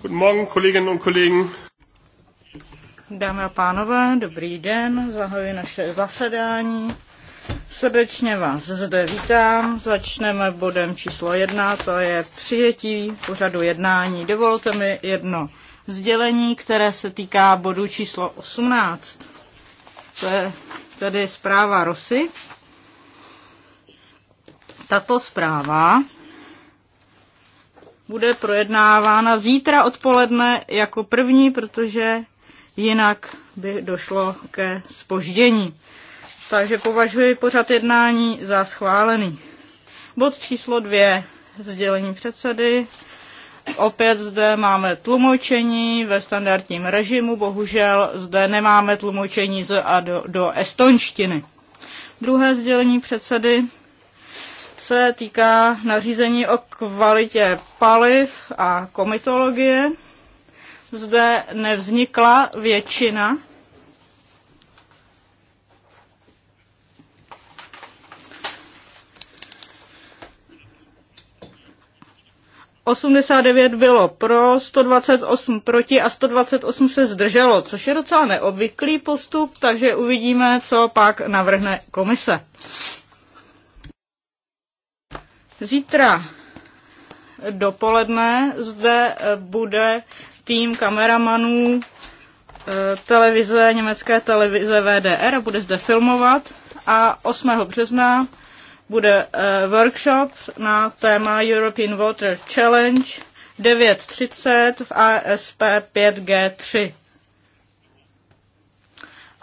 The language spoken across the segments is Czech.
Guten Morgen, Kolleginnen und Kollegen. Dámy a pánové, dobrý den, zahajuji naše zasedání. Srdečně vás zde vítám. Začneme bodem číslo jedna, to je přijetí pořadu jednání. Dovolte mi jedno sdělení, které se týká bodu číslo 18. To je tedy zpráva Rosy. Tato zpráva bude projednávána zítra odpoledne jako první, protože jinak by došlo ke spoždění. Takže považuji pořad jednání za schválený. Bod číslo dvě, sdělení předsedy. Opět zde máme tlumočení ve standardním režimu, bohužel zde nemáme tlumočení z a do, do estonštiny. Druhé sdělení předsedy se týká nařízení o kvalitě paliv a komitologie. Zde nevznikla většina. Osmdesát devět bylo pro, 128 proti a 128 se zdrželo, což je docela neobvyklý postup, takže uvidíme, co pak navrhne komise. Zítra dopoledne zde eh, bude tým kameramanů eh, televize, německé televize VDR a bude zde filmovat a 8. března bude eh, workshop na téma European Water Challenge 9.30 v ASP 5G3.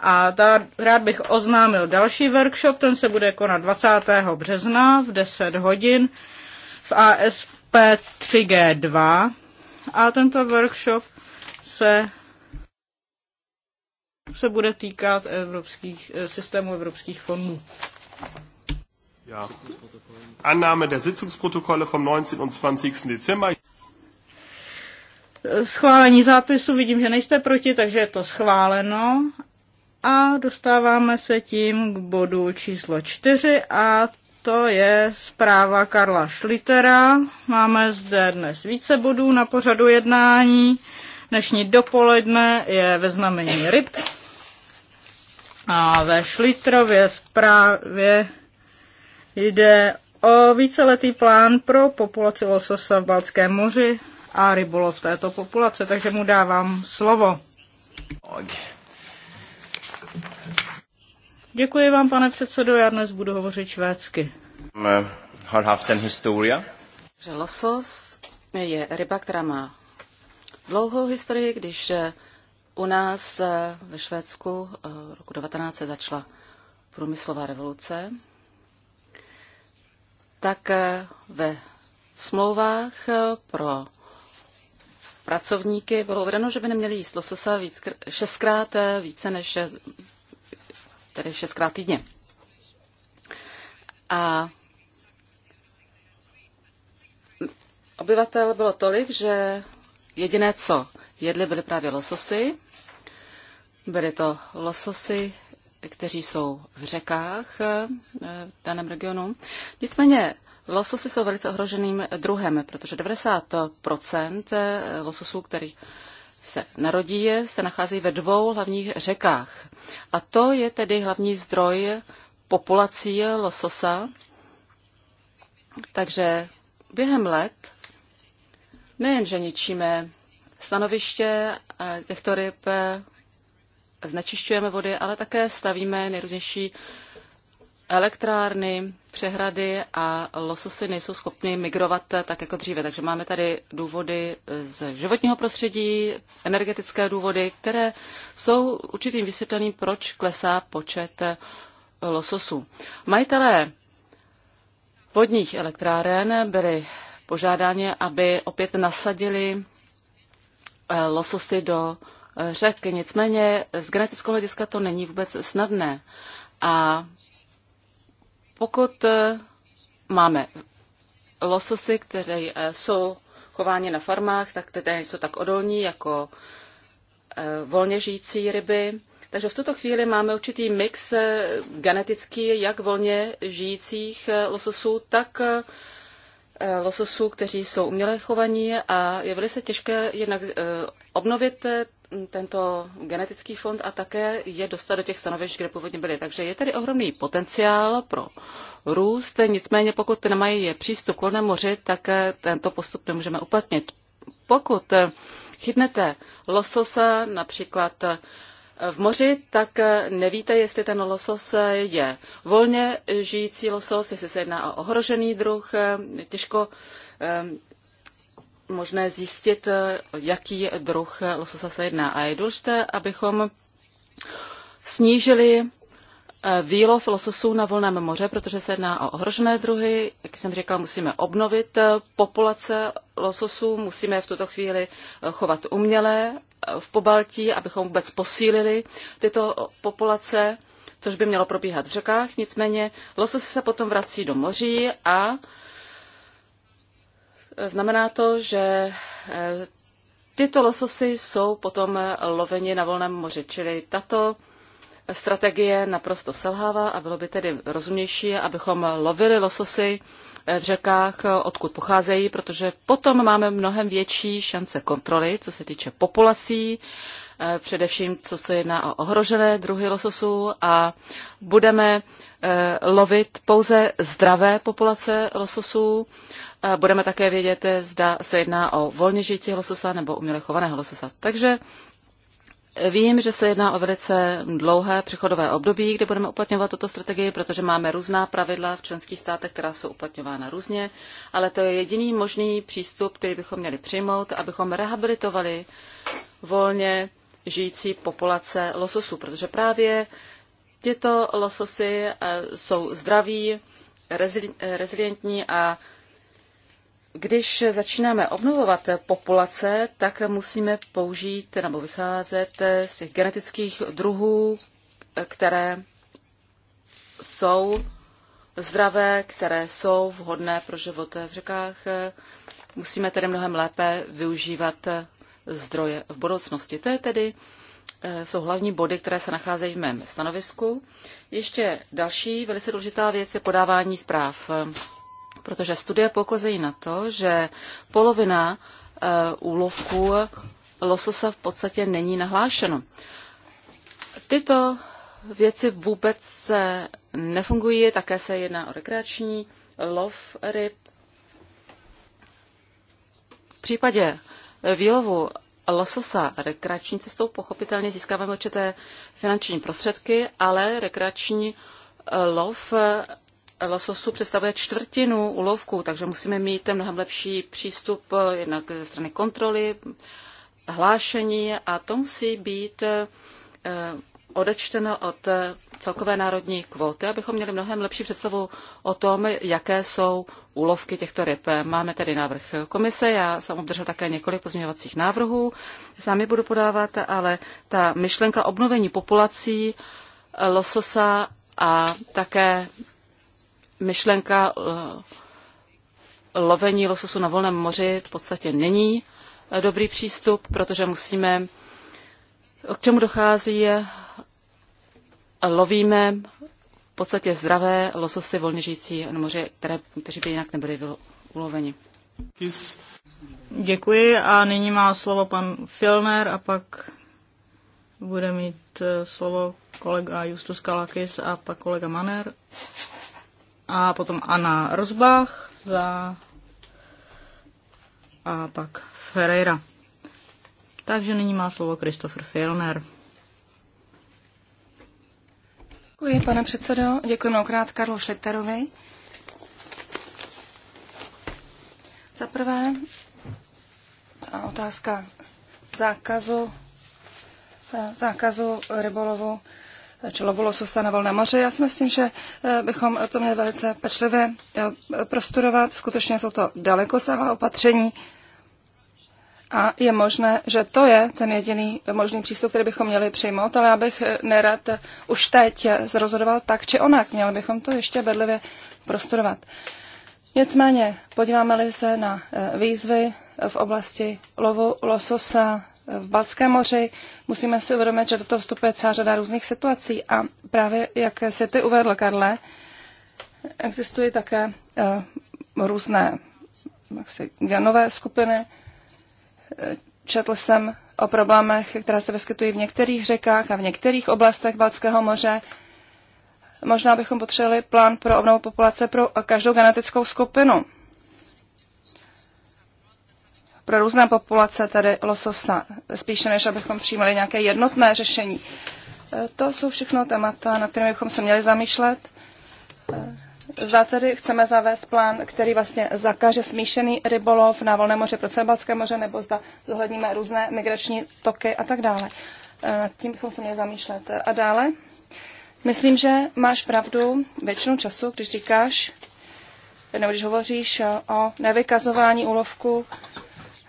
A ta, rád bych oznámil další workshop, ten se bude konat 20. března v 10 hodin v ASP 3G2. A tento workshop se se bude týkat evropských, systému evropských fondů. Ja. Annahme der Sitzungsprotokolle vom 19. und 20. Dezember. Schválení zápisu, vidím, že nejste proti, takže je to schváleno. A dostáváme se tím k bodu číslo čtyři a to je zpráva Karla Schlittera. Máme zde dnes více bodů na pořadu jednání. Dnešní dopoledne je ve znamení ryb. A ve Schlitterově zprávě jde o víceletý plán pro populaci lososa v Balckém moři a rybolov této populace, takže mu dávám slovo. Okay. Děkuji vám, pane předsedo, já dnes budu hovořit švédsky. Že losos je ryba, která má dlouhou historii, když eh, u nás eh, ve Švédsku eh, roku 19 začala průmyslová revoluce, tak ve smlouvách pro pracovníky bylo uvedeno, že by neměli jíst lososa víc, šestkrát více než tedy šestkrát týdně. A obyvatel bylo tolik, že jediné, co jedli, byly právě lososy. Byly to lososy, kteří jsou v řekách eh, v daném regionu. Nicméně lososy jsou velice ohroženým druhem, protože 90% eh, lososů, který se narodí, se nachází ve dvou hlavních řekách. A to je tedy hlavní zdroj populací lososa. Takže během let nejenže ničíme stanoviště těchto ryb, znečišťujeme vody, ale také stavíme nejrůznější elektrárny, přehrady a lososy nejsou schopny migrovat eh, tak jako dříve. Takže máme tady důvody eh, z životního prostředí, energetické důvody, které jsou určitým vysvětleným, proč klesá počet eh, lososů. Majitelé vodních elektráren byli požádáni, aby opět nasadili lososy do řek. Nicméně z genetického hlediska to není vůbec snadné. A pokud e, máme lososy, které e, jsou chováni na farmách, tak ty jsou tak odolní jako e, volně žijící ryby. Takže v tuto chvíli máme určitý mix genetický jak volně žijících lososů, tak lososů, kteří jsou uměle chovaní a je velice těžké jednak obnovit tento genetický fond a také je dostat do těch stanovišť, kde původně byly. Takže je tady ohromný potenciál pro růst, nicméně pokud nemají přístup k volnému moři, tak eh, tento postup nemůžeme uplatnit. Pokud eh, chytnete lososa například eh, v moři, tak nevíte, jestli ten losos je volně žijící losos, jestli se jedná o ohrožený druh. Těžko možné zjistit, eh, jaký druh lososa se jedná. A je důležité, abychom snížili eh, výlov lososů na volném moře, protože se jedná o ohrožené druhy. Jak jsem říkal, musíme obnovit eh, populace lososů, musíme v tuto chvíli chovat umělé v Pobaltí, abychom vůbec posílili tyto populace, což by mělo probíhat v řekách. Nicméně losos se potom vrací do moří a Znamená to, že eh, tyto lososy jsou potom loveni na volném moři, čili tato strategie naprosto selhává a bylo by tedy rozumnější, abychom lovili lososy eh, v řekách, odkud pocházejí, protože potom máme mnohem větší šance kontroly, co se týče populací, eh, především co se jedná o ohrožené druhy lososů a budeme lovit pouze zdravé populace lososů budeme také vědět, eh, zda se jedná o volně žijící lososa nebo uměle chovaného lososa. Takže eh, Vím, že se jedná o velice dlouhé přechodové období, kdy budeme uplatňovat tuto strategii, protože máme různá pravidla v členských státech, která jsou uplatňována různě, ale to je jediný možný přístup, který bychom měli přijmout, abychom rehabilitovali volně žijící populace lososů, protože právě tyto lososy eh, jsou zdraví, rezilientní a když začínáme obnovovat populace, tak musíme použít nebo vycházet z těch genetických druhů, které jsou zdravé, které jsou vhodné pro život v řekách. Musíme tedy mnohem lépe využívat zdroje v budoucnosti. To je tedy, eh, jsou hlavní body, které se nacházejí v mém stanovisku. Ještě další velice důležitá věc je podávání zpráv protože studie poukazují na to, že polovina eh, úlovků lososa v podstatě není nahlášeno. Tyto věci vůbec nefungují, také se jedná o rekreační lov ryb. V případě výlovu lososa rekreační cestou pochopitelně získáváme určité finanční prostředky, ale rekreační lov lososu představuje čtvrtinu ulovku, takže musíme mít mnohem lepší přístup eh, jednak ze strany kontroly, hlášení a to musí být eh, odečteno od eh, celkové národní kvóty, abychom měli mnohem lepší představu o tom, jaké jsou úlovky těchto ryb. Máme tedy návrh komise, já jsem obdržel také několik pozměňovacích návrhů, sám je budu podávat, ale ta myšlenka obnovení populací lososa a také myšlenka eh, lovení lososu na volném moři v podstatě není eh, dobrý přístup, protože musíme, k čemu dochází, eh, lovíme v podstatě zdravé lososy volně žijící na moři, které, kteří by jinak nebyli uloveni. Děkuji a nyní má slovo pan Filner a pak bude mít slovo kolega Justus Kalakis a pak kolega Maner a potom Anna Rozbach za a pak Ferreira. Takže nyní má slovo Christopher Fielner. Děkuji, pane předsedo. Děkuji mnohokrát Karlu Šlitterovi. Za prvé otázka zákazu, e, zákazu rybolovu či lovulosu na volné moře. Já si myslím, že eh, bychom to měli velice pečlivě eh, prostudovat. Skutečně jsou to dalekosáhlá opatření a je možné, že to je ten jediný možný přístup, který bychom měli přijmout, ale já bych eh, nerad už teď zrozhodoval tak či onak. Měli bychom to ještě bedlivě prostudovat. Nicméně, podíváme-li se na výzvy v oblasti lovu lososa, v Balckém moři. Musíme si uvědomit, že do toho vstupuje celá řada různých situací a právě, jak si ty uvedl, Karle, existují také uh, různé jaksi, genové skupiny. Eh, četl jsem o problémech, které se vyskytují v některých řekách a v některých oblastech Balckého moře. Možná bychom potřebovali plán pro obnovu populace pro každou genetickou skupinu pro různé populace tedy lososa, spíše než abychom přijímali nějaké jednotné řešení. E, to jsou všechno témata, na kterými bychom se měli zamýšlet. E, zda tedy chceme zavést plán, který vlastně zakaže smíšený rybolov na volné moře pro Celbalské moře, nebo zda zohledníme různé migrační toky a tak dále. E, nad tím bychom se měli zamýšlet. A dále? Myslím, že máš pravdu většinu času, když říkáš, nebo když hovoříš o nevykazování úlovku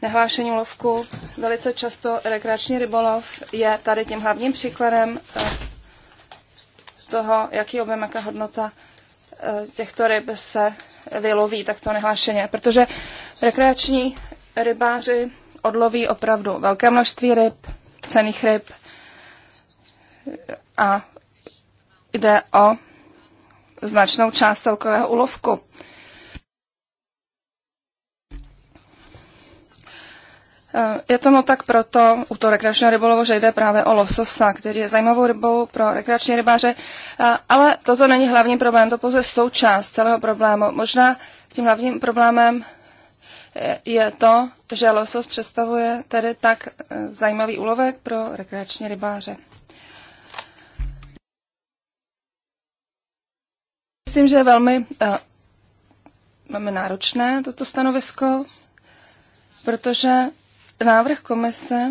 nehlášení lovku. Velice často rekreační rybolov je tady tím hlavním příkladem eh, toho, jaký objem, jaká hodnota eh, těchto ryb se vyloví takto nehlášeně, protože rekreační rybáři odloví opravdu velké množství ryb, cených ryb a jde o značnou část celkového ulovku. Eh, je tomu tak proto u toho rekreačního rybolovu, že jde právě o lososa, který je zajímavou rybou pro rekreační rybáře, eh, ale toto není hlavní problém, to pouze součást celého problému. Možná tím hlavním problémem eh, je to, že losos představuje tedy tak zajímavý úlovek pro rekreační rybáře. Myslím, že je velmi, velmi náročné toto stanovisko, protože Návrh komise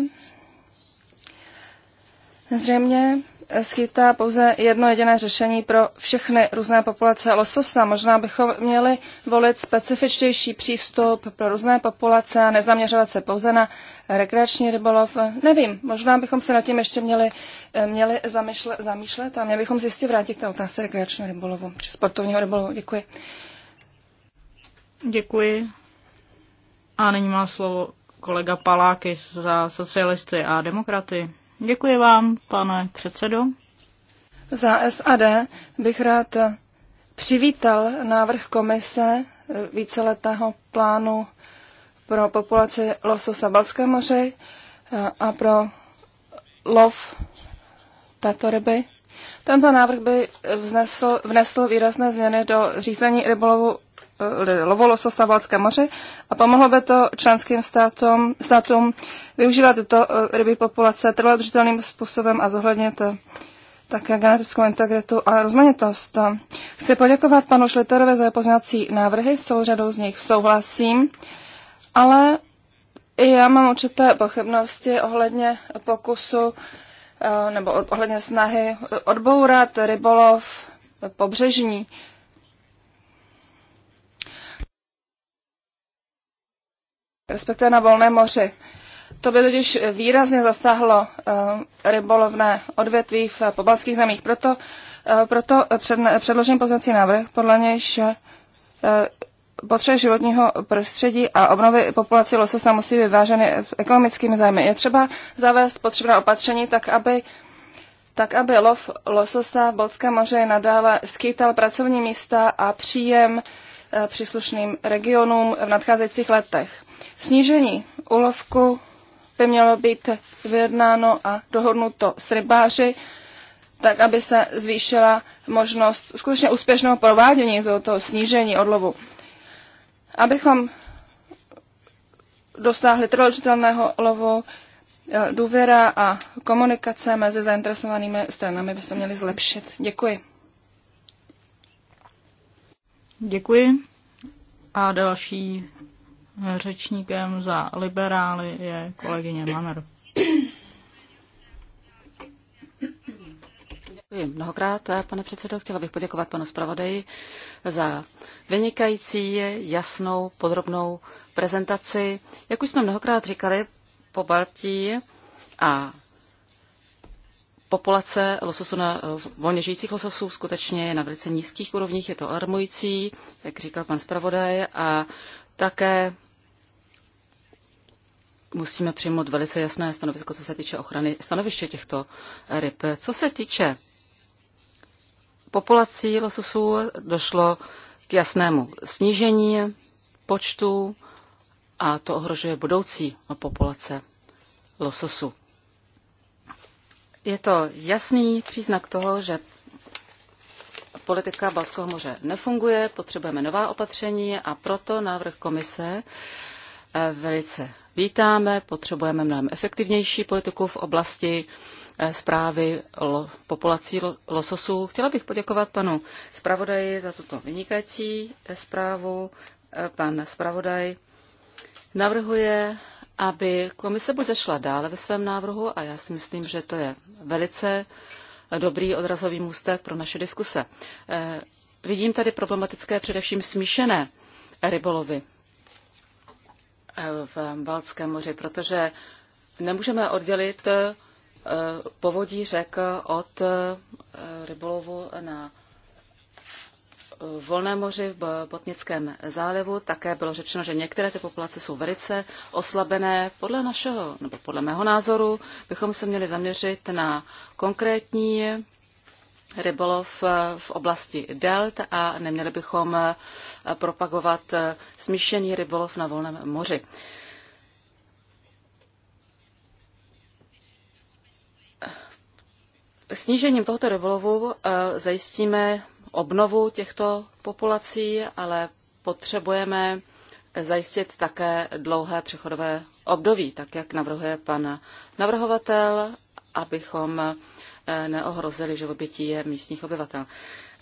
zřejmě skýtá pouze jedno jediné řešení pro všechny různé populace lososa. Možná bychom měli volit specifičtější přístup pro různé populace a nezaměřovat se pouze na rekreační rybolov. Nevím, možná bychom se nad tím ještě měli, eh, měli zamýšlet, zamýšlet a měli bychom zjistit vrátit k té otázce rekreačního rybolovu či sportovního rybolovu. Děkuji. Děkuji. A nyní má slovo kolega Paláky za socialisty a demokraty. Děkuji vám, pane předsedo. Za SAD bych rád přivítal návrh komise eh, víceletého plánu pro populaci lososa Balské moře eh, a pro lov této ryby. Tento návrh by vznesl, vnesl výrazné změny do řízení rybolovu Eh, lovu Valské moře a pomohlo by to členským státům, státům využívat tyto eh, rybí populace trvale způsobem a zohlednit eh, také genetickou integritu a rozmanitost. Chci poděkovat panu Šliterovi za pozměňovací návrhy, s řadou z nich souhlasím, ale i já mám určité pochybnosti ohledně pokusu nebo ohledně snahy odbourat rybolov pobřežní respektive na volné moři. To by totiž výrazně zasáhlo eh, rybolovné odvětví v pobaltských zemích. Proto, eh, proto předložím pozvací návrh, podle nějž eh, potřeby životního prostředí a obnovy populace lososa musí být váženy ekonomickými zájmy. Je třeba zavést potřebné opatření tak, aby tak aby lov lososa v Balckém moře nadále skýtal pracovní místa a příjem příslušným regionům v nadcházejících letech. Snížení ulovku by mělo být vyjednáno a dohodnuto s rybáři, tak aby se zvýšila možnost skutečně úspěšného provádění tohoto snížení odlovu. Abychom dosáhli trvalčitelného lovu, eh, důvěra a komunikace mezi zainteresovanými stranami by se měly zlepšit. Děkuji. Děkuji. A další Řečníkem za liberály je kolegyně Manner. Děkuji mnohokrát, pane předsedo. Chtěla bych poděkovat panu zpravodaji za vynikající, jasnou, podrobnou prezentaci. Jak už jsme mnohokrát říkali, po Baltí a populace lososu na volně žijících lososů skutečně je na velice nízkých úrovních, je to alarmující, jak říkal pan zpravodaj, a také musíme přijmout velice jasné stanovisko, co se týče ochrany stanoviště těchto ryb. Co se týče populací lososů, došlo k jasnému snížení počtu a to ohrožuje budoucí populace lososů. Je to jasný příznak toho, že politika Balského moře nefunguje, potřebujeme nová opatření a proto návrh komise Eh, velice vítáme. Potřebujeme mnohem efektivnější politiku v oblasti eh, zprávy lo, populací lo, lososů. Chtěla bych poděkovat panu zpravodaji za tuto vynikající eh, zprávu. Pan zpravodaj navrhuje, aby komise buď zašla dále ve svém návrhu, a já si myslím, že to je velice dobrý odrazový můstek pro naše diskuse. Vidím tady problematické především smíšené rybolovy v Balckém moři, protože nemůžeme oddělit eh, povodí řek od eh, rybolovu na eh, volné moři v Botnickém zálivu. Také bylo řečeno, že některé ty populace jsou velice oslabené. Podle našeho, nebo podle mého názoru, bychom se měli zaměřit na konkrétní rybolov eh, v oblasti delt a neměli bychom eh, propagovat eh, smíšený rybolov na volném moři. Snížením tohoto rybolovu zajistíme obnovu těchto populací, ale potřebujeme zajistit také dlouhé přechodové období, tak jak navrhuje pan navrhovatel, abychom Eh, neohrozily živobytí místních obyvatel.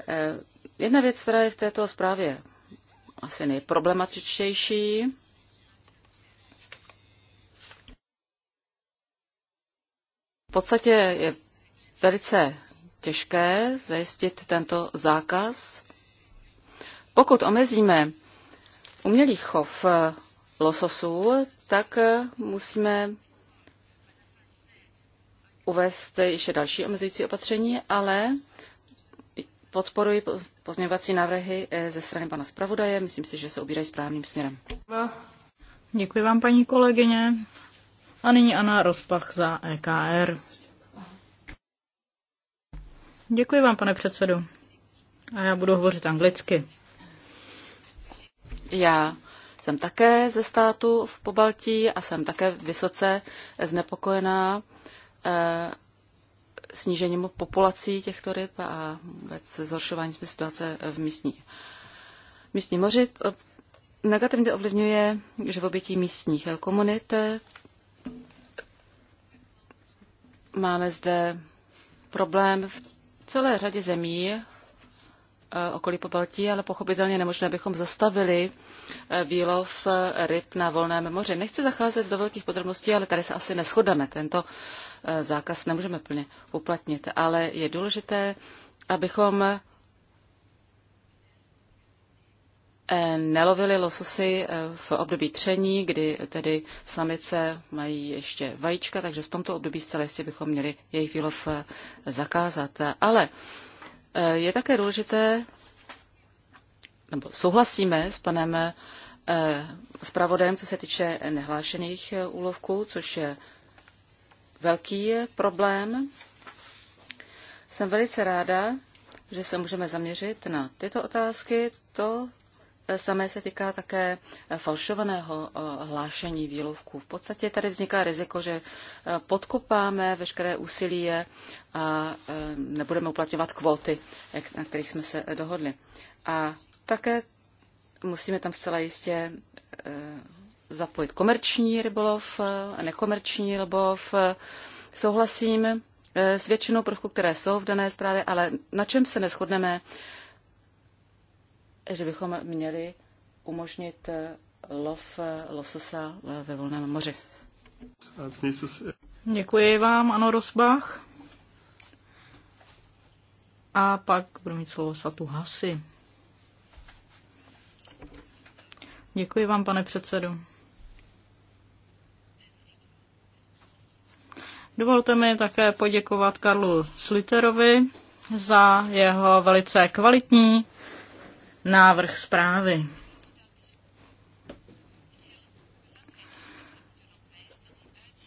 Eh, jedna věc, která je v této zprávě asi nejproblematičtější, v podstatě je velice těžké zajistit tento zákaz. Pokud omezíme umělý chov lososů, tak eh, musíme uvést ještě další omezující opatření, ale podporuji pozměňovací návrhy eh, ze strany pana zpravodaje. Myslím si, že se ubírají správným směrem. Děkuji vám, paní kolegyně. A nyní Anna Rozpach za EKR. Děkuji vám, pane předsedu. A já budu hovořit anglicky. Já jsem také ze státu v Pobaltí a jsem také vysoce znepokojená Eh, snížením populací těchto ryb a vůbec zhoršování situace v místní, místní moři. Eh, negativně ovlivňuje živobytí místních eh, komunit. Máme zde problém v celé řadě zemí Eh, okolí Pobaltí, ale pochopitelně nemožné bychom zastavili eh, výlov eh, ryb na volném moři. Nechci zacházet do velkých podrobností, ale tady se asi neschodeme. Tento zákaz nemůžeme plně uplatnit, ale je důležité, abychom nelovili lososy v období tření, kdy tedy samice mají ještě vajíčka, takže v tomto období zcela jistě bychom měli jejich výlov zakázat. Ale Eh, je také důležité, nebo souhlasíme s panem eh, zpravodajem, co se týče nehlášených eh, úlovků, což je velký problém. Jsem velice ráda, že se můžeme zaměřit na tyto otázky. To samé se týká také eh, falšovaného eh, hlášení výlovků. V podstatě tady vzniká riziko, že eh, podkopáme veškeré úsilí a nebudeme uplatňovat kvóty, na kterých jsme se dohodli. A také musíme tam zcela jistě zapojit komerční rybolov, nekomerční rybolov. Souhlasím s většinou prvků, které jsou v dané zprávě, ale na čem se neschodneme, že bychom měli umožnit eh, lov eh, lososa eh, ve volném moři. Děkuji vám, Ano Rosbach. A pak budu mít slovo Satu Hasi. Děkuji vám, pane předsedo. Dovolte mi také poděkovat Karlu Sliterovi za jeho velice kvalitní návrh zprávy.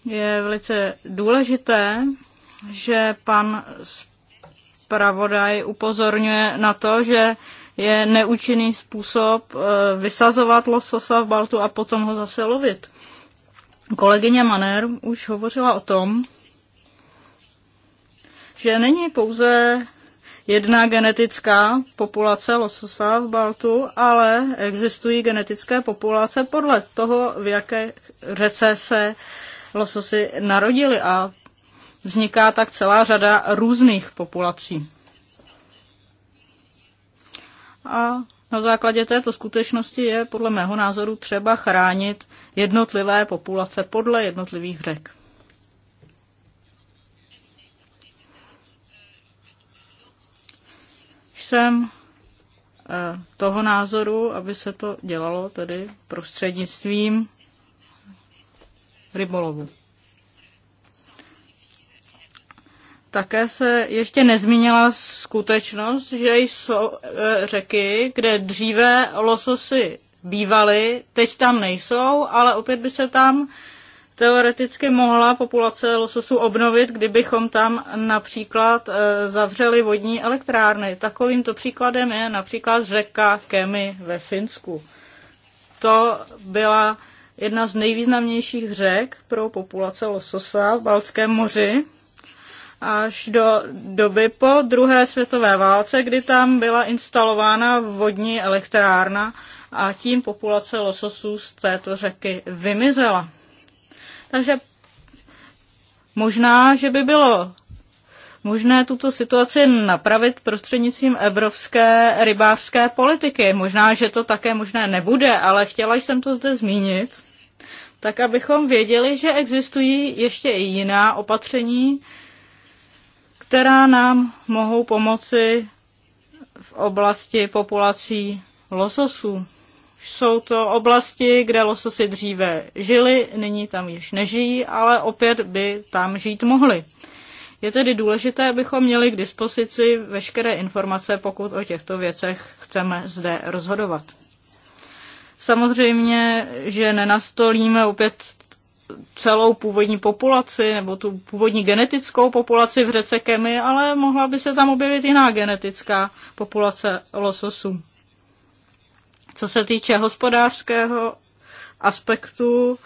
Je velice důležité, že pan zpravodaj upozorňuje na to, že je neúčinný způsob eh, vysazovat lososa v baltu a potom ho zase lovit. Kolegyně Maner už hovořila o tom, že není pouze jedna genetická populace lososa v Baltu, ale existují genetické populace podle toho, v jaké řece se lososy narodili a vzniká tak celá řada různých populací. A na základě této skutečnosti je podle mého názoru třeba chránit jednotlivé populace podle jednotlivých řek. jsem eh, toho názoru, aby se to dělalo tedy prostřednictvím rybolovu. Také se ještě nezmínila skutečnost, že jsou eh, řeky, kde dříve lososy bývaly, teď tam nejsou, ale opět by se tam teoreticky mohla populace lososů obnovit, kdybychom tam například eh, zavřeli vodní elektrárny. Takovýmto příkladem je například řeka Kemi ve Finsku. To byla jedna z nejvýznamnějších řek pro populace lososa v Balském moři až do doby po druhé světové válce, kdy tam byla instalována vodní elektrárna a tím populace lososů z této řeky vymizela. Takže možná, že by bylo možné tuto situaci napravit prostřednictvím evropské rybářské politiky. Možná, že to také možné nebude, ale chtěla jsem to zde zmínit, tak abychom věděli, že existují ještě i jiná opatření, která nám mohou pomoci v oblasti populací lososů. Jsou to oblasti, kde lososy dříve žili, nyní tam již nežijí, ale opět by tam žít mohli. Je tedy důležité, abychom měli k dispozici veškeré informace, pokud o těchto věcech chceme zde rozhodovat. Samozřejmě, že nenastolíme opět celou původní populaci nebo tu původní genetickou populaci v řece Kemy, ale mohla by se tam objevit jiná genetická populace lososů. Co se týče hospodářského aspektu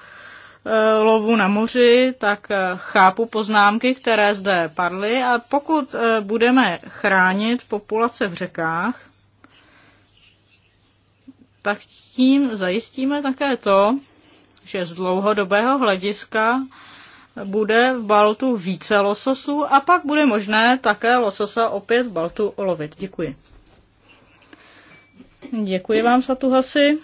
eh, lovu na moři, tak eh, chápu poznámky, které zde padly a pokud eh, budeme chránit populace v řekách, tak tím zajistíme také to, že z dlouhodobého hlediska bude v Baltu více lososů a pak bude možné také lososa opět v Baltu olovit. Děkuji. Děkuji vám, za tu hasi.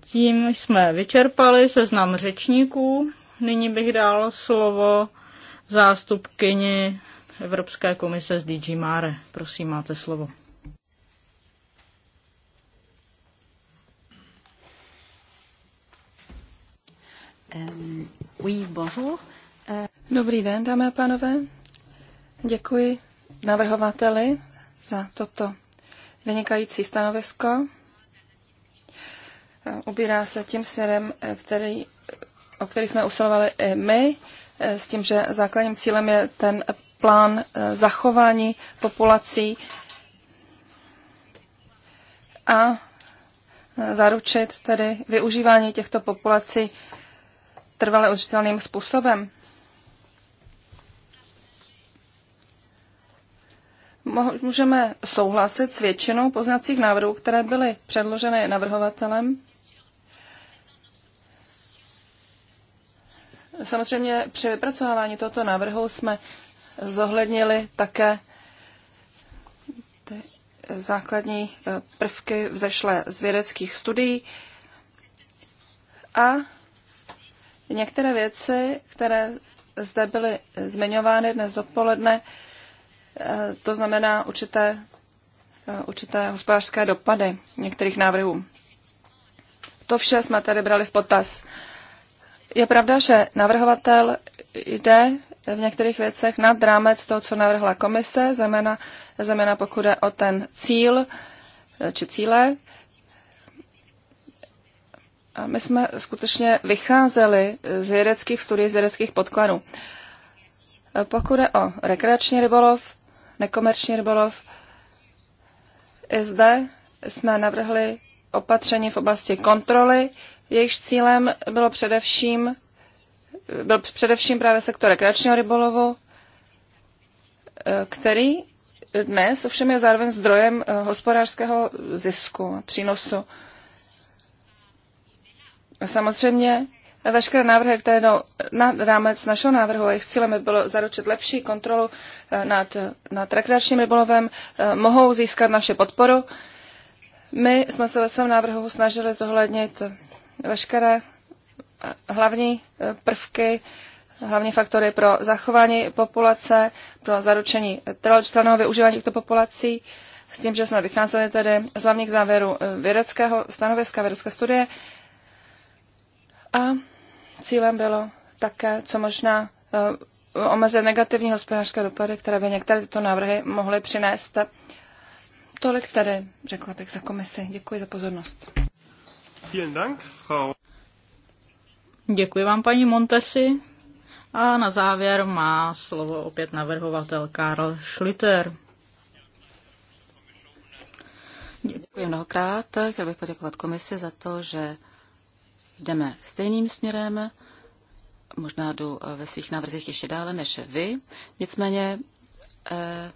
Tím jsme vyčerpali seznam řečníků. Nyní bych dal slovo zástupkyni Evropské komise z DG Mare. Prosím, máte slovo. Um, oui, bonjour. Uh, Dobrý den, dámy a pánové. Děkuji navrhovateli za toto vynikající stanovisko. Ubírá se tím směrem, který, o který jsme usilovali i my, s tím, že základním cílem je ten plán eh, zachování populací a eh, zaručit tedy využívání těchto populací trvale udržitelným způsobem. můžeme souhlasit s většinou poznacích návrhů, které byly předloženy navrhovatelem. Samozřejmě při vypracování tohoto návrhu jsme zohlednili také ty základní eh, prvky vzešlé z vědeckých studií a některé věci, které zde byly zmiňovány dnes dopoledne, Eh, to znamená určité, eh, určité hospodářské dopady některých návrhů. To vše jsme tady brali v potaz. Je pravda, že navrhovatel jde v některých věcech nad rámec toho, co navrhla komise, zejména, zejména pokud je o ten cíl eh, či cíle. A my jsme skutečně vycházeli z vědeckých studií, z vědeckých podkladů. Pokud je o rekreační rybolov, nekomerční rybolov. I zde jsme navrhli opatření v oblasti kontroly. Jejich cílem bylo především, byl především právě sektor rekreačního rybolovu, který dnes ovšem je zároveň zdrojem eh, hospodářského zisku a přínosu. Samozřejmě veškeré návrhy, které jdou na rámec našeho návrhu, jejich cílem by bylo zaručit lepší kontrolu eh, nad, nad rekreačním rybolovem, eh, mohou získat naše podporu. My jsme se ve svém návrhu snažili zohlednit veškeré eh, hlavní prvky, hlavní faktory pro zachování populace, pro zaručení trvalého využívání těchto populací, s tím, že jsme vycházeli tedy z hlavních závěrů vědeckého stanoviska, vědecké studie. A Cílem bylo také, co možná eh, omezit negativní hospodářské dopady, které by některé tyto návrhy mohly přinést. Tolik tedy, řekla bych, za komisi. Děkuji za pozornost. Děkuji vám, paní Montesi. A na závěr má slovo opět navrhovatel Karl Schlitter. Děkuji mnohokrát. Chtěl bych poděkovat komisi za to, že jdeme stejným směrem, možná jdu eh, ve svých návrzích ještě dále než vy. Nicméně eh,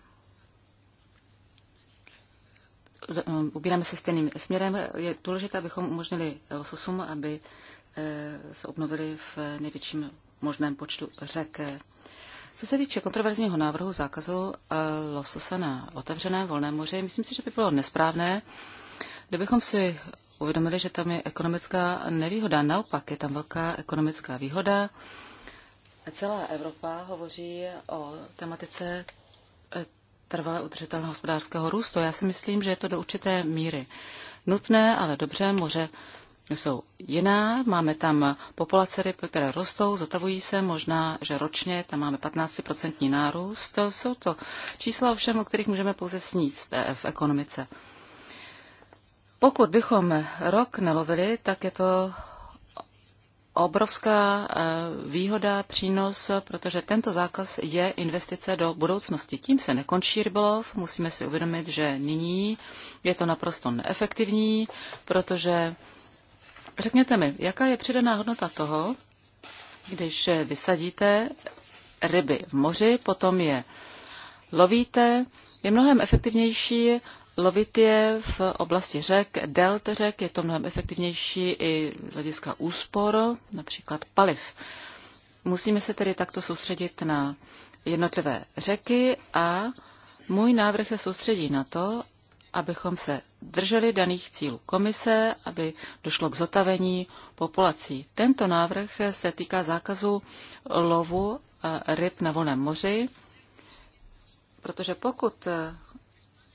ubíráme se stejným směrem. Je důležité, abychom umožnili lososům, aby eh, se obnovili v největším možném počtu řek. Co se týče kontroverzního návrhu zákazu eh, lososa na otevřeném volném moři, myslím si, že by bylo nesprávné, kdybychom si uvědomili, že tam je ekonomická nevýhoda. Naopak je tam velká ekonomická výhoda. Celá Evropa hovoří o tematice eh, trvalé udržitelného hospodářského růstu. Já si myslím, že je to do určité míry nutné, ale dobře, moře jsou jiná. Máme tam populace ryb, které rostou, zotavují se, možná, že ročně tam máme 15% nárůst. To Jsou to čísla ovšem, o kterých můžeme pouze snít eh, v ekonomice. Pokud bychom rok nelovili, tak je to obrovská eh, výhoda, přínos, protože tento zákaz je investice do budoucnosti. Tím se nekončí rybolov, musíme si uvědomit, že nyní je to naprosto neefektivní, protože řekněte mi, jaká je přidaná hodnota toho, když vysadíte ryby v moři, potom je lovíte, je mnohem efektivnější Lovit je v oblasti řek, delta řek, je to mnohem efektivnější i z hlediska úspor, například paliv. Musíme se tedy takto soustředit na jednotlivé řeky a můj návrh se soustředí na to, abychom se drželi daných cílů komise, aby došlo k zotavení populací. Tento návrh se týká zákazu lovu ryb na volném moři, protože pokud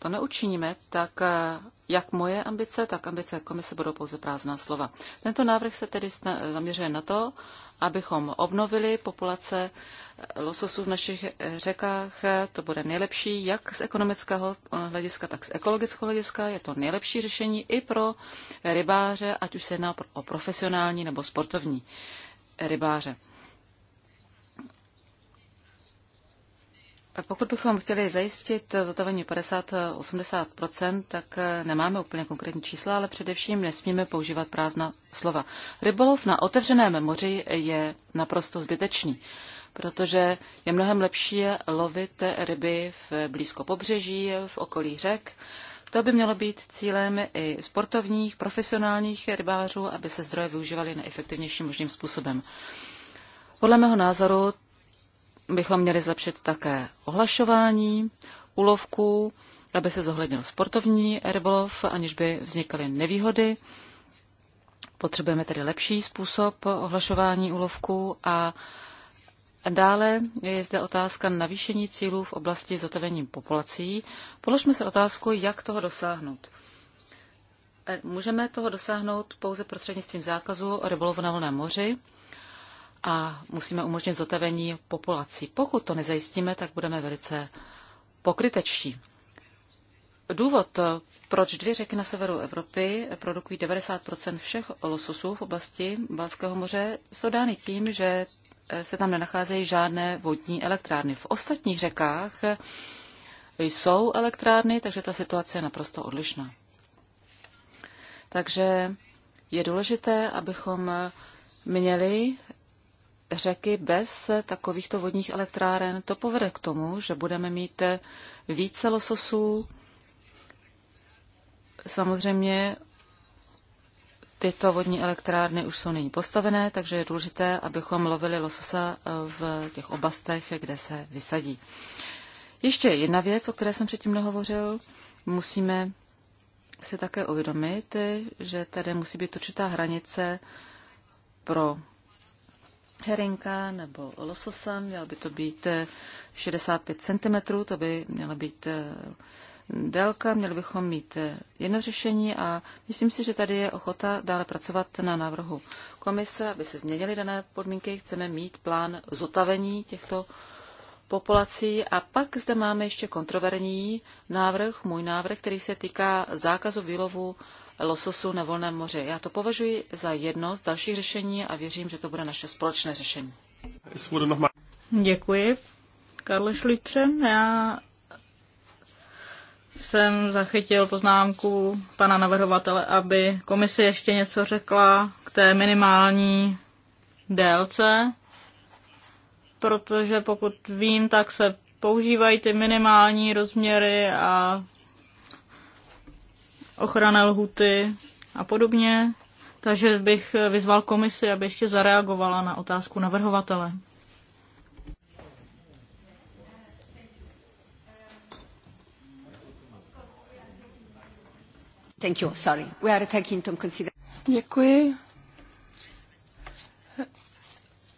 to neučiníme, tak eh, jak moje ambice, tak ambice komise budou pouze prázdná slova. Tento návrh se tedy zaměřuje na to, abychom obnovili populace eh, lososů v našich eh, řekách. To bude nejlepší jak z ekonomického hlediska, tak z ekologického hlediska. Je to nejlepší řešení i pro rybáře, ať už se jedná o profesionální nebo sportovní rybáře. Pokud bychom chtěli zajistit dotovaní 50-80%, tak eh, nemáme úplně konkrétní čísla, ale především nesmíme používat prázdná slova. Rybolov na otevřeném moři je naprosto zbytečný, protože je mnohem lepší lovit ryby v blízko pobřeží, v okolí řek. To by mělo být cílem i sportovních, profesionálních rybářů, aby se zdroje využívaly nejefektivnějším možným způsobem. Podle mého názoru bychom měli zlepšit také ohlašování ulovků, aby se zohlednil sportovní rybolov, aniž by vznikaly nevýhody. Potřebujeme tedy lepší způsob ohlašování ulovků a dále je zde otázka navýšení cílů v oblasti zotavení populací. Položme se otázku, jak toho dosáhnout. E, můžeme toho dosáhnout pouze prostřednictvím zákazu rybolovu na volném moři, a musíme umožnit zotavení populací. Pokud to nezajistíme, tak budeme velice pokrytečtí. Důvod, proč dvě řeky na severu Evropy produkují 90 všech lososů v oblasti Balského moře, jsou dány tím, že se tam nenacházejí žádné vodní elektrárny. V ostatních řekách jsou elektrárny, takže ta situace je naprosto odlišná. Takže je důležité, abychom měli řeky bez takovýchto vodních elektráren, to povede k tomu, že budeme mít více lososů. Samozřejmě tyto vodní elektrárny už jsou nyní postavené, takže je důležité, abychom lovili lososa v těch oblastech, kde se vysadí. Ještě jedna věc, o které jsem předtím nehovořil, musíme si také uvědomit, že tady musí být určitá hranice pro herinka nebo lososa. Měl by to být 65 eh, cm, to by měla být eh, délka, měli bychom mít eh, jedno řešení a myslím si, že tady je ochota dále pracovat na návrhu komise, aby se změnily dané podmínky. Chceme mít plán zotavení těchto populací a pak zde máme ještě kontroverzní návrh, můj návrh, který se týká zákazu výlovu lososu na volném moři. Já to považuji za jedno z dalších řešení a věřím, že to bude naše společné řešení. Děkuji, Karle Šlitře. Já jsem zachytil poznámku pana navrhovatele, aby komise ještě něco řekla k té minimální délce, protože pokud vím, tak se používají ty minimální rozměry a ochrana lhuty a podobně. Takže bych vyzval komisi, aby ještě zareagovala na otázku navrhovatele. Thank you. Sorry. We are taking into Děkuji.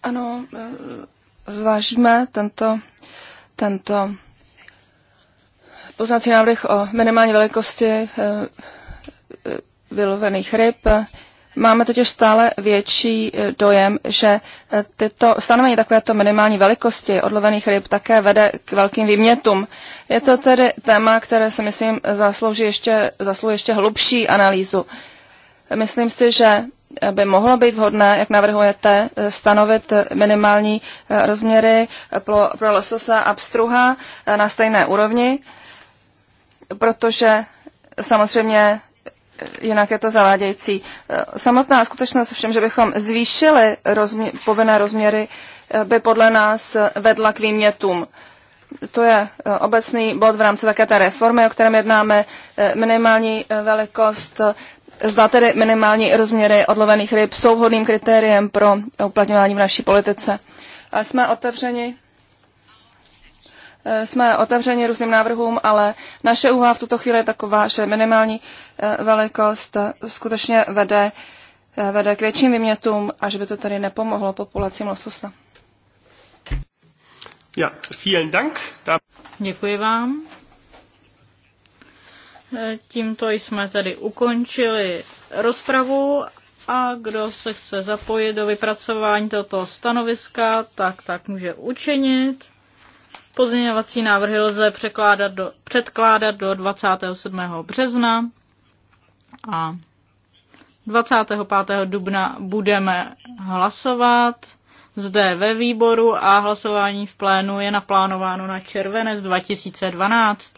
Ano, eh, zvážíme tento, tento pozvací návrh o minimální velikosti eh, eh, vylovených ryb. Máme totiž stále větší eh, dojem, že tyto stanovení takovéto minimální velikosti odlovených ryb také vede k velkým výmětům. Je to tedy téma, které si myslím zaslouží ještě, zaslouží ještě hlubší analýzu. Myslím si, že by mohlo být vhodné, jak navrhujete, stanovit minimální rozměry pro, pro lososa a pstruha na stejné úrovni protože samozřejmě jinak je to zavádějící. Samotná skutečnost všem, že bychom zvýšili rozmě- povinné rozměry, eh, by podle nás vedla k výmětům. To je eh, obecný bod v rámci také té reformy, o kterém jednáme. Eh, minimální velikost, zda tedy minimální rozměry odlovených ryb jsou vhodným kritériem pro uplatňování v naší politice. A jsme otevřeni Eh, jsme otevřeni různým návrhům, ale naše úvaha v tuto chvíli je taková, že minimální eh, velikost eh, skutečně vede, vede k větším vymětům a že by to tady nepomohlo populacím lososa. Ja, vielen Dank. Da... Děkuji vám. Tímto jsme tedy ukončili rozpravu a kdo se chce zapojit do vypracování tohoto stanoviska, tak tak může učinit. Pozměňovací návrhy lze překládat do, předkládat do 27. března a 25. dubna budeme hlasovat zde ve výboru a hlasování v plénu je naplánováno na červenec 2012.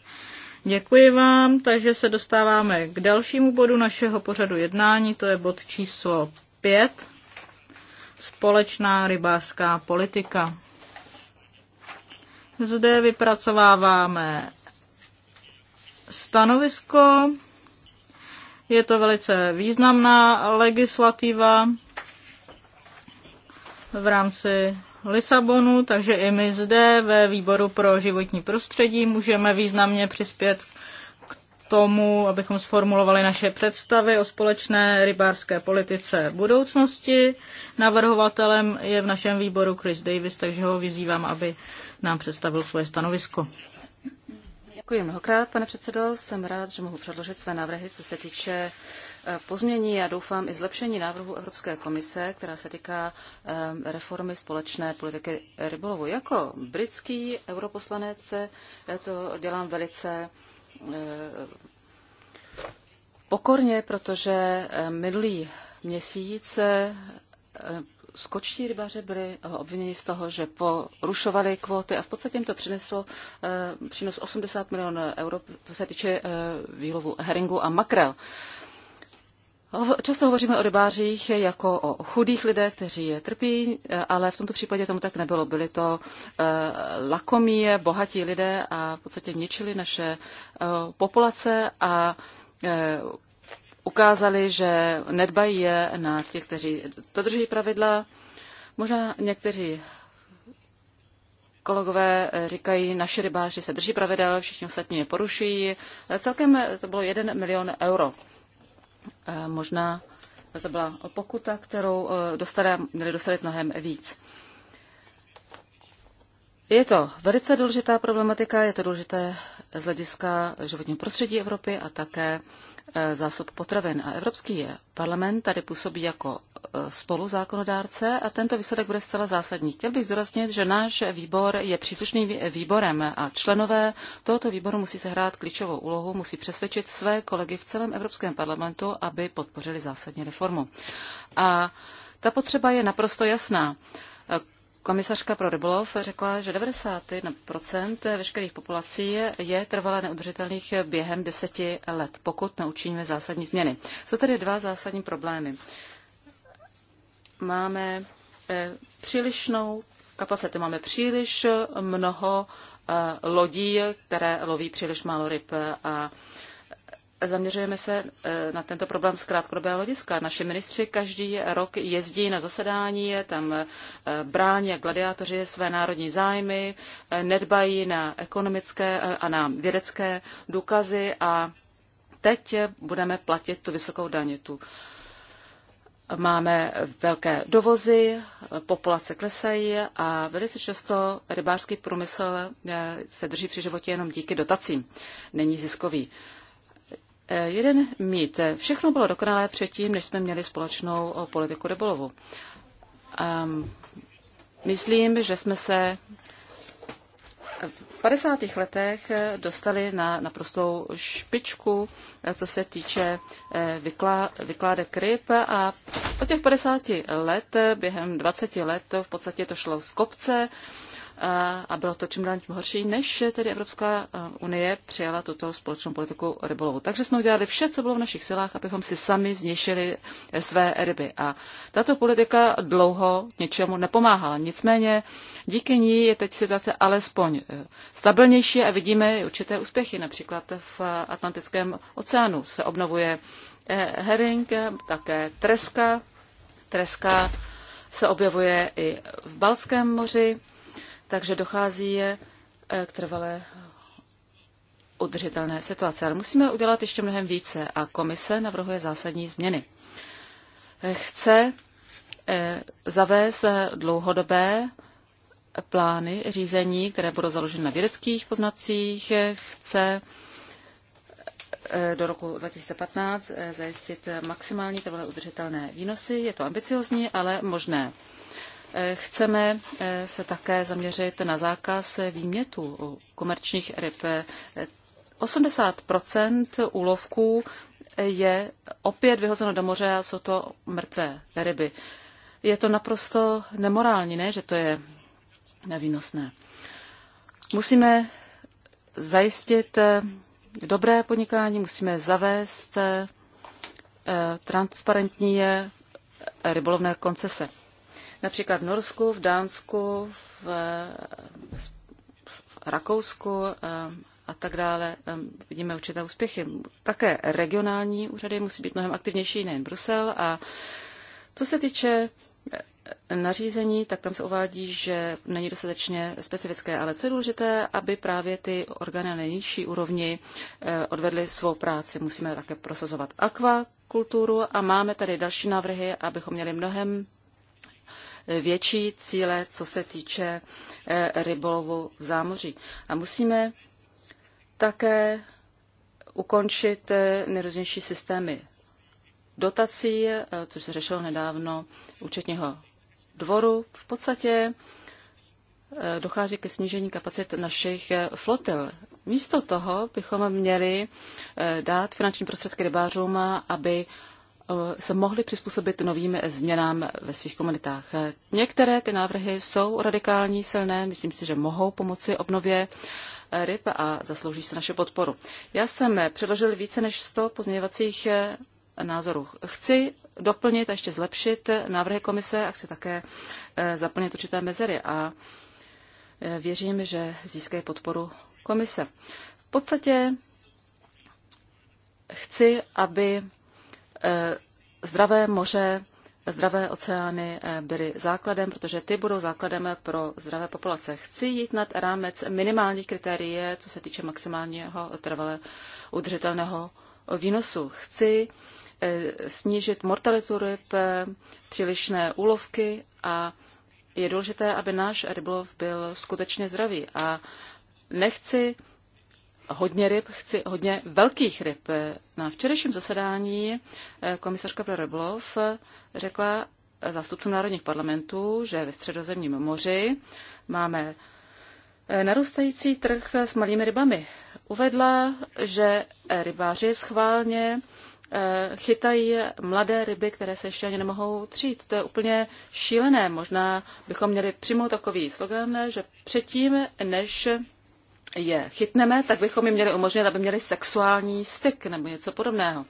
Děkuji vám, takže se dostáváme k dalšímu bodu našeho pořadu jednání, to je bod číslo 5. Společná rybářská politika. Zde vypracováváme stanovisko. Je to velice významná legislativa v rámci Lisabonu, takže i my zde ve výboru pro životní prostředí můžeme významně přispět k tomu, abychom sformulovali naše představy o společné rybářské politice budoucnosti. Navrhovatelem je v našem výboru Chris Davis, takže ho vyzývám, aby nám představil svoje stanovisko. Děkuji mnohokrát, pane předsedo. Jsem rád, že mohu předložit své návrhy, co se týče eh, pozmění a doufám i zlepšení návrhu Evropské komise, která se týká eh, reformy společné politiky rybolovu. Jako britský europoslanec eh, to dělám velice pokorně, protože minulý měsíc skočtí rybaři byli eh, obviněni z toho, že porušovali kvóty a v podstatě jim to přineslo eh, přínos 80 milionů euro, co se týče eh, výlovu heringu a makrel. Často hovoříme o rybářích jako o chudých lidech, kteří je trpí, ale v tomto případě tomu tak nebylo. Byli to lakomí, bohatí lidé a v podstatě ničili naše populace a ukázali, že nedbají je na těch, kteří dodržují pravidla. Možná někteří kolegové říkají, naši rybáři se drží pravidel, všichni ostatní je porušují. Celkem to bylo 1 milion euro. Eh, možná to byla pokuta, kterou eh, dostali, měli dostat mnohem víc. Je to velice důležitá problematika, je to důležité z hlediska životního prostředí Evropy a také E, zásob potravin. A Evropský parlament tady působí jako e, spoluzákonodárce a tento výsledek bude zcela zásadní. Chtěl bych zdůraznit, že náš výbor je příslušným výborem a členové tohoto výboru musí sehrát klíčovou úlohu, musí přesvědčit své kolegy v celém Evropském parlamentu, aby podpořili zásadní reformu. A ta potřeba je naprosto jasná. Komisařka pro rybolov řekla, že 91% veškerých populací je trvalé neudržitelných během deseti let, pokud neučiníme zásadní změny. Jsou tady dva zásadní problémy. Máme eh, přílišnou kapacitu, máme příliš mnoho eh, lodí, které loví příliš málo ryb eh, a zaměřujeme se eh, na tento problém z krátkodobého hlediska. Naši ministři každý rok jezdí na zasedání, tam eh, brání jak gladiátoři své národní zájmy, eh, nedbají na ekonomické a na vědecké důkazy a teď budeme platit tu vysokou daně. máme velké dovozy, populace klesají a velice často rybářský průmysl se drží při životě jenom díky dotacím. Není ziskový jeden mít. Všechno bylo dokonalé předtím, než jsme měli společnou politiku rybolovu. Um, myslím, že jsme se v 50. letech eh, dostali na naprostou špičku, eh, co se týče eh, vyklá, vykládek ryb a od těch 50 let, během 20 let, v podstatě to šlo z kopce. Um, a bylo to čím dál tím horší, než tedy Evropská unie přijala tuto společnou politiku rybolovu. Takže jsme udělali vše, co bylo v našich silách, abychom si sami znišili e, své ryby. A tato politika dlouho něčemu nepomáhala. Nicméně díky ní je teď situace alespoň e, stabilnější a vidíme určité úspěchy. Například v Atlantickém oceánu se obnovuje e, herring, také treska. Treska se objevuje i v Balském moři takže dochází eh, k trvalé udržitelné situace. Ale musíme udělat ještě mnohem více a komise navrhuje zásadní změny. Eh, chce eh, zavést dlouhodobé plány řízení, které budou založeny na vědeckých poznacích, chce do roku 2015 zajistit maximální trvalé udržitelné výnosy. Je to ambiciozní, ale možné. Eh, chceme eh, se také zaměřit na zákaz výmětu komerčních ryb. 80 eh, úlovků je opět vyhozeno do moře a jsou to mrtvé ryby. Je to naprosto nemorální, ne, že to je nevýnosné. Musíme zajistit dobré podnikání, musíme zavést transparentní rybolovné koncese například v Norsku, v Dánsku, v, v Rakousku eh, a tak dále. Vidíme určité úspěchy. Také regionální úřady musí být mnohem aktivnější, nejen Brusel. A co se týče eh, nařízení, tak tam se uvádí, že není dostatečně specifické, ale co je důležité, aby právě ty orgány na nejnižší úrovni eh, odvedly svou práci. Musíme také prosazovat akvakulturu a máme tady další návrhy, abychom měli mnohem větší cíle, co se týče eh, rybolovu v zámoří. A musíme také ukončit eh, nejrůznější systémy dotací, eh, což se řešilo nedávno účetního dvoru. V podstatě dochází ke snížení kapacit našich flotil. Místo toho bychom měli dát finanční prostředky rybářům, aby se mohli přizpůsobit novým změnám ve svých komunitách. Některé ty návrhy jsou radikální, silné, myslím si, že mohou pomoci obnově ryb a zaslouží se naše podporu. Já jsem předložil více než 100 pozměňovacích eh, názorů. Chci doplnit a ještě zlepšit návrhy komise a chci také eh, zaplnit určité mezery a eh, věřím, že získají podporu komise. V podstatě chci, aby Eh, zdravé moře, zdravé oceány eh, byly základem, protože ty budou základem pro zdravé populace. Chci jít nad rámec minimální kritérie, co se týče maximálního trvale udržitelného výnosu. Chci eh, snížit mortalitu ryb, přílišné úlovky a je důležité, aby náš rybolov byl skutečně zdravý. A nechci hodně ryb, chci hodně velkých ryb. Na včerejším zasedání eh, komisařka pro Reblov eh, řekla zástupcům národních parlamentů, že ve středozemním moři máme eh, narůstající trh s malými rybami. Uvedla, že rybáři schválně chytají mladé ryby, které se ještě ani nemohou třít. To je úplně šílené. Možná bychom měli přímo takový slogan, že předtím, než je chytneme, tak bychom jim měli umožnit, aby měli sexuální styk nebo něco podobného.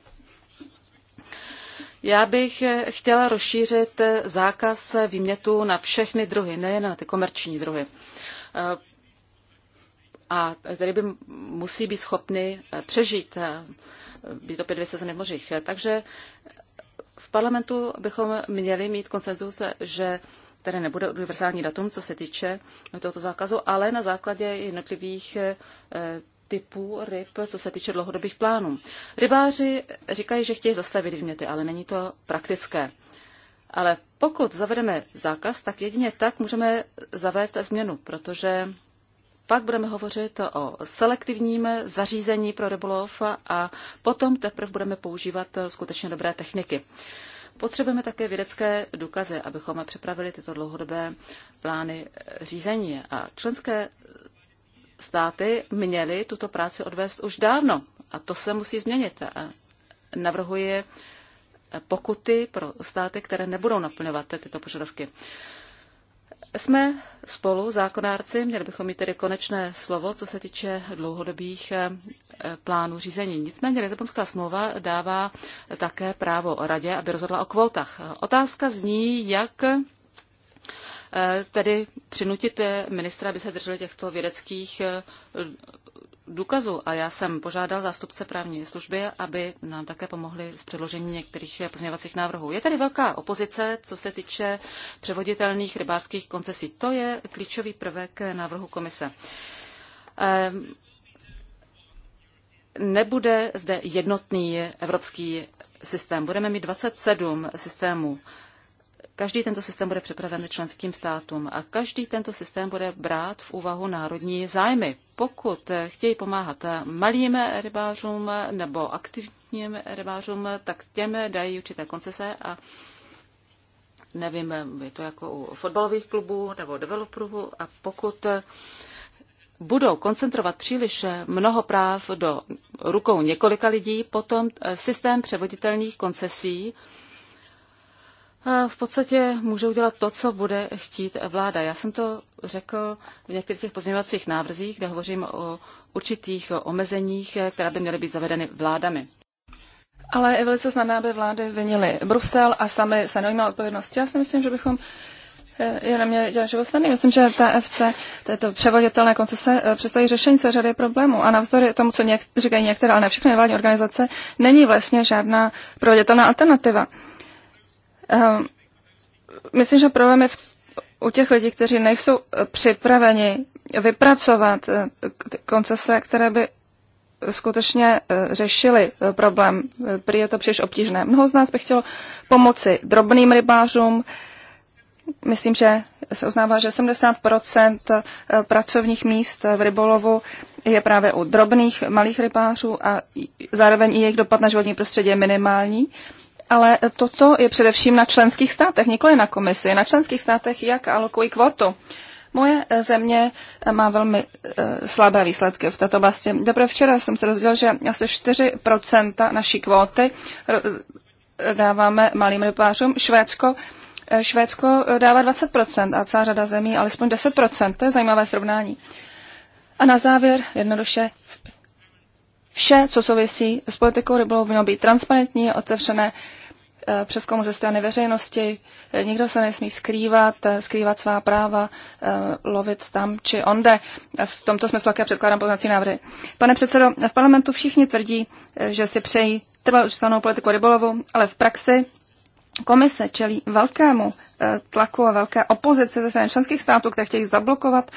Já bych chtěla rozšířit zákaz výmětu na všechny druhy, nejen na ty komerční druhy. A tedy by musí být schopny přežít, být opět vysazeny v mořích. Takže v parlamentu bychom měli mít koncenzus, že které nebude univerzální datum, co se týče tohoto zákazu, ale na základě jednotlivých eh, typů ryb, co se týče dlouhodobých plánů. Rybáři říkají, že chtějí zastavit výměty, ale není to praktické. Ale pokud zavedeme zákaz, tak jedině tak můžeme zavést změnu, protože pak budeme hovořit o selektivním zařízení pro rybolov a potom teprve budeme používat skutečně dobré techniky. Potřebujeme také vědecké důkazy, abychom připravili tyto dlouhodobé plány řízení. A členské státy měly tuto práci odvést už dávno. A to se musí změnit. A navrhuje pokuty pro státy, které nebudou naplňovat tyto požadavky. Jsme spolu zákonárci, měli bychom mít tedy konečné slovo, co se týče dlouhodobých eh, plánů řízení. Nicméně Lizabonská smlouva dává také právo radě, aby rozhodla o kvótách. Otázka zní, jak eh, tedy přinutit eh, ministra, aby se držel těchto vědeckých důkazu a já jsem požádal zástupce právní služby, aby nám také pomohli s předložením některých pozměňovacích návrhů. Je tady velká opozice, co se týče převoditelných rybářských koncesí. To je klíčový prvek návrhu komise. Ehm, nebude zde jednotný evropský systém. Budeme mít 27 systémů Každý tento systém bude připraven členským státům a každý tento systém bude brát v úvahu národní zájmy. Pokud chtějí pomáhat malým rybářům nebo aktivním rybářům, tak těm dají určité koncese a nevím, je to jako u fotbalových klubů nebo developerů a pokud budou koncentrovat příliš mnoho práv do rukou několika lidí, potom systém převoditelných koncesí v podstatě můžou dělat to, co bude chtít vláda. Já jsem to řekl v některých těch pozměňovacích návrzích, kde hovořím o určitých omezeních, která by měly být zavedeny vládami. Ale je velice snadné, aby vlády vinily Brusel a sami se neujímali odpovědnosti. Já si myslím, že bychom eh, je na mě dělá život snadný. Myslím, že TFC, to převoditelné koncese, eh, představí řešení se řady problémů. A navzdory tomu, co něk- říkají některé, ale ne všechny vládní organizace, není vlastně žádná proveditelná alternativa. Ehm, myslím, že problém je v, u těch lidí, kteří nejsou eh, připraveni vypracovat eh, koncese, které by skutečně eh, řešili problém. Prý je to příliš obtížné. Mnoho z nás by chtělo pomoci drobným rybářům. Myslím, že se uznává, že 70 pracovních míst v rybolovu je právě u drobných malých rybářů a zároveň i jejich dopad na životní prostředí je minimální ale toto je především na členských státech, nikoli na komisi. Na členských státech, jak alokují kvotu. Moje země má velmi e, slabé výsledky v této oblasti. Dobře, včera jsem se dozvěděl, že asi 4% naší kvóty eh, dáváme malým rybářům. Švédsko, eh, Švédsko dává 20% a celá řada zemí alespoň 10%. To je zajímavé srovnání. A na závěr, jednoduše, vše, co souvisí s politikou rybou, mělo být transparentní, otevřené, Eh, přeskomu ze strany veřejnosti. Eh, nikdo se nesmí skrývat, eh, skrývat svá práva, lovit tam či onde. V tomto smyslu také předkládám poznací návrhy. Pane předsedo, v parlamentu všichni tvrdí, že si přejí trvalou účastnou politiku rybolovu, ale v praxi komise čelí velkému tlaku a velké opozici ze strany členských států, které chtějí zablokovat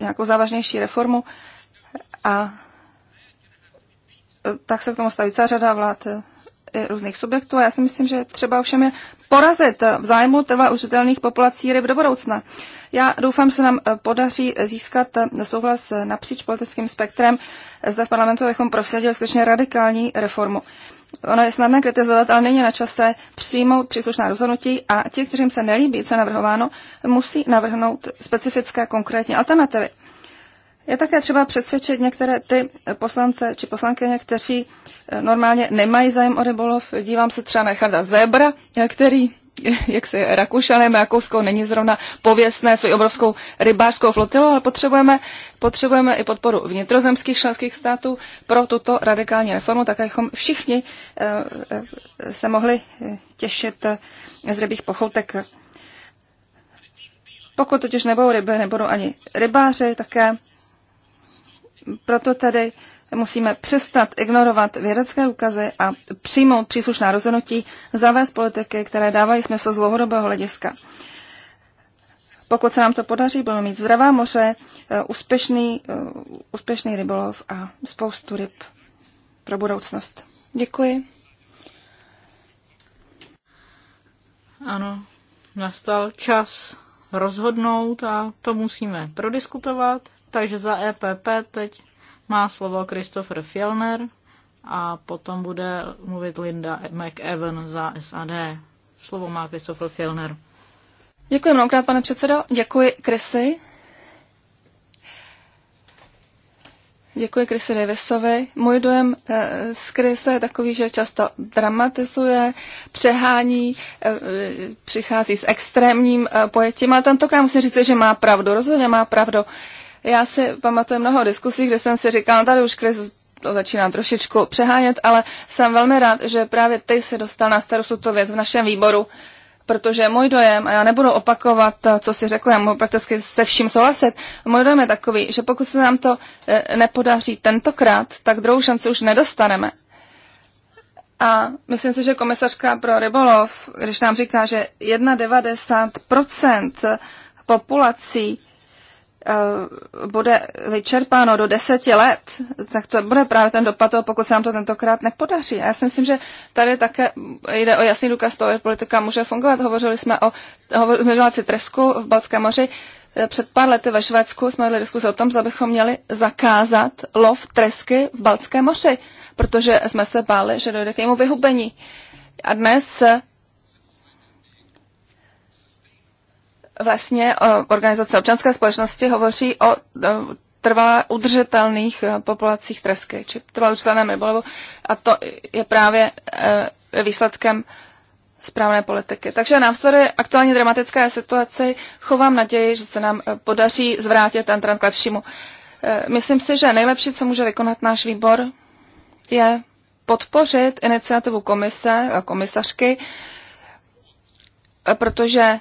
nějakou závažnější reformu a tak se k tomu staví celá řada vlád, i eh, různých subjektů a já si myslím, že třeba ovšem je porazit eh, v zájmu trva užitelných populací ryb do budoucna. Já doufám, že se nám eh, podaří získat souhlas napříč politickým spektrem. Zde v parlamentu bychom prosadili skutečně radikální reformu. Ono je snadné kritizovat, ale není na čase přijmout příslušná rozhodnutí a ti, kteří se nelíbí, co je navrhováno, musí navrhnout specifické konkrétní alternativy. Je také třeba přesvědčit některé ty poslance či poslankyně, kteří eh, normálně nemají zájem o rybolov. Dívám se třeba na Charda Zebra, eh, který eh, jak se Rakušanem, Rakouskou není zrovna pověstné svou obrovskou rybářskou flotilu, ale potřebujeme, potřebujeme i podporu vnitrozemských členských států pro tuto radikální reformu, tak abychom všichni se mohli těšit z rybých pochoutek. Pokud totiž nebudou ryby, nebudou ani rybáři také, proto tedy musíme přestat ignorovat vědecké důkazy a přijmout příslušná rozhodnutí, zavést politiky, které dávají smysl z dlouhodobého hlediska. Pokud se nám to podaří, budeme mít zdravá moře, eh, úspěšný, eh, úspěšný rybolov a spoustu ryb pro budoucnost. Děkuji. Ano, nastal čas rozhodnout a to musíme prodiskutovat. Takže za EPP teď má slovo Christopher Fjellner a potom bude mluvit Linda McEwen za SAD. Slovo má Christopher Fjellner. Děkuji mnohokrát, pane předsedo. Děkuji, Chrisy. Děkuji Chrisy Davisovi. Můj dojem eh, z Krise je takový, že často dramatizuje, přehání, eh, přichází s extrémním eh, pojetím, ale tentokrát musím říct, že má pravdu. Rozhodně má pravdu. Já si pamatuju mnoho diskusí, kde jsem si říkal, tady už Chris to začíná trošičku přehánět, ale jsem velmi rád, že právě ty se dostal na starost tuto věc v našem výboru, protože můj dojem, a já nebudu opakovat, eh, co si řekl, já mohu prakticky se vším souhlasit, můj dojem je takový, že pokud se nám to eh, nepodaří tentokrát, tak druhou šanci už nedostaneme. A myslím si, že komisařka pro rybolov, když nám říká, že 91% populací Eh, bude vyčerpáno do deseti let, tak to bude právě ten dopad toho, pokud se nám to tentokrát nepodaří. A já si myslím, že tady také jde o jasný důkaz toho, že politika může fungovat. Hovořili jsme o hovořili tresku v Balckém moři. Eh, před pár lety ve Švédsku jsme měli diskuzi o tom, zda bychom měli zakázat lov tresky v Balckém moři, protože jsme se báli, že dojde k jejímu vyhubení. A dnes eh, vlastně eh, organizace občanské společnosti hovoří o eh, trvalé udržitelných eh, populacích tresky, či trvalé udržitelné rybolovu. A to je právě výsledkem správné politiky. Takže navzdory aktuálně dramatické situaci chovám naději, že se nám podaří zvrátit ten trend k lepšímu. Myslím si, že nejlepší, co může vykonat náš výbor, je podpořit iniciativu komise, komisařky, protože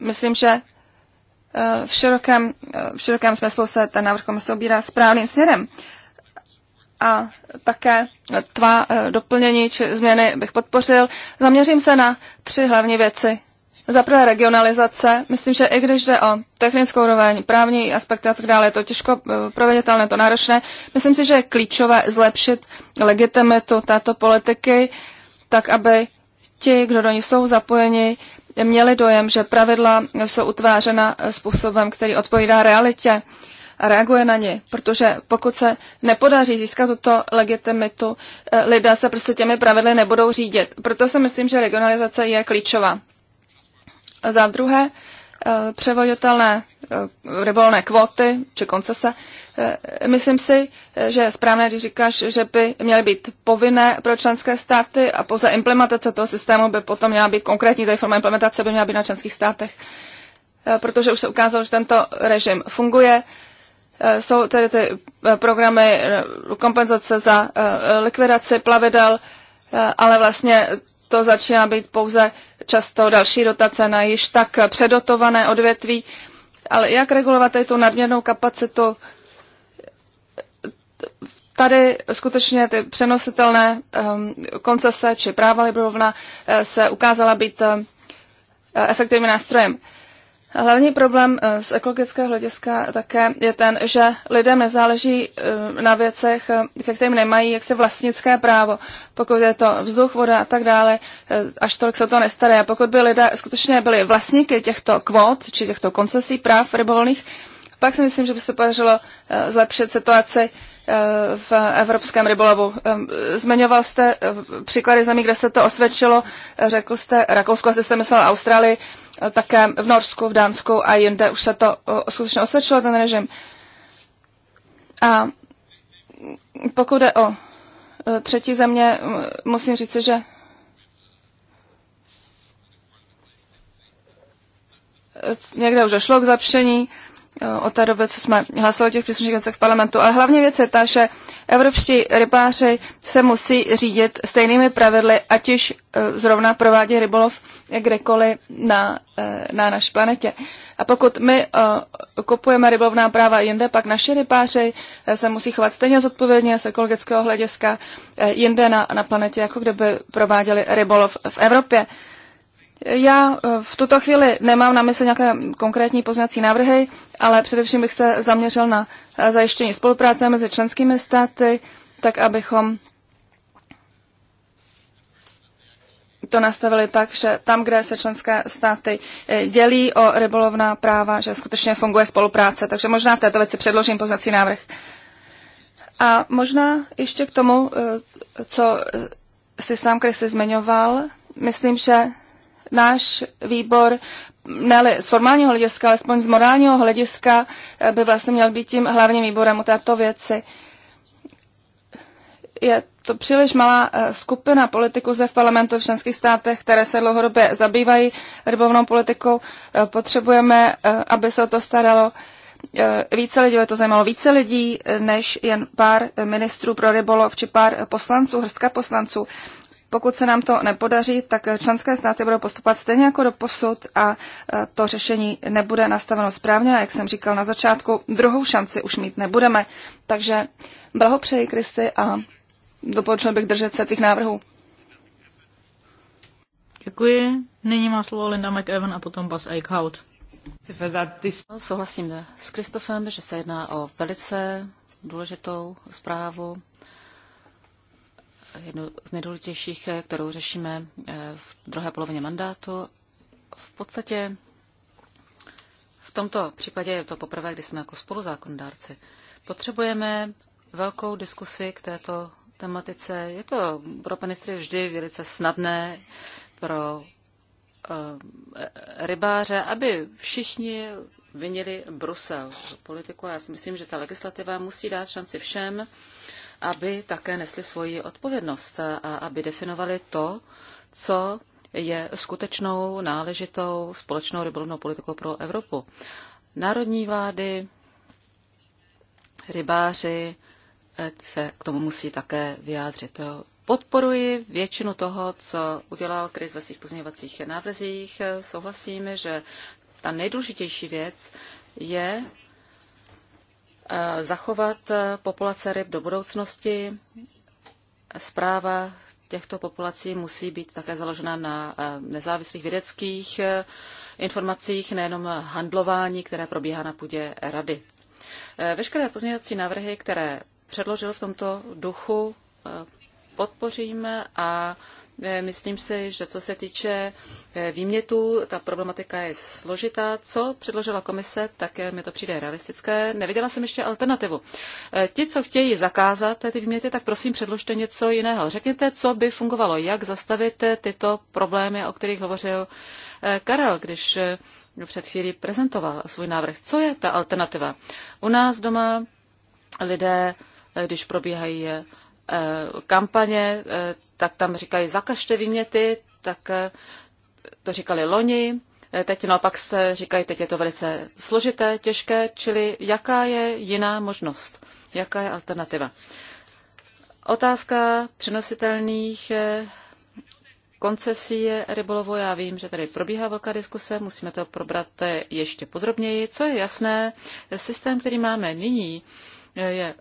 myslím, že eh, v širokém, eh, v širokém smyslu se ten návrh komise obírá správným směrem. A také tvá eh, doplnění či změny bych podpořil. Zaměřím se na tři hlavní věci. Za prvé regionalizace. Myslím, že i když jde o technickou roveň, právní aspekty a tak dále, je to těžko proveditelné, to náročné. Myslím si, že je klíčové zlepšit legitimitu této politiky, tak aby ti, kdo do ní jsou zapojeni, měli dojem, že pravidla jsou utvářena způsobem, který odpovídá realitě a reaguje na ně, protože pokud se nepodaří získat tuto legitimitu, eh, lidé se prostě těmi pravidly nebudou řídit. Proto si myslím, že regionalizace je klíčová. Za druhé, Eh, převoditelné eh, rybolné kvóty či koncese. Eh, myslím si, že je správné, když říkáš, že by měly být povinné pro členské státy a pouze implementace toho systému by potom měla být konkrétní, tady forma implementace by měla být na členských státech, protože už se ukázalo, že tento režim funguje. Jsou tedy ty programy kompenzace za likvidaci plavidel, ale vlastně to začíná být pouze často další dotace na již tak předotované odvětví. Ale jak regulovat tu nadměrnou kapacitu? Tady skutečně ty přenositelné um, koncese či práva Librovna eh, se ukázala být um, efektivním nástrojem. Hlavní problém eh, z ekologického hlediska také je ten, že lidem nezáleží eh, na věcech, eh, ke kterým nemají jaksi vlastnické právo. Pokud je to vzduch, voda a tak dále, až tolik se to nestaré. A pokud by lidé skutečně byli vlastníky těchto kvót či těchto koncesí práv rybolných, pak si myslím, že by se podařilo zlepšit situaci v evropském rybolovu. Zmiňoval jste příklady zemí, kde se to osvědčilo, řekl jste Rakousko, asi jste myslel Austrálii. Eh, také v Norsku, v Dánsku a jinde už se to eh, skutečně osvědčilo, ten režim. A pokud jde o eh, třetí země, musím říct, že někde už došlo k zlepšení, od té doby, co jsme hlasovali o těch příslušných věcech v parlamentu. Ale hlavně věc je ta, že evropští rybáři se musí řídit stejnými pravidly, ať již e, zrovna provádí rybolov kdekoliv na, e, na naší planetě. A pokud my e, kupujeme rybovná práva jinde, pak naši rybáři se musí chovat stejně zodpovědně z ekologického hlediska jinde na, na planetě, jako kdyby prováděli rybolov v Evropě. Já eh, v tuto chvíli nemám na mysli nějaké konkrétní poznací návrhy, ale především bych se zaměřil na eh, zajištění spolupráce mezi členskými státy, tak abychom to nastavili tak, že tam, kde se členské státy eh, dělí o rybolovná práva, že skutečně funguje spolupráce. Takže možná v této věci předložím poznací návrh. A možná ještě k tomu, co si sám Krysy zmiňoval, myslím, že náš výbor, ne z formálního hlediska, ale z morálního hlediska, eh, by vlastně měl být tím hlavním výborem u této věci. Je to příliš malá eh, skupina politiků zde v parlamentu v členských státech, které se dlouhodobě zabývají rybovnou politikou. Eh, potřebujeme, aby se o to staralo více lidí, by to zajímalo více lidí, než jen pár ministrů pro rybolov či pár poslanců, hrstka poslanců. Pokud se nám to nepodaří, tak členské státy budou postupovat stejně jako do posud a e, to řešení nebude nastaveno správně. A jak jsem říkal na začátku, druhou šanci už mít nebudeme. Takže blahopřeji, Kristy, a doporučil bych držet se těch návrhů. Děkuji. Nyní má slovo Linda McEwan a potom Bas Eichhout. No, souhlasím s Kristofem, že se jedná o velice důležitou zprávu jednu z nejdůležitějších, kterou řešíme eh, v druhé polovině mandátu. V podstatě v tomto případě je to poprvé, kdy jsme jako spoluzákonodárci. Potřebujeme velkou diskusi k této tematice. Je to pro panistry vždy velice snadné, pro eh, rybáře, aby všichni vinili Brusel, politiku. Já si myslím, že ta legislativa musí dát šanci všem, aby také nesli svoji odpovědnost a aby definovali to, co je skutečnou náležitou společnou rybolovnou politikou pro Evropu. Národní vlády, rybáři eh, se k tomu musí také vyjádřit. Podporuji většinu toho, co udělal Kris ve svých pozměňovacích návrzích. Eh, Souhlasím, že ta nejdůležitější věc je Eh, zachovat eh, populace ryb do budoucnosti. Zpráva těchto populací musí být také založena na eh, nezávislých vědeckých informacích, nejenom handlování, které probíhá na půdě rady. Veškeré pozměňovací návrhy, které předložil v tomto duchu, podpoříme a Eh, myslím si, že co se týče eh, výmětu, ta problematika je složitá. Co předložila komise, tak eh, mi to přijde realistické. Neviděla jsem ještě alternativu. Ti, co chtějí zakázat ty výměty, tak prosím předložte něco jiného. Řekněte, co by fungovalo, jak zastavit tyto problémy, o kterých hovořil Karel, když před chvílí prezentoval svůj návrh. Co je ta alternativa? U nás doma lidé, když probíhají kampaně, tak tam říkají, zakažte výměty, tak eh, to říkali loni, eh, teď naopak se říkají, teď je to velice složité, těžké, čili jaká je jiná možnost, jaká je alternativa. Otázka přenositelných eh, koncesí rybolovu, já vím, že tady probíhá velká diskuse, musíme to probrat ještě podrobněji. Co je jasné, systém, který máme nyní, je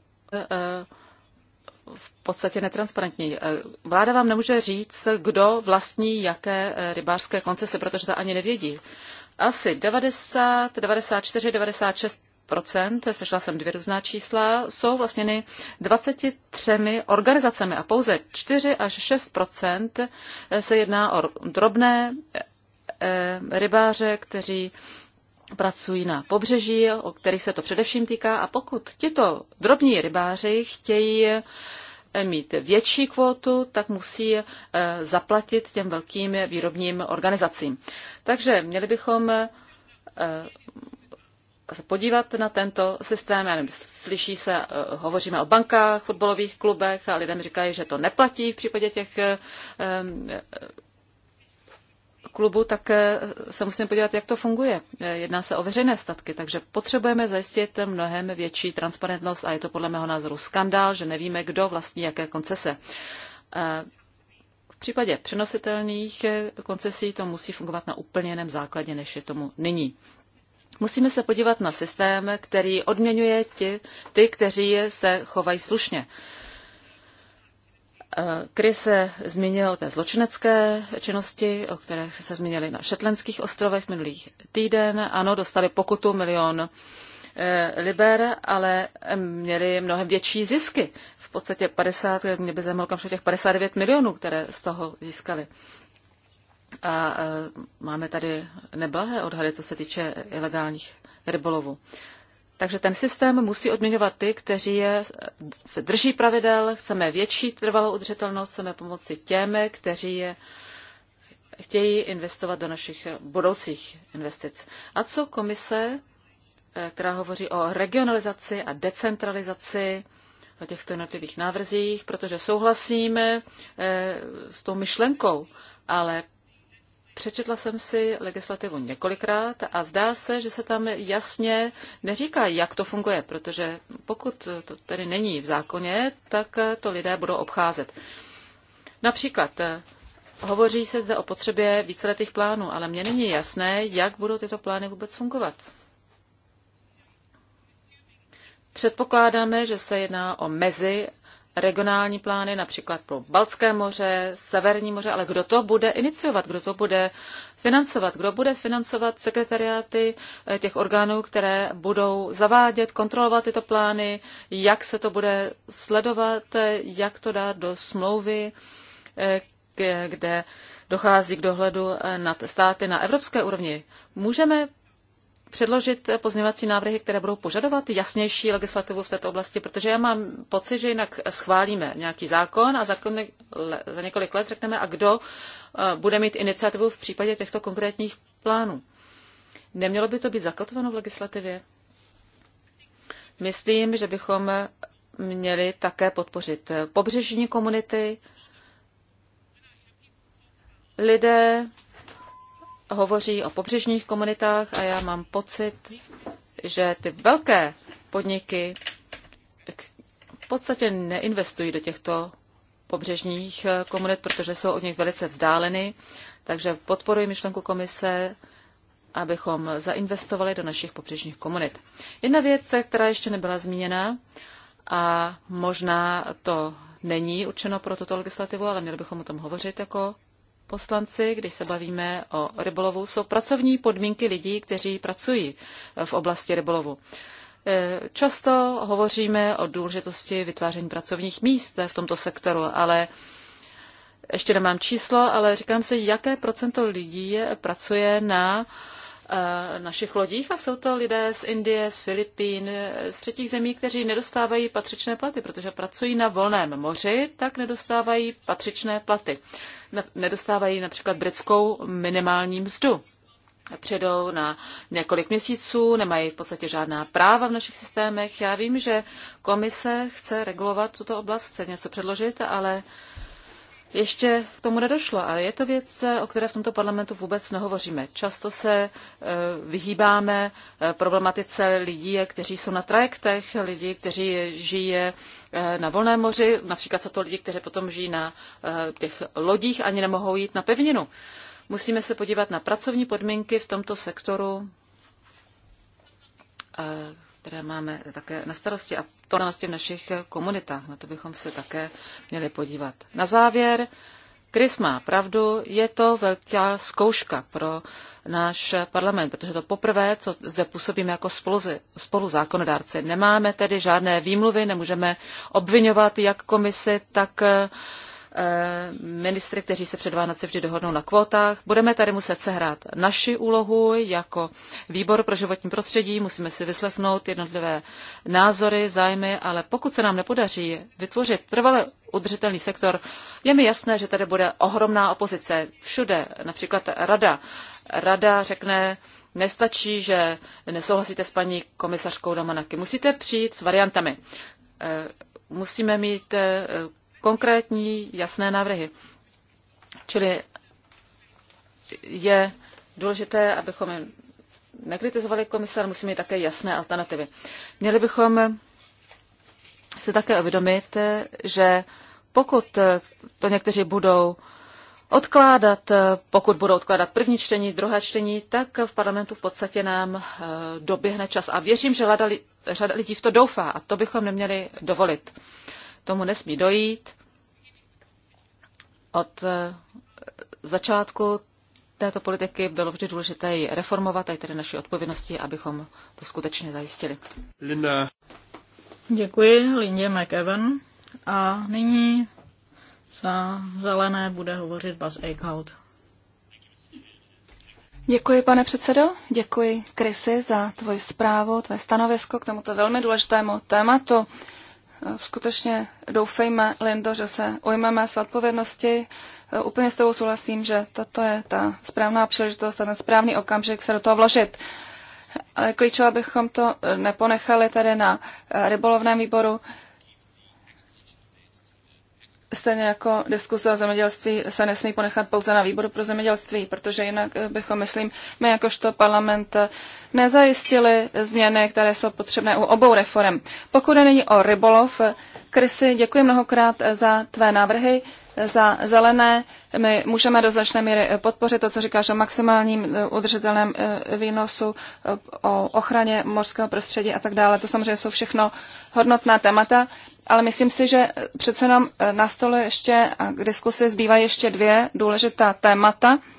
v podstatě netransparentní. Eh, vláda vám nemůže říct, kdo vlastní jaké eh, rybářské koncese, protože to ani nevědí. Asi 90, 94, 96 procent, sešla jsem dvě různá čísla, jsou vlastněny 23 organizacemi a pouze 4 až 6 eh, se jedná o drobné rybáře, kteří pracují na pobřeží, o kterých se to především týká. A pokud tito drobní rybáři chtějí eh, mít větší kvótu, tak musí eh, zaplatit těm velkým výrobním organizacím. Takže měli bychom eh, podívat na tento systém. Já nevím, slyší se, hovoříme o bankách, fotbalových klubech a lidem říkají, že to neplatí v případě těch klubu, tak eh, se musíme podívat, jak to funguje. Eh, jedná se o veřejné statky, takže potřebujeme zajistit mnohem větší transparentnost a je to podle mého názoru skandál, že nevíme, kdo vlastní jaké koncese. Eh, v případě přenositelných koncesí to musí fungovat na úplně jiném základě, než je tomu nyní. Musíme se podívat na systém, který odměňuje ty, ty, kteří se chovají slušně. Uh, Kry se zmínil o té zločinecké činnosti, o které se zmínili na Šetlenských ostrovech minulý týden. Ano, dostali pokutu milion eh, liber, ale měli mnohem větší zisky. V podstatě 50, mě by zajímalo, kam těch 59 milionů, které z toho získali. A eh, máme tady neblahé odhady, co se týče ilegálních rybolovů. Takže ten systém musí odměňovat ty, kteří je, se drží pravidel, chceme větší trvalou udržitelnost, chceme pomoci těm, kteří je, chtějí investovat do našich budoucích investic. A co komise, eh, která hovoří o regionalizaci a decentralizaci, o těchto jednotlivých návrzích, protože souhlasíme eh, s tou myšlenkou, ale Přečetla jsem si legislativu několikrát a zdá se, že se tam jasně neříká, jak to funguje, protože pokud to tedy není v zákoně, tak to lidé budou obcházet. Například hovoří se zde o potřebě víceletých plánů, ale mně není jasné, jak budou tyto plány vůbec fungovat. Předpokládáme, že se jedná o mezi regionální plány, například pro Balské moře, Severní moře, ale kdo to bude iniciovat, kdo to bude financovat, kdo bude financovat sekretariáty eh, těch orgánů, které budou zavádět, kontrolovat tyto plány, jak se to bude sledovat, jak to dát do smlouvy, eh, kde dochází k dohledu eh, nad státy na evropské úrovni. Můžeme předložit pozměňovací návrhy, které budou požadovat jasnější legislativu v této oblasti, protože já mám pocit, že jinak schválíme nějaký zákon a zákon, za několik let řekneme, a kdo eh, bude mít iniciativu v případě těchto konkrétních plánů. Nemělo by to být zakotveno v legislativě? Myslím, že bychom měli také podpořit pobřežní komunity, lidé hovoří o pobřežních komunitách a já mám pocit, že ty velké podniky v podstatě neinvestují do těchto pobřežních eh, komunit, protože jsou od nich velice vzdáleny. Takže podporuji myšlenku komise, abychom zainvestovali do našich pobřežních komunit. Jedna věc, která ještě nebyla zmíněna a možná to není určeno pro tuto legislativu, ale měli bychom o tom hovořit jako poslanci, když se bavíme o rybolovu, jsou pracovní podmínky lidí, kteří pracují e, v oblasti rybolovu. E, často hovoříme o důležitosti vytváření pracovních míst v tomto sektoru, ale ještě nemám číslo, ale říkám si, jaké procento lidí pracuje na e, našich lodích a jsou to lidé z Indie, z Filipín, z třetích zemí, kteří nedostávají patřičné platy, protože pracují na volném moři, tak nedostávají patřičné platy nedostávají například britskou minimální mzdu. Předou na několik měsíců, nemají v podstatě žádná práva v našich systémech. Já vím, že komise chce regulovat tuto oblast, chce něco předložit, ale ještě k tomu nedošlo, ale je to věc, o které v tomto parlamentu vůbec nehovoříme. Často se e, vyhýbáme e, problematice lidí, kteří jsou na trajektech, lidí, kteří žijí e, na volném moři, například jsou to lidi, kteří potom žijí na těch lodích, ani nemohou jít na pevninu. Musíme se podívat na pracovní podmínky v tomto sektoru, které máme také na starosti a to na v našich komunitách. Na to bychom se také měli podívat. Na závěr, Chris má pravdu, je to velká zkouška pro náš parlament, protože to poprvé, co zde působíme jako spoluzákonodárci. spolu zákonodárci. Nemáme tedy žádné výmluvy, nemůžeme obvinovat jak komisi, tak Eh, ministry, kteří se před Vánoci vždy dohodnou na kvótách. Budeme tady muset sehrát naši úlohu jako výbor pro životní prostředí, musíme si vyslechnout jednotlivé názory, zájmy, ale pokud se nám nepodaří vytvořit trvalé udržitelný sektor, je mi jasné, že tady bude ohromná opozice všude, například rada. Rada řekne, nestačí, že nesouhlasíte s paní komisařkou Damanaky. Musíte přijít s variantami eh, musíme mít eh, konkrétní, jasné návrhy. Čili je důležité, abychom nekritizovali komise, ale musíme mít také jasné alternativy. Měli bychom se také uvědomit, že pokud to někteří budou odkládat, pokud budou odkládat první čtení, druhé čtení, tak v parlamentu v podstatě nám eh, doběhne čas. A věřím, že řada lidí v to doufá a to bychom neměli dovolit. Tomu nesmí dojít. Od eh, začátku této politiky bylo vždy důležité ji reformovat a je tedy naší odpovědnosti, abychom to skutečně zajistili. Linda. Děkuji Lindě McEwen a nyní za zelené bude hovořit Buzz Eichhout. Děkuji, pane předsedo. Děkuji, Krysy, za tvoji zprávu, tvé stanovisko k tomuto velmi důležitému tématu. Eh, skutečně doufejme, Lindo, že se ujmeme své odpovědnosti. Eh, úplně s tebou souhlasím, že toto je ta správná příležitost a ten správný okamžik se do toho vložit. Ale klíčové, abychom to eh, neponechali tady na rybolovném výboru. Stejně jako diskuse o zemědělství se nesmí ponechat pouze na výboru pro zemědělství, protože jinak bychom, myslím, my jakožto parlament nezajistili změny, které jsou potřebné u obou reform. Pokud není o rybolov, Krysy, děkuji mnohokrát za tvé návrhy. Za zelené my můžeme do značné míry eh, podpořit to, co říkáš o maximálním eh, udržitelném eh, výnosu, o ochraně mořského prostředí a tak dále. To samozřejmě jsou všechno hodnotná témata, ale myslím si, že přece nám na stole ještě a k diskusi zbývají ještě dvě důležitá témata –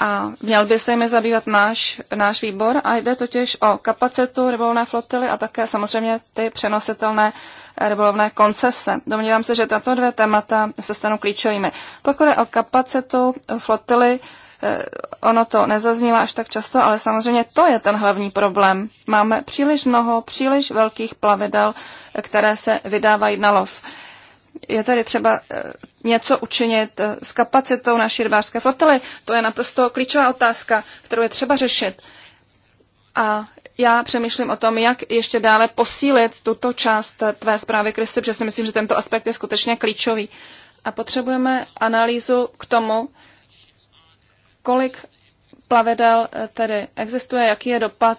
a měl by se jimi zabývat náš, náš výbor a jde totiž o kapacitu rybolovné flotily a také samozřejmě ty přenositelné rybolovné koncese. Domnívám se, že tato dvě témata se stanou klíčovými. Pokud je o kapacitu flotily, eh, ono to nezaznívá až tak často, ale samozřejmě to je ten hlavní problém. Máme příliš mnoho, příliš velkých plavidel, eh, které se vydávají na lov je tady třeba eh, něco učinit eh, s kapacitou naší rybářské flotily. To je naprosto klíčová otázka, kterou je třeba řešit. A já přemýšlím o tom, jak ještě dále posílit tuto část eh, tvé zprávy, Kristy, protože si myslím, že tento aspekt je skutečně klíčový. A potřebujeme analýzu k tomu, kolik plavidel tedy existuje, jaký je dopad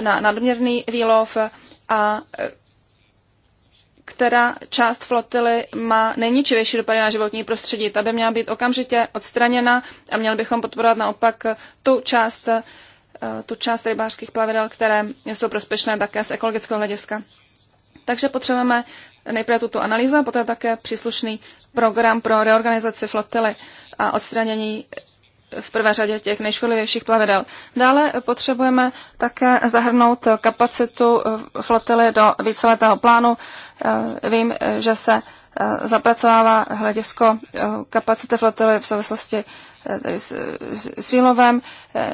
na nadměrný výlov a která část flotily má nejničivější dopady na životní prostředí. Ta by měla být okamžitě odstraněna a měli bychom podporovat naopak tu část, eh, tu část rybářských plavidel, které jsou prospěšné také z ekologického hlediska. Takže potřebujeme nejprve tuto analýzu a poté také příslušný program pro reorganizaci flotily a odstranění v prvé řadě těch nejškodlivějších plavidel. Dále potřebujeme také zahrnout kapacitu eh, flotily do víceletého plánu. Eh, vím, že se eh, zapracovává hledisko kapacity flotily v souvislosti s výlovem.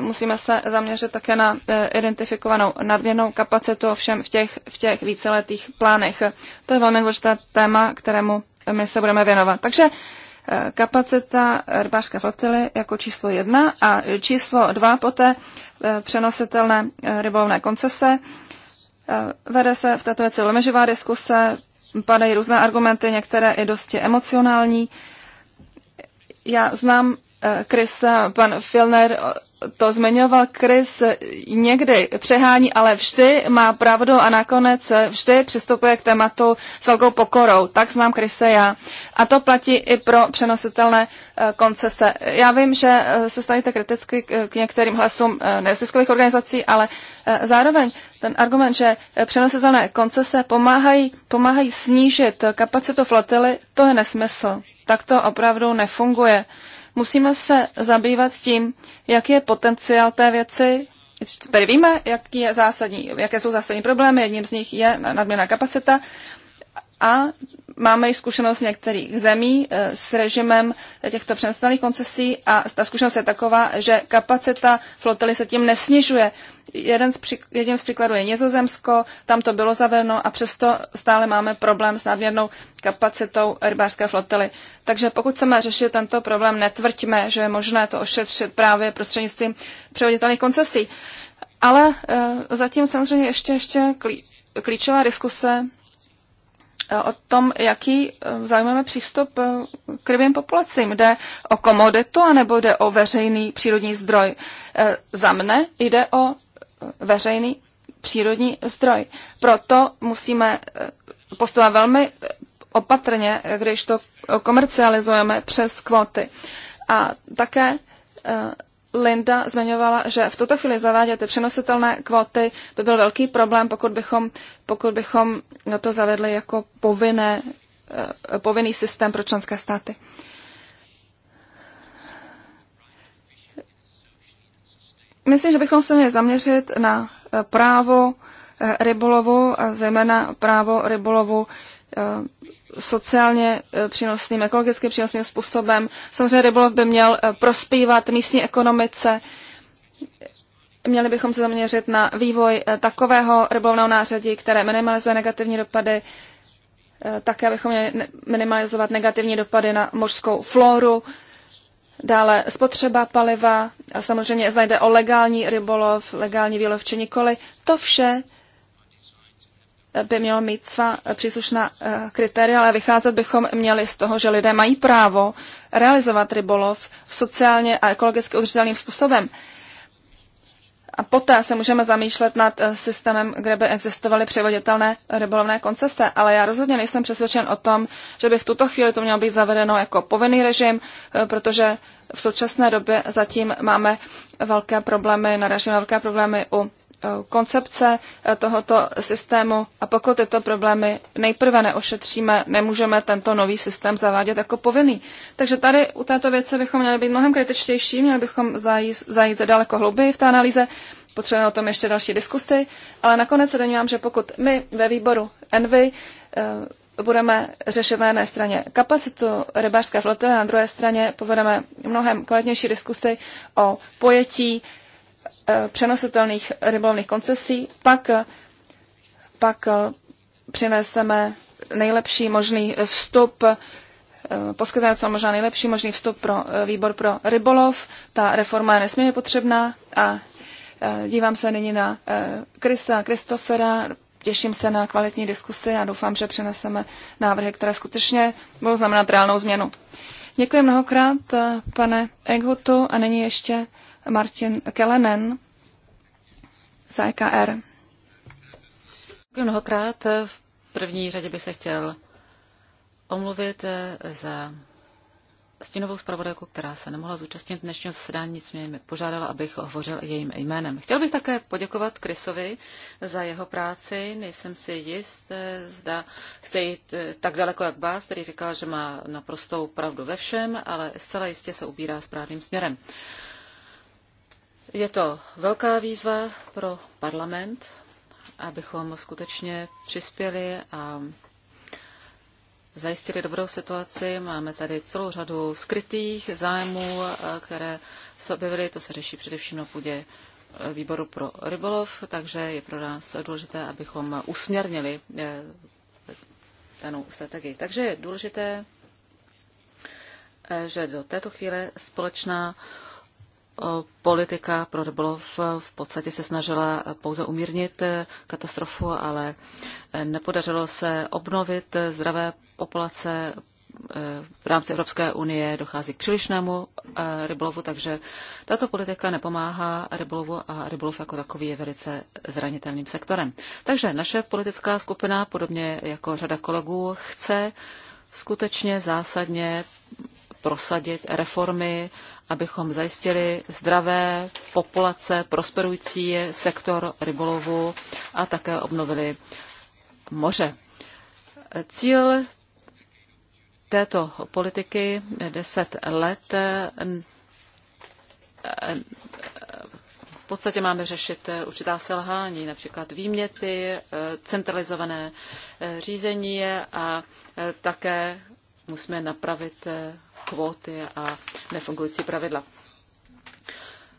Musíme se zaměřit také na identifikovanou nadměrnou kapacitu, ovšem v těch, v těch víceletých plánech. To je velmi důležité téma, kterému my se budeme věnovat. Takže kapacita rybářské flotily jako číslo jedna a číslo dva poté eh, přenositelné eh, rybovné koncese. Eh, vede se v této věci lemeživá diskuse, padají různé argumenty, některé i dosti emocionální. Já znám Krista, pan Filner to zmiňoval Chris, někdy přehání, ale vždy má pravdu a nakonec vždy přistupuje k tématu s velkou pokorou. Tak znám Krise já. A to platí i pro přenositelné eh, koncese. Já vím, že eh, se stavíte kriticky k některým hlasům eh, neziskových organizací, ale zároveň ten argument, že přenositelné koncese pomáhají, pomáhají snížit kapacitu flotily, to je nesmysl. Tak to opravdu nefunguje musíme se zabývat s tím, jaký je potenciál té věci. Tady víme, jaký je zásadní, jaké jsou zásadní problémy, jedním z nich je nadměrná kapacita a Máme i zkušenost některých zemí eh, s režimem těchto přenesených koncesí a ta zkušenost je taková, že kapacita flotily se tím nesnižuje. Jeden z při, jedním z příkladů je Nizozemsko, tam to bylo zavedeno a přesto stále máme problém s nadměrnou kapacitou rybářské flotily. Takže pokud chceme řešit tento problém, netvrďme, že je možné to ošetřit právě prostřednictvím převoditelných koncesí. Ale e, zatím samozřejmě ještě, ještě klí, klíčová diskuse Eh, o tom, jaký eh, zajímáme přístup eh, k rybým populacím. Jde o komoditu, anebo jde o veřejný přírodní zdroj. Za mne jde o veřejný přírodní zdroj. Proto musíme postupovat velmi opatrně, když to komercializujeme přes kvóty. A také Linda zmiňovala, že v tuto chvíli zavádět přenositelné kvóty by byl velký problém, pokud bychom, pokud bychom to zavedli jako povinné, eh, povinný systém pro členské státy. Myslím, že bychom se měli zaměřit na eh, právo eh, rybolovu, zejména právo rybolovu Eh, sociálně eh, přínosným, ekologicky přínosným způsobem. Samozřejmě rybolov by měl eh, prospívat místní ekonomice. Měli bychom se zaměřit na vývoj takového rybolovného nářadí, které minimalizuje negativní dopady, také bychom měli minimalizovat negativní dopady na mořskou floru, dále spotřeba paliva a samozřejmě zde jde o legální rybolov, legální výlovče nikoli. To vše by mělo mít svá příslušná eh, kritéria, ale vycházet bychom měli z toho, že lidé mají právo realizovat rybolov v sociálně a ekologicky udržitelným způsobem. A poté se můžeme zamýšlet nad eh, systémem, kde by existovaly převoditelné rybolovné koncese, ale já rozhodně nejsem přesvědčen o tom, že by v tuto chvíli to mělo být zavedeno jako povinný režim, eh, protože v současné době zatím máme velké problémy, naražíme velké problémy u Eh, koncepce eh, tohoto systému a pokud tyto problémy nejprve neošetříme, nemůžeme tento nový systém zavádět jako povinný. Takže tady u této věci bychom měli být mnohem kritičtější, měli bychom zajít, zajít daleko hlouběji v té analýze, potřebujeme o tom ještě další diskusy, ale nakonec se domnívám, že pokud my ve výboru Envy eh, budeme řešit na jedné straně kapacitu rybářské floty, na druhé straně povedeme mnohem kvalitnější diskusy o pojetí Eh, přenositelných rybolovných koncesí, pak, eh, pak eh, přineseme nejlepší možný vstup, poskytneme co možná nejlepší možný vstup pro výbor pro rybolov. Ta reforma je nesmírně potřebná a dívám se nyní na Krista a Kristofera, těším se na kvalitní diskusy a doufám, že přineseme návrhy, které skutečně budou znamenat reálnou změnu. Děkuji mnohokrát, pane Eghotu, a nyní ještě Martin Kelenen z EKR. Mnohokrát v první řadě bych se chtěl omluvit eh, za stínovou zpravodajku, která se nemohla zúčastnit dnešního zasedání, nicméně mi požádala, abych hovořil jejím jménem. Chtěl bych také poděkovat Krisovi za jeho práci. Nejsem si jist, eh, zda chce jít eh, tak daleko jak vás, který říkal, že má naprostou pravdu ve všem, ale zcela jistě se ubírá správným směrem. Je to velká výzva pro parlament, abychom skutečně přispěli a zajistili dobrou situaci. Máme tady celou řadu skrytých zájmů, které se objevily. To se řeší především na půdě eh, výboru pro rybolov, takže je pro nás důležité, abychom usměrnili eh, danou strategii. Takže je důležité, eh, že do této chvíle společná politika pro rybolov v podstatě se snažila pouze umírnit eh, katastrofu, ale eh, nepodařilo se obnovit zdravé populace. Eh, v rámci Evropské unie dochází k přílišnému rybolovu, takže tato politika nepomáhá rybolovu a rybolov jako takový je velice zranitelným sektorem. Takže naše politická skupina, podobně jako řada kolegů, chce skutečně zásadně prosadit reformy abychom zajistili zdravé populace, prosperující sektor rybolovu a také obnovili moře. Cíl této politiky 10 let v podstatě máme řešit určitá selhání, například výměty, centralizované řízení a také musíme napravit eh, kvóty a nefungující pravidla.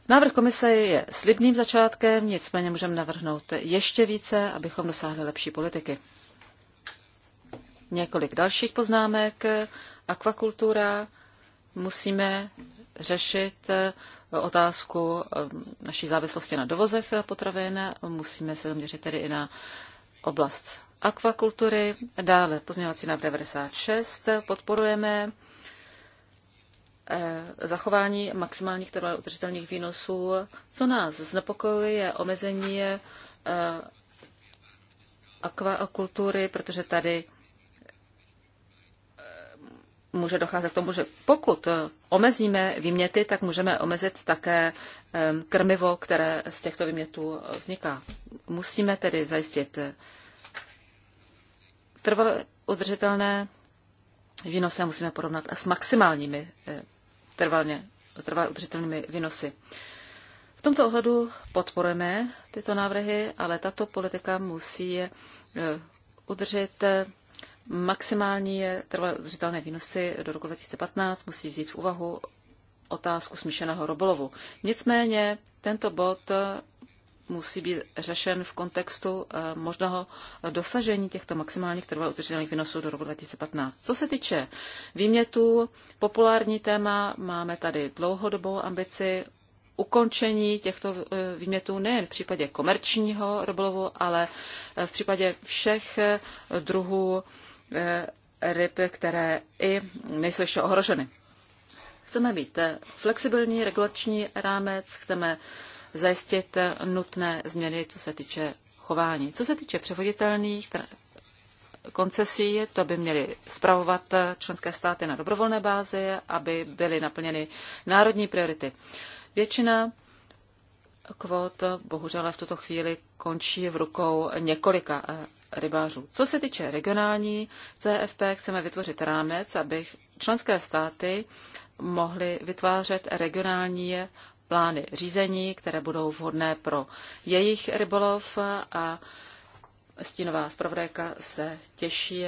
Návrh komise je slibným začátkem, nicméně můžeme navrhnout ještě více, abychom dosáhli lepší politiky. Několik dalších poznámek. Akvakultura. Musíme řešit eh, otázku eh, naší závislosti na dovozech potravin. Musíme se zaměřit tedy i na oblast akvakultury, dále pozměňovací návrh 96, podporujeme eh, zachování maximálních trvalých udržitelných výnosů. Co nás znepokojuje, je omezení eh, akvakultury, protože tady eh, může docházet k tomu, že pokud omezíme výměty, tak můžeme omezit také krmivo, které z těchto výmětů vzniká. Musíme tedy zajistit Trvale udržitelné výnosy musíme porovnat a s maximálními eh, trvalně, trvalé udržitelnými výnosy. V tomto ohledu podporujeme tyto návrhy, ale tato politika musí eh, udržet eh, maximální trvalé udržitelné výnosy do roku 2015, musí vzít v úvahu otázku smíšeného robolovu. Nicméně tento bod musí být řešen v kontextu eh, možného dosažení těchto maximálních trvalých udržitelných výnosů do roku 2015. Co se týče výmětů, populární téma, máme tady dlouhodobou ambici ukončení těchto eh, výmětů nejen v případě komerčního rybolovu, ale eh, v případě všech druhů ryb, které i nejsou ještě ohroženy. Chceme mít flexibilní regulační rámec, chceme zajistit nutné změny, co se týče chování. Co se týče převoditelných koncesí, to by měly spravovat členské státy na dobrovolné bázi, aby byly naplněny národní priority. Většina kvót bohužel v tuto chvíli končí v rukou několika eh, rybářů. Co se týče regionální CFP, chceme vytvořit rámec, aby členské státy mohly vytvářet regionální plány řízení, které budou vhodné pro jejich rybolov a stínová zpravodajka se těší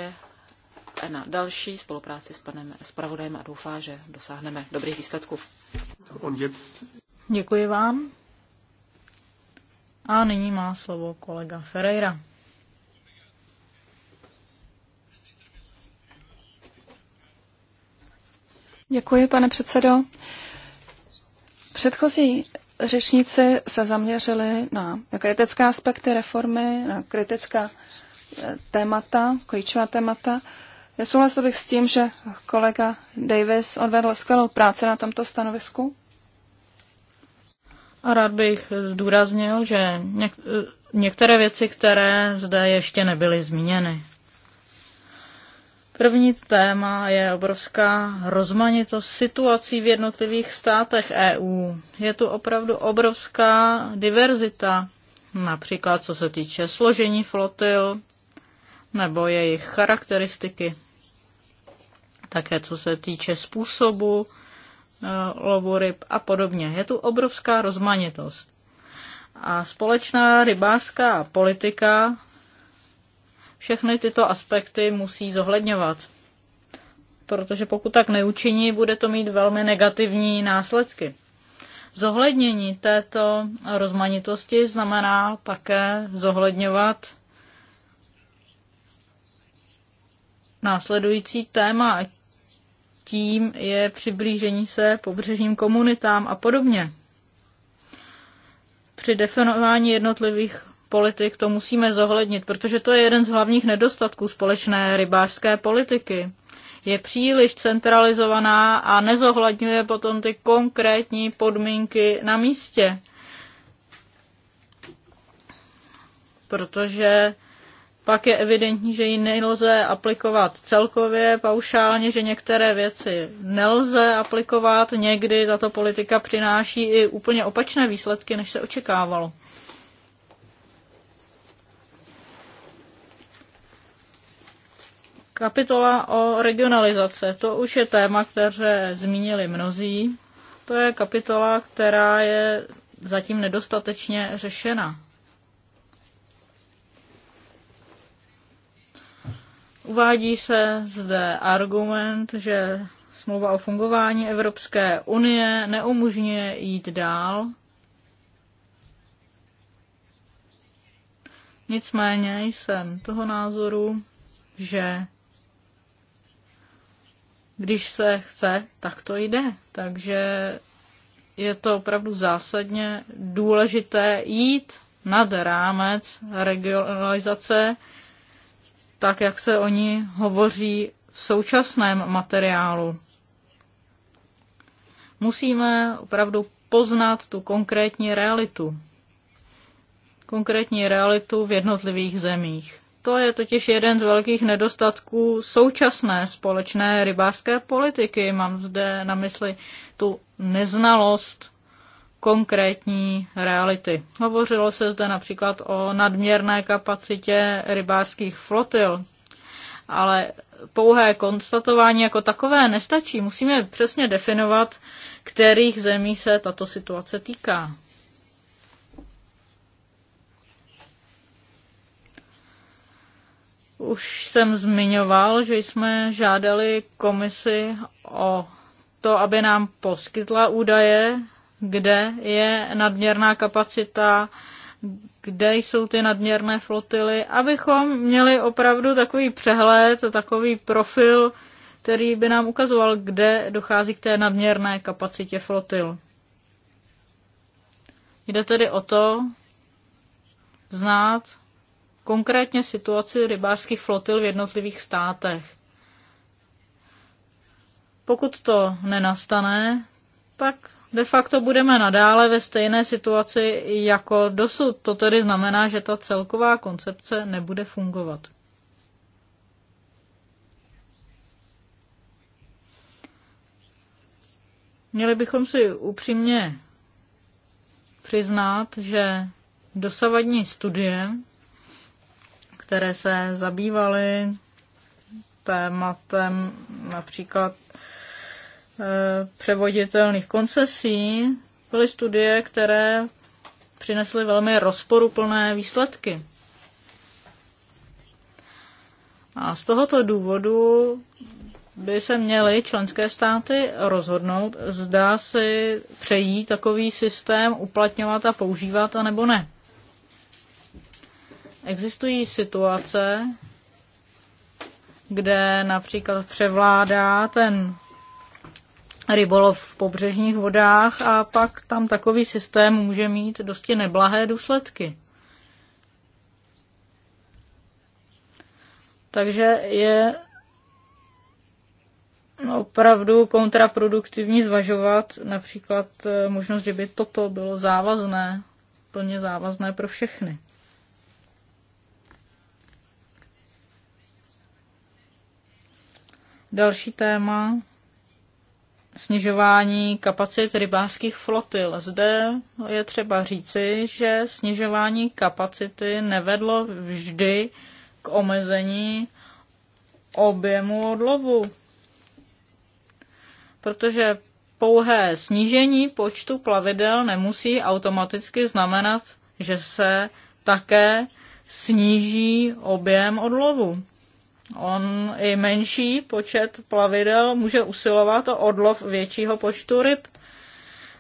na další spolupráci s panem zpravodajem a doufá, že dosáhneme dobrých výsledků. Děkuji vám. A nyní má slovo kolega Ferreira. Děkuji, pane předsedo. Předchozí řečníci se zaměřili na kritické aspekty reformy, na kritická eh, témata, klíčová témata. Nesouhlasil bych s tím, že kolega Davis odvedl skvělou práci na tomto stanovisku. A rád bych zdůraznil, že eh, některé věci, které zde ještě nebyly zmíněny. První téma je obrovská rozmanitost situací v jednotlivých státech EU. Je tu opravdu obrovská diverzita, například co se týče složení flotil nebo jejich charakteristiky. Také co se týče způsobu e, lovu ryb a podobně. Je tu obrovská rozmanitost. A společná rybářská politika všechny tyto aspekty musí zohledňovat. Protože pokud tak neučiní, bude to mít velmi negativní následky. Zohlednění této rozmanitosti znamená také zohledňovat následující téma. Tím je přiblížení se pobřežním komunitám a podobně. Při definování jednotlivých politik to musíme zohlednit, protože to je jeden z hlavních nedostatků společné rybářské politiky. Je příliš centralizovaná a nezohledňuje potom ty konkrétní podmínky na místě. Protože pak je evidentní, že ji nelze aplikovat celkově, paušálně, že některé věci nelze aplikovat, někdy tato politika přináší i úplně opačné výsledky, než se očekávalo. Kapitola o regionalizace, to už je téma, které zmínili mnozí. To je kapitola, která je zatím nedostatečně řešena. Uvádí se zde argument, že smlouva o fungování Evropské unie neumožňuje jít dál. Nicméně jsem toho názoru, že když se chce, tak to jde. Takže je to opravdu zásadně důležité jít nad rámec regionalizace, tak jak se o ní hovoří v současném materiálu. Musíme opravdu poznat tu konkrétní realitu. Konkrétní realitu v jednotlivých zemích. To je totiž jeden z velkých nedostatků současné společné rybářské politiky. Mám zde na mysli tu neznalost konkrétní reality. Hovořilo se zde například o nadměrné kapacitě rybářských flotil, ale pouhé konstatování jako takové nestačí. Musíme přesně definovat, kterých zemí se tato situace týká. Už jsem zmiňoval, že jsme žádali komisi o to, aby nám poskytla údaje, kde je nadměrná kapacita, kde jsou ty nadměrné flotily, abychom měli opravdu takový přehled, takový profil, který by nám ukazoval, kde dochází k té nadměrné kapacitě flotil. Jde tedy o to znát, konkrétně situaci rybářských flotil v jednotlivých státech. Pokud to nenastane, tak de facto budeme nadále ve stejné situaci jako dosud. To tedy znamená, že ta celková koncepce nebude fungovat. Měli bychom si upřímně přiznat, že dosavadní studie které se zabývaly tématem například eh, převoditelných koncesí, byly studie, které přinesly velmi rozporuplné výsledky. A z tohoto důvodu by se měly členské státy rozhodnout, zda si přejí takový systém uplatňovat a používat, anebo ne. Existují situace, kde například převládá ten rybolov v pobřežních vodách a pak tam takový systém může mít dosti neblahé důsledky. Takže je no, opravdu kontraproduktivní zvažovat například eh, možnost, že by toto bylo závazné, plně závazné pro všechny. Další téma snižování kapacit rybářských flotil. Zde je třeba říci, že snižování kapacity nevedlo vždy k omezení objemu odlovu, protože pouhé snížení počtu plavidel nemusí automaticky znamenat, že se také sníží objem odlovu. On i menší počet plavidel může usilovat o odlov většího počtu ryb.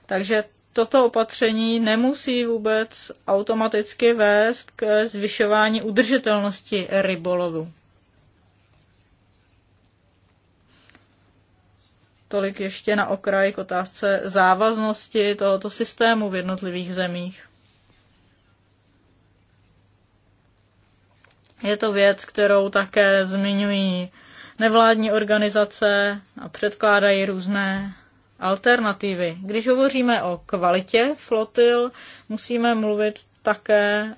Takže toto opatření nemusí vůbec automaticky vést k zvyšování udržitelnosti rybolovu. Tolik ještě na okraj k otázce závaznosti tohoto systému v jednotlivých zemích. Je to věc, kterou také zmiňují nevládní organizace a předkládají různé alternativy. Když hovoříme o kvalitě flotil, musíme mluvit také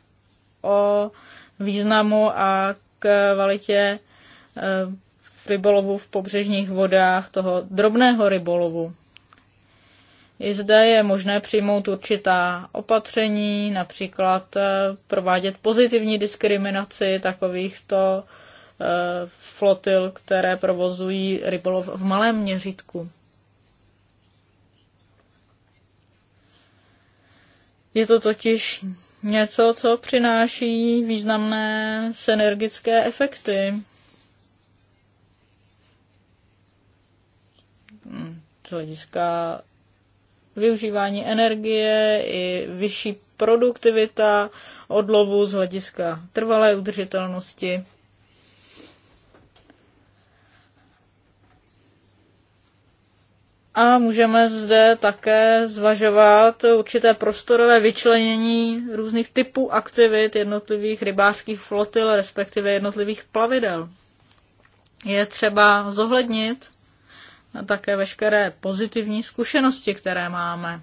o významu a kvalitě eh, rybolovu v pobřežních vodách, toho drobného rybolovu. I zde je možné přijmout určitá opatření, například eh, provádět pozitivní diskriminaci takovýchto eh, flotil, které provozují rybolov v malém měřítku. Je to totiž něco, co přináší významné synergické efekty. Hmm, z hlediska využívání energie i vyšší produktivita odlovu z hlediska trvalé udržitelnosti. A můžeme zde také zvažovat určité prostorové vyčlenění různých typů aktivit jednotlivých rybářských flotil, respektive jednotlivých plavidel. Je třeba zohlednit a také veškeré pozitivní zkušenosti, které máme.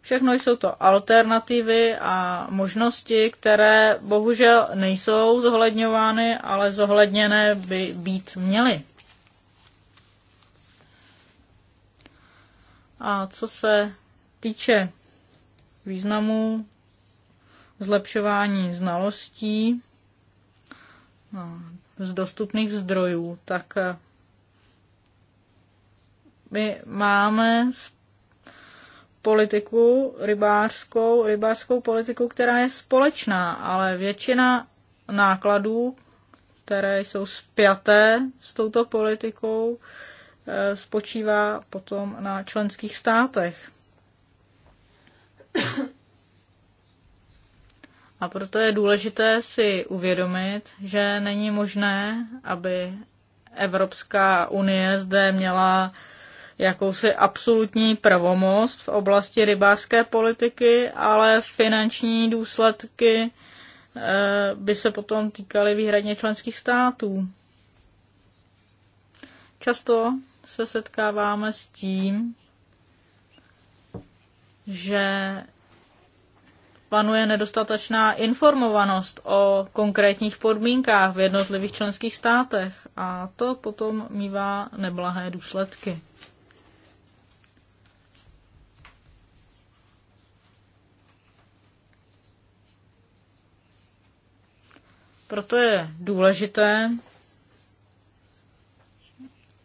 Všechno jsou to alternativy a možnosti, které bohužel nejsou zohledňovány, ale zohledněné by být měly. A co se týče významu zlepšování znalostí no, z dostupných zdrojů, tak my máme politiku rybářskou, rybářskou politiku, která je společná, ale většina nákladů, které jsou spjaté s touto politikou, eh, spočívá potom na členských státech. A proto je důležité si uvědomit, že není možné, aby Evropská unie zde měla jakousi absolutní pravomoc v oblasti rybářské politiky, ale finanční důsledky eh, by se potom týkaly výhradně členských států. Často se setkáváme s tím, že panuje nedostatečná informovanost o konkrétních podmínkách v jednotlivých členských státech a to potom mívá neblahé důsledky. Proto je důležité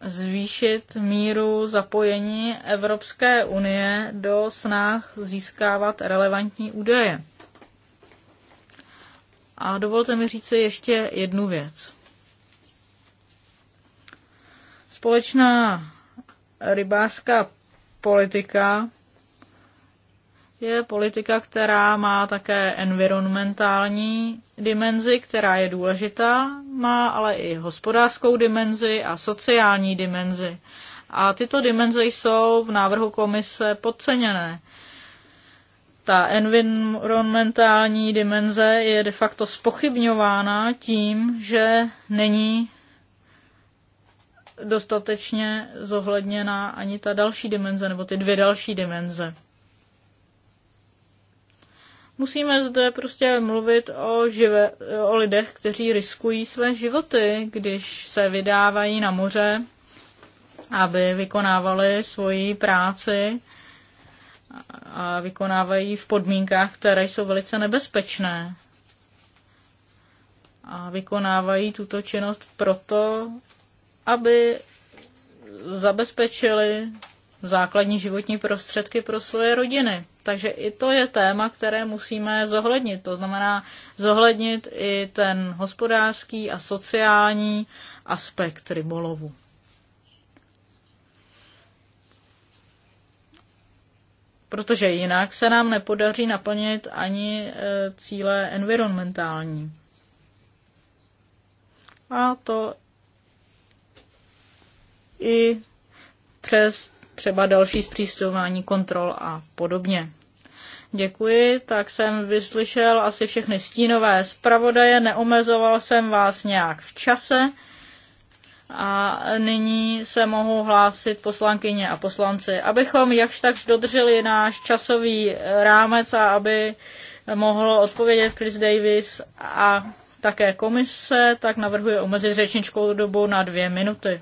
zvýšit míru zapojení Evropské unie do snah získávat relevantní údaje. A dovolte mi říct ještě jednu věc. Společná rybářská politika je politika, která má také environmentální dimenzi, která je důležitá, má ale i hospodářskou dimenzi a sociální dimenzi. A tyto dimenze jsou v návrhu komise podceněné. Ta environmentální dimenze je de facto spochybňována tím, že není dostatečně zohledněna ani ta další dimenze, nebo ty dvě další dimenze. Musíme zde prostě mluvit o, žive, o lidech, kteří riskují své životy, když se vydávají na moře, aby vykonávali svoji práci a vykonávají v podmínkách, které jsou velice nebezpečné. A vykonávají tuto činnost proto, aby zabezpečili základní životní prostředky pro svoje rodiny. Takže i to je téma, které musíme zohlednit. To znamená zohlednit i ten hospodářský a sociální aspekt rybolovu. Protože jinak se nám nepodaří naplnit ani e, cíle environmentální. A to i přes třeba další zpřísňování kontrol a podobně. Děkuji, tak jsem vyslyšel asi všechny stínové zpravodaje, neomezoval jsem vás nějak v čase a nyní se mohou hlásit poslankyně a poslanci, abychom jakž tak dodrželi náš časový rámec a aby mohlo odpovědět Chris Davis a také komise, tak navrhuje omezit řečničkou dobu na dvě minuty.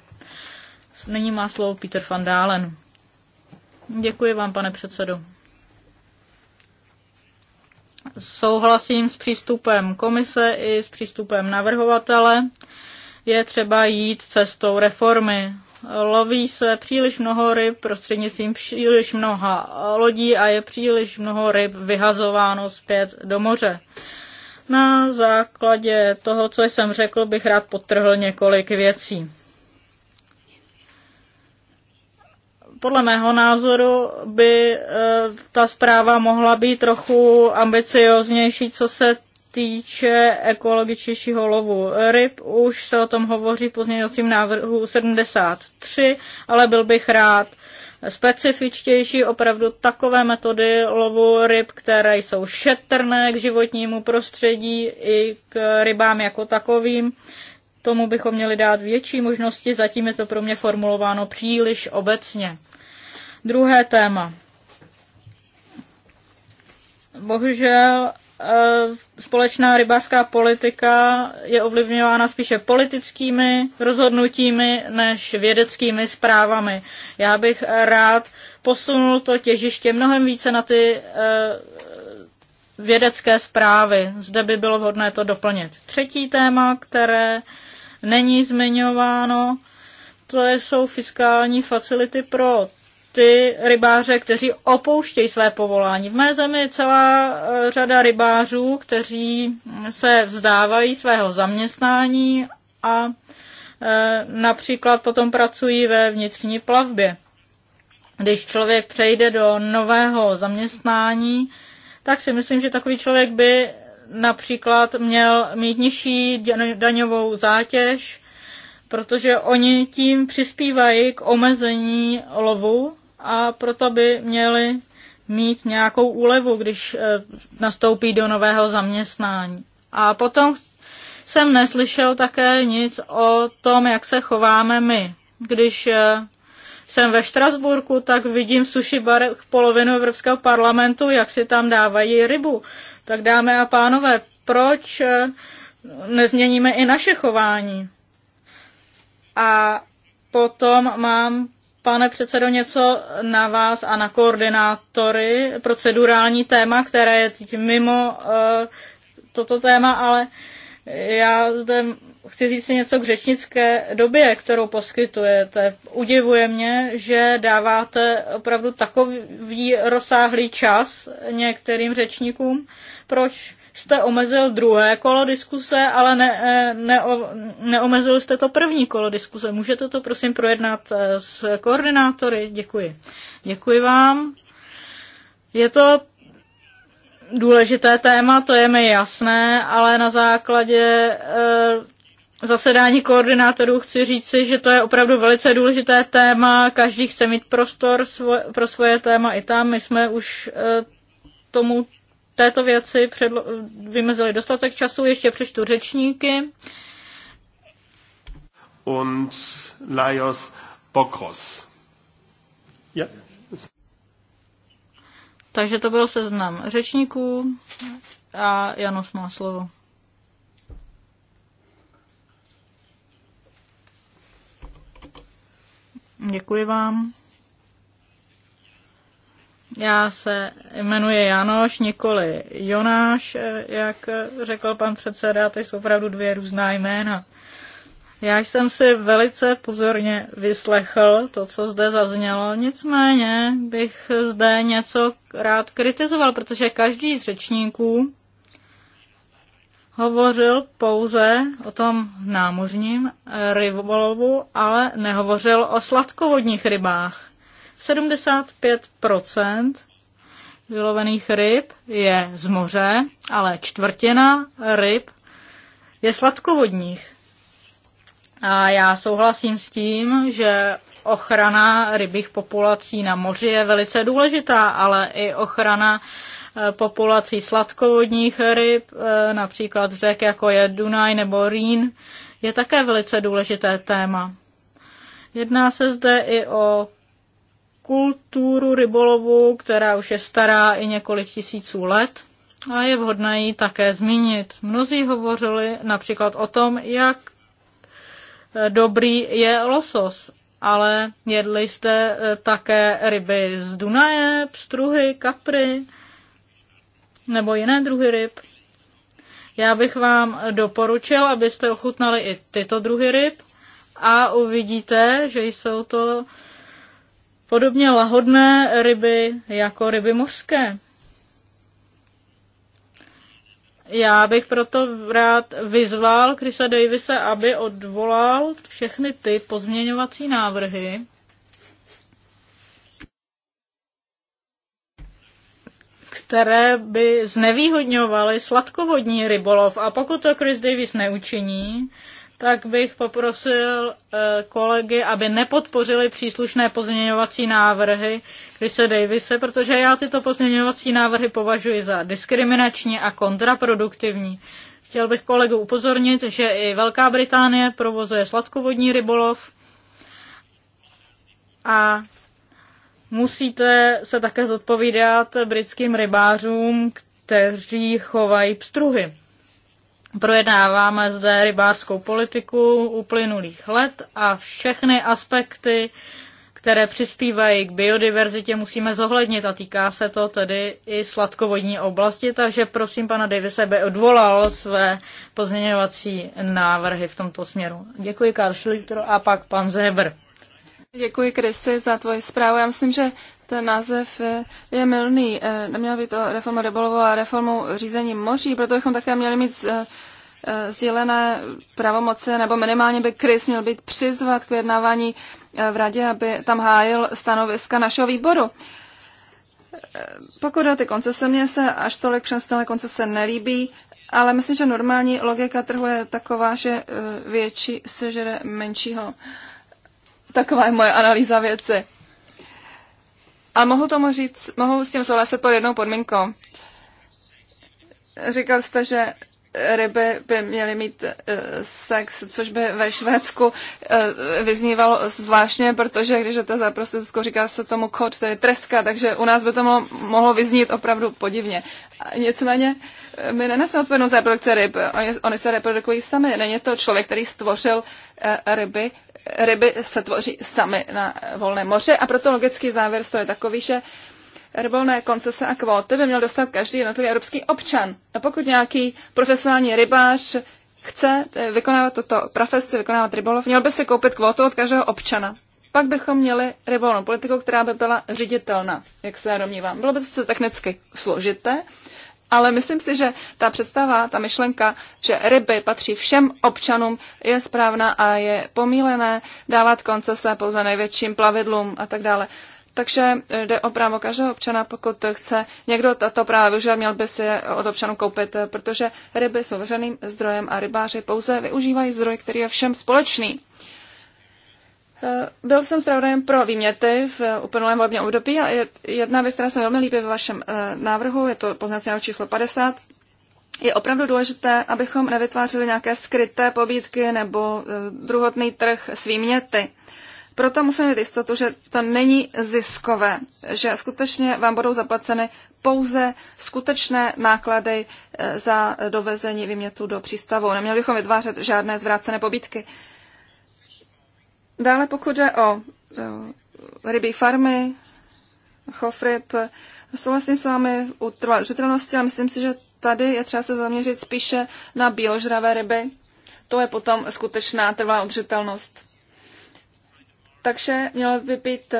Nyní má slovo Peter van Dalen. Děkuji vám, pane předsedo. Souhlasím s přístupem komise i s přístupem navrhovatele. Je třeba jít cestou reformy. Loví se příliš mnoho ryb prostřednictvím příliš mnoha lodí a je příliš mnoho ryb vyhazováno zpět do moře. Na základě toho, co jsem řekl, bych rád potrhl několik věcí. podle mého názoru by eh, ta zpráva mohla být trochu ambicioznější, co se týče ekologičtějšího lovu ryb, už se o tom hovoří v pozměňovacím návrhu 73, ale byl bych rád specifičtější opravdu takové metody lovu ryb, které jsou šetrné k životnímu prostředí i k rybám jako takovým tomu bychom měli dát větší možnosti, zatím je to pro mě formulováno příliš obecně. Druhé téma. Bohužel eh, společná rybářská politika je ovlivňována spíše politickými rozhodnutími než vědeckými zprávami. Já bych rád posunul to těžiště mnohem více na ty eh, vědecké zprávy. Zde by bylo vhodné to doplnit. Třetí téma, které není zmiňováno. To jsou fiskální facility pro ty rybáře, kteří opouštějí své povolání. V mé zemi je celá eh, řada rybářů, kteří se vzdávají svého zaměstnání a eh, například potom pracují ve vnitřní plavbě. Když člověk přejde do nového zaměstnání, tak si myslím, že takový člověk by například měl mít nižší daňovou zátěž, protože oni tím přispívají k omezení lovu a proto by měli mít nějakou úlevu, když eh, nastoupí do nového zaměstnání. A potom jsem neslyšel také nic o tom, jak se chováme my. Když eh, jsem ve Štrasburku, tak vidím v sushi barech polovinu Evropského parlamentu, jak si tam dávají rybu tak dámy a pánové, proč eh, nezměníme i naše chování? A potom mám, pane předsedo, něco na vás a na koordinátory, procedurální téma, které je teď mimo uh, toto téma, ale já zde chci říct si něco k řečnické době, kterou poskytujete. Udivuje mě, že dáváte opravdu takový rozsáhlý čas některým řečníkům. Proč jste omezil druhé kolo diskuse, ale ne, eh, ne, neomezil jste to první kolo diskuse? Můžete to prosím projednat eh, s koordinátory? Děkuji. Děkuji vám. Je to důležité téma, to je mi jasné, ale na základě eh, zasedání koordinátorů chci říci, že to je opravdu velice důležité téma. Každý chce mít prostor svoje, pro svoje téma i tam. My jsme už eh, tomu této věci předlo- vymezili dostatek času. Ještě přečtu řečníky. Und Lajos Bokros. Ja. Takže to byl seznam řečníků a Janus má slovo. Děkuji vám. Já se jmenuji Janoš, nikoli Jonáš, eh, jak řekl pan předseda, to jsou opravdu dvě různá jména. Já jsem si velice pozorně vyslechl to, co zde zaznělo, nicméně bych zde něco rád kritizoval, protože každý z řečníků Hovořil pouze o tom námořním rybolovu, ale nehovořil o sladkovodních rybách. 75 vylovených ryb je z moře, ale čtvrtina ryb je sladkovodních. A já souhlasím s tím, že ochrana rybích populací na moři je velice důležitá, ale i ochrana populací sladkovodních ryb, e, například řek jako je Dunaj nebo Rýn, je také velice důležité téma. Jedná se zde i o kulturu rybolovu, která už je stará i několik tisíců let a je vhodné ji také zmínit. Mnozí hovořili například o tom, jak dobrý je losos, ale jedli jste e, také ryby z Dunaje, pstruhy, kapry, nebo jiné druhy ryb. Já bych vám doporučil, abyste ochutnali i tyto druhy ryb a uvidíte, že jsou to podobně lahodné ryby jako ryby mořské. Já bych proto rád vyzval Krisa Davise, aby odvolal všechny ty pozměňovací návrhy, které by znevýhodňovaly sladkovodní rybolov. A pokud to Chris Davis neučiní, tak bych poprosil eh, kolegy, aby nepodpořili příslušné pozměňovací návrhy Chrisa Davise, protože já tyto pozměňovací návrhy považuji za diskriminační a kontraproduktivní. Chtěl bych kolegu upozornit, že i Velká Británie provozuje sladkovodní rybolov a musíte se také zodpovídat britským rybářům, kteří chovají pstruhy. Projednáváme zde rybářskou politiku uplynulých let a všechny aspekty, které přispívají k biodiverzitě, musíme zohlednit a týká se to tedy i sladkovodní oblasti, takže prosím pana Davise, aby odvolal své pozměňovací návrhy v tomto směru. Děkuji Karl Schlitter a pak pan Zebr. Děkuji, Krysy, za tvoji zprávu. Já myslím, že ten název je, milný. Eh, Neměla by to reforma rybolovu a reformou řízení moří, proto bychom také měli mít eh, sdělené pravomoce, nebo minimálně by Krys měl být přizvat k vyjednávání eh, v radě, aby tam hájil stanoviska našeho výboru. Pokud jde o ty koncese, mně se až tolik přenositelné koncese nelíbí, ale myslím, že normální logika trhu je taková, že větší sežere menšího. Taková je moje analýza věci. A mohu tomu říct, mohu s tím souhlasit pod jednou podmínkou. Říkal jste, že ryby by měly mít uh, sex, což by ve Švédsku uh, vyznívalo zvláštně, protože když to za prostitutku říká se tomu kot, je treska, takže u nás by to mohlo, mohlo vyznít opravdu podivně. A nicméně uh, my nenesme odpovědnost za reprodukci ryb. Oni, oni se reprodukují sami. Není to člověk, který stvořil eh, ryby. Ryby se tvoří sami na volné moře a proto logický závěr to je takový, že rybolné koncese a kvóty by měl dostat každý jednotlivý evropský občan. A pokud nějaký profesionální rybář chce eh, vykonávat tuto profesi, vykonávat rybolov, měl by si koupit kvótu od každého občana. Pak bychom měli rybolovnou politiku, která by byla ředitelná, jak se já domnívám. Bylo by to technicky složité, ale myslím si, že ta představa, ta myšlenka, že ryby patří všem občanům, je správná a je pomílené dávat koncese pouze největším plavidlům a tak dále. Takže jde o právo každého občana, pokud chce někdo tato právo využívat, měl by si je od občanů koupit, protože ryby jsou veřejným zdrojem a rybáři pouze využívají zdroj, který je všem společný. Eh, byl jsem zpravodajem pro výměty v uplynulém volebním období a jedna věc, která se velmi líbí ve vašem eh, návrhu, je to poznací číslo 50, je opravdu důležité, abychom nevytvářeli nějaké skryté pobídky nebo eh, druhotný trh s výměty. Proto musíme mít jistotu, že to není ziskové, že skutečně vám budou zaplaceny pouze skutečné náklady za dovezení výmětu do přístavu. Neměli bychom vytvářet žádné zvrácené pobítky. Dále pokud jde o rybí farmy, chov ryb, souhlasím s vámi u trvalé ale myslím si, že tady je třeba se zaměřit spíše na bíložravé ryby. To je potom skutečná trvalá udržitelnost. Takže mělo by být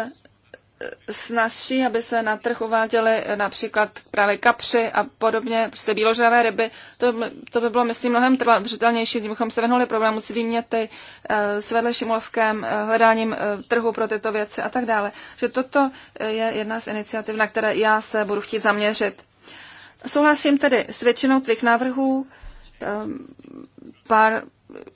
snazší, aby se na trh uváděly například právě kapři a podobně, prostě bíložravé ryby. To, to by bylo, myslím, mnohem držitelnější, kdybychom se vyhnuli problému s výměty, eh, s vedlejším lovkem, eh, hledáním eh, trhu pro tyto věci a tak dále. Že toto je jedna z iniciativ, na které já se budu chtít zaměřit. Souhlasím tedy s většinou tvých návrhů. Ehm, pár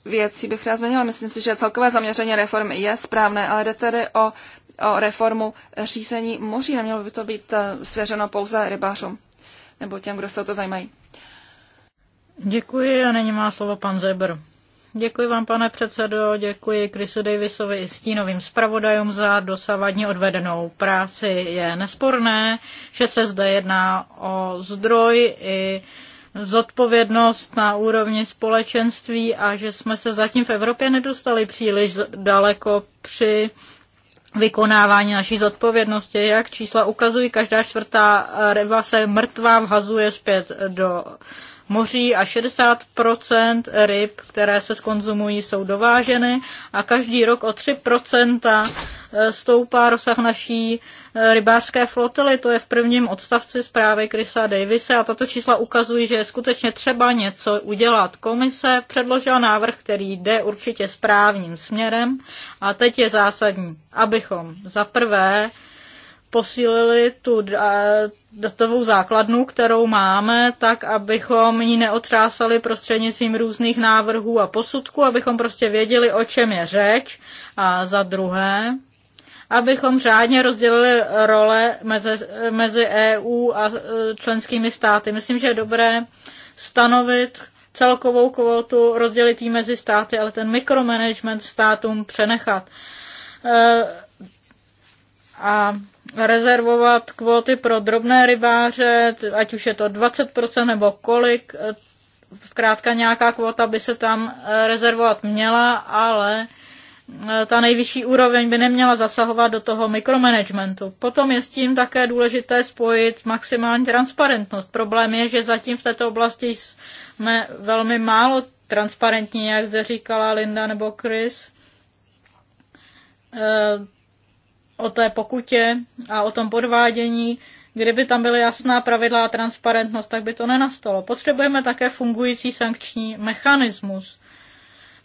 věcí bych rád změnila. Myslím si, že celkové zaměření reformy je správné, ale jde tedy o o reformu řízení moří. Nemělo by to být eh, svěřeno pouze rybářům nebo těm, kdo se o to zajímají. Děkuji a nyní má slovo pan Zebr. Děkuji vám, pane předsedo, děkuji Chrisu Davisovi i stínovým zpravodajům za dosavadní odvedenou práci. Je nesporné, že se zde jedná o zdroj i zodpovědnost na úrovni společenství a že jsme se zatím v Evropě nedostali příliš daleko při vykonávání naší zodpovědnosti. Jak čísla ukazují, každá čtvrtá ryba se mrtvá vhazuje zpět do moří a 60 ryb, které se skonzumují, jsou dováženy a každý rok o 3 eh, stoupá rozsah naší eh, rybářské flotily. To je v prvním odstavci zprávy Krisa Davise a tato čísla ukazují, že je skutečně třeba něco udělat. Komise předložila návrh, který jde určitě správným směrem a teď je zásadní, abychom za prvé posílili tu eh, datovou základnu, kterou máme, tak abychom ji neotřásali prostřednictvím různých návrhů a posudků, abychom prostě věděli, o čem je řeč. A za druhé, abychom řádně rozdělili role mezi, mezi EU a eh, členskými státy. Myslím, že je dobré stanovit celkovou kvotu, rozdělit ji mezi státy, ale ten mikromanagement státům přenechat. Eh, a rezervovat kvóty pro drobné rybáře, ať už je to 20% nebo kolik, zkrátka nějaká kvota by se tam eh, rezervovat měla, ale eh, ta nejvyšší úroveň by neměla zasahovat do toho mikromanagementu. Potom je s tím také důležité spojit maximální transparentnost. Problém je, že zatím v této oblasti jsme velmi málo transparentní, jak zde říkala Linda nebo Chris eh, o té pokutě a o tom podvádění, kdyby tam byly jasná pravidla a transparentnost, tak by to nenastalo. Potřebujeme také fungující sankční mechanismus.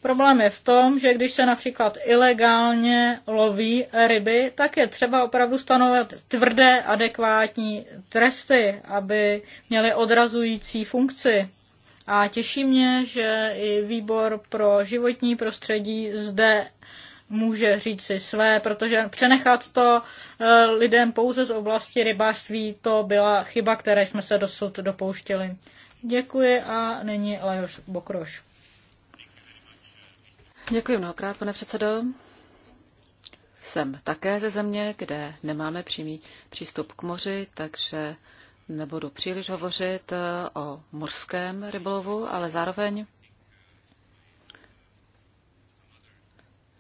Problém je v tom, že když se například ilegálně loví ryby, tak je třeba opravdu stanovit tvrdé, adekvátní tresty, aby měly odrazující funkci. A těší mě, že i výbor pro životní prostředí zde může říct si své, protože přenechat to eh, lidem pouze z oblasti rybářství, to byla chyba, které jsme se dosud dopouštěli. Děkuji a nyní Lajos Bokroš. Děkuji mnohokrát, pane předsedo. Jsem také ze země, kde nemáme přímý přístup k moři, takže nebudu příliš hovořit eh, o mořském rybolovu, ale zároveň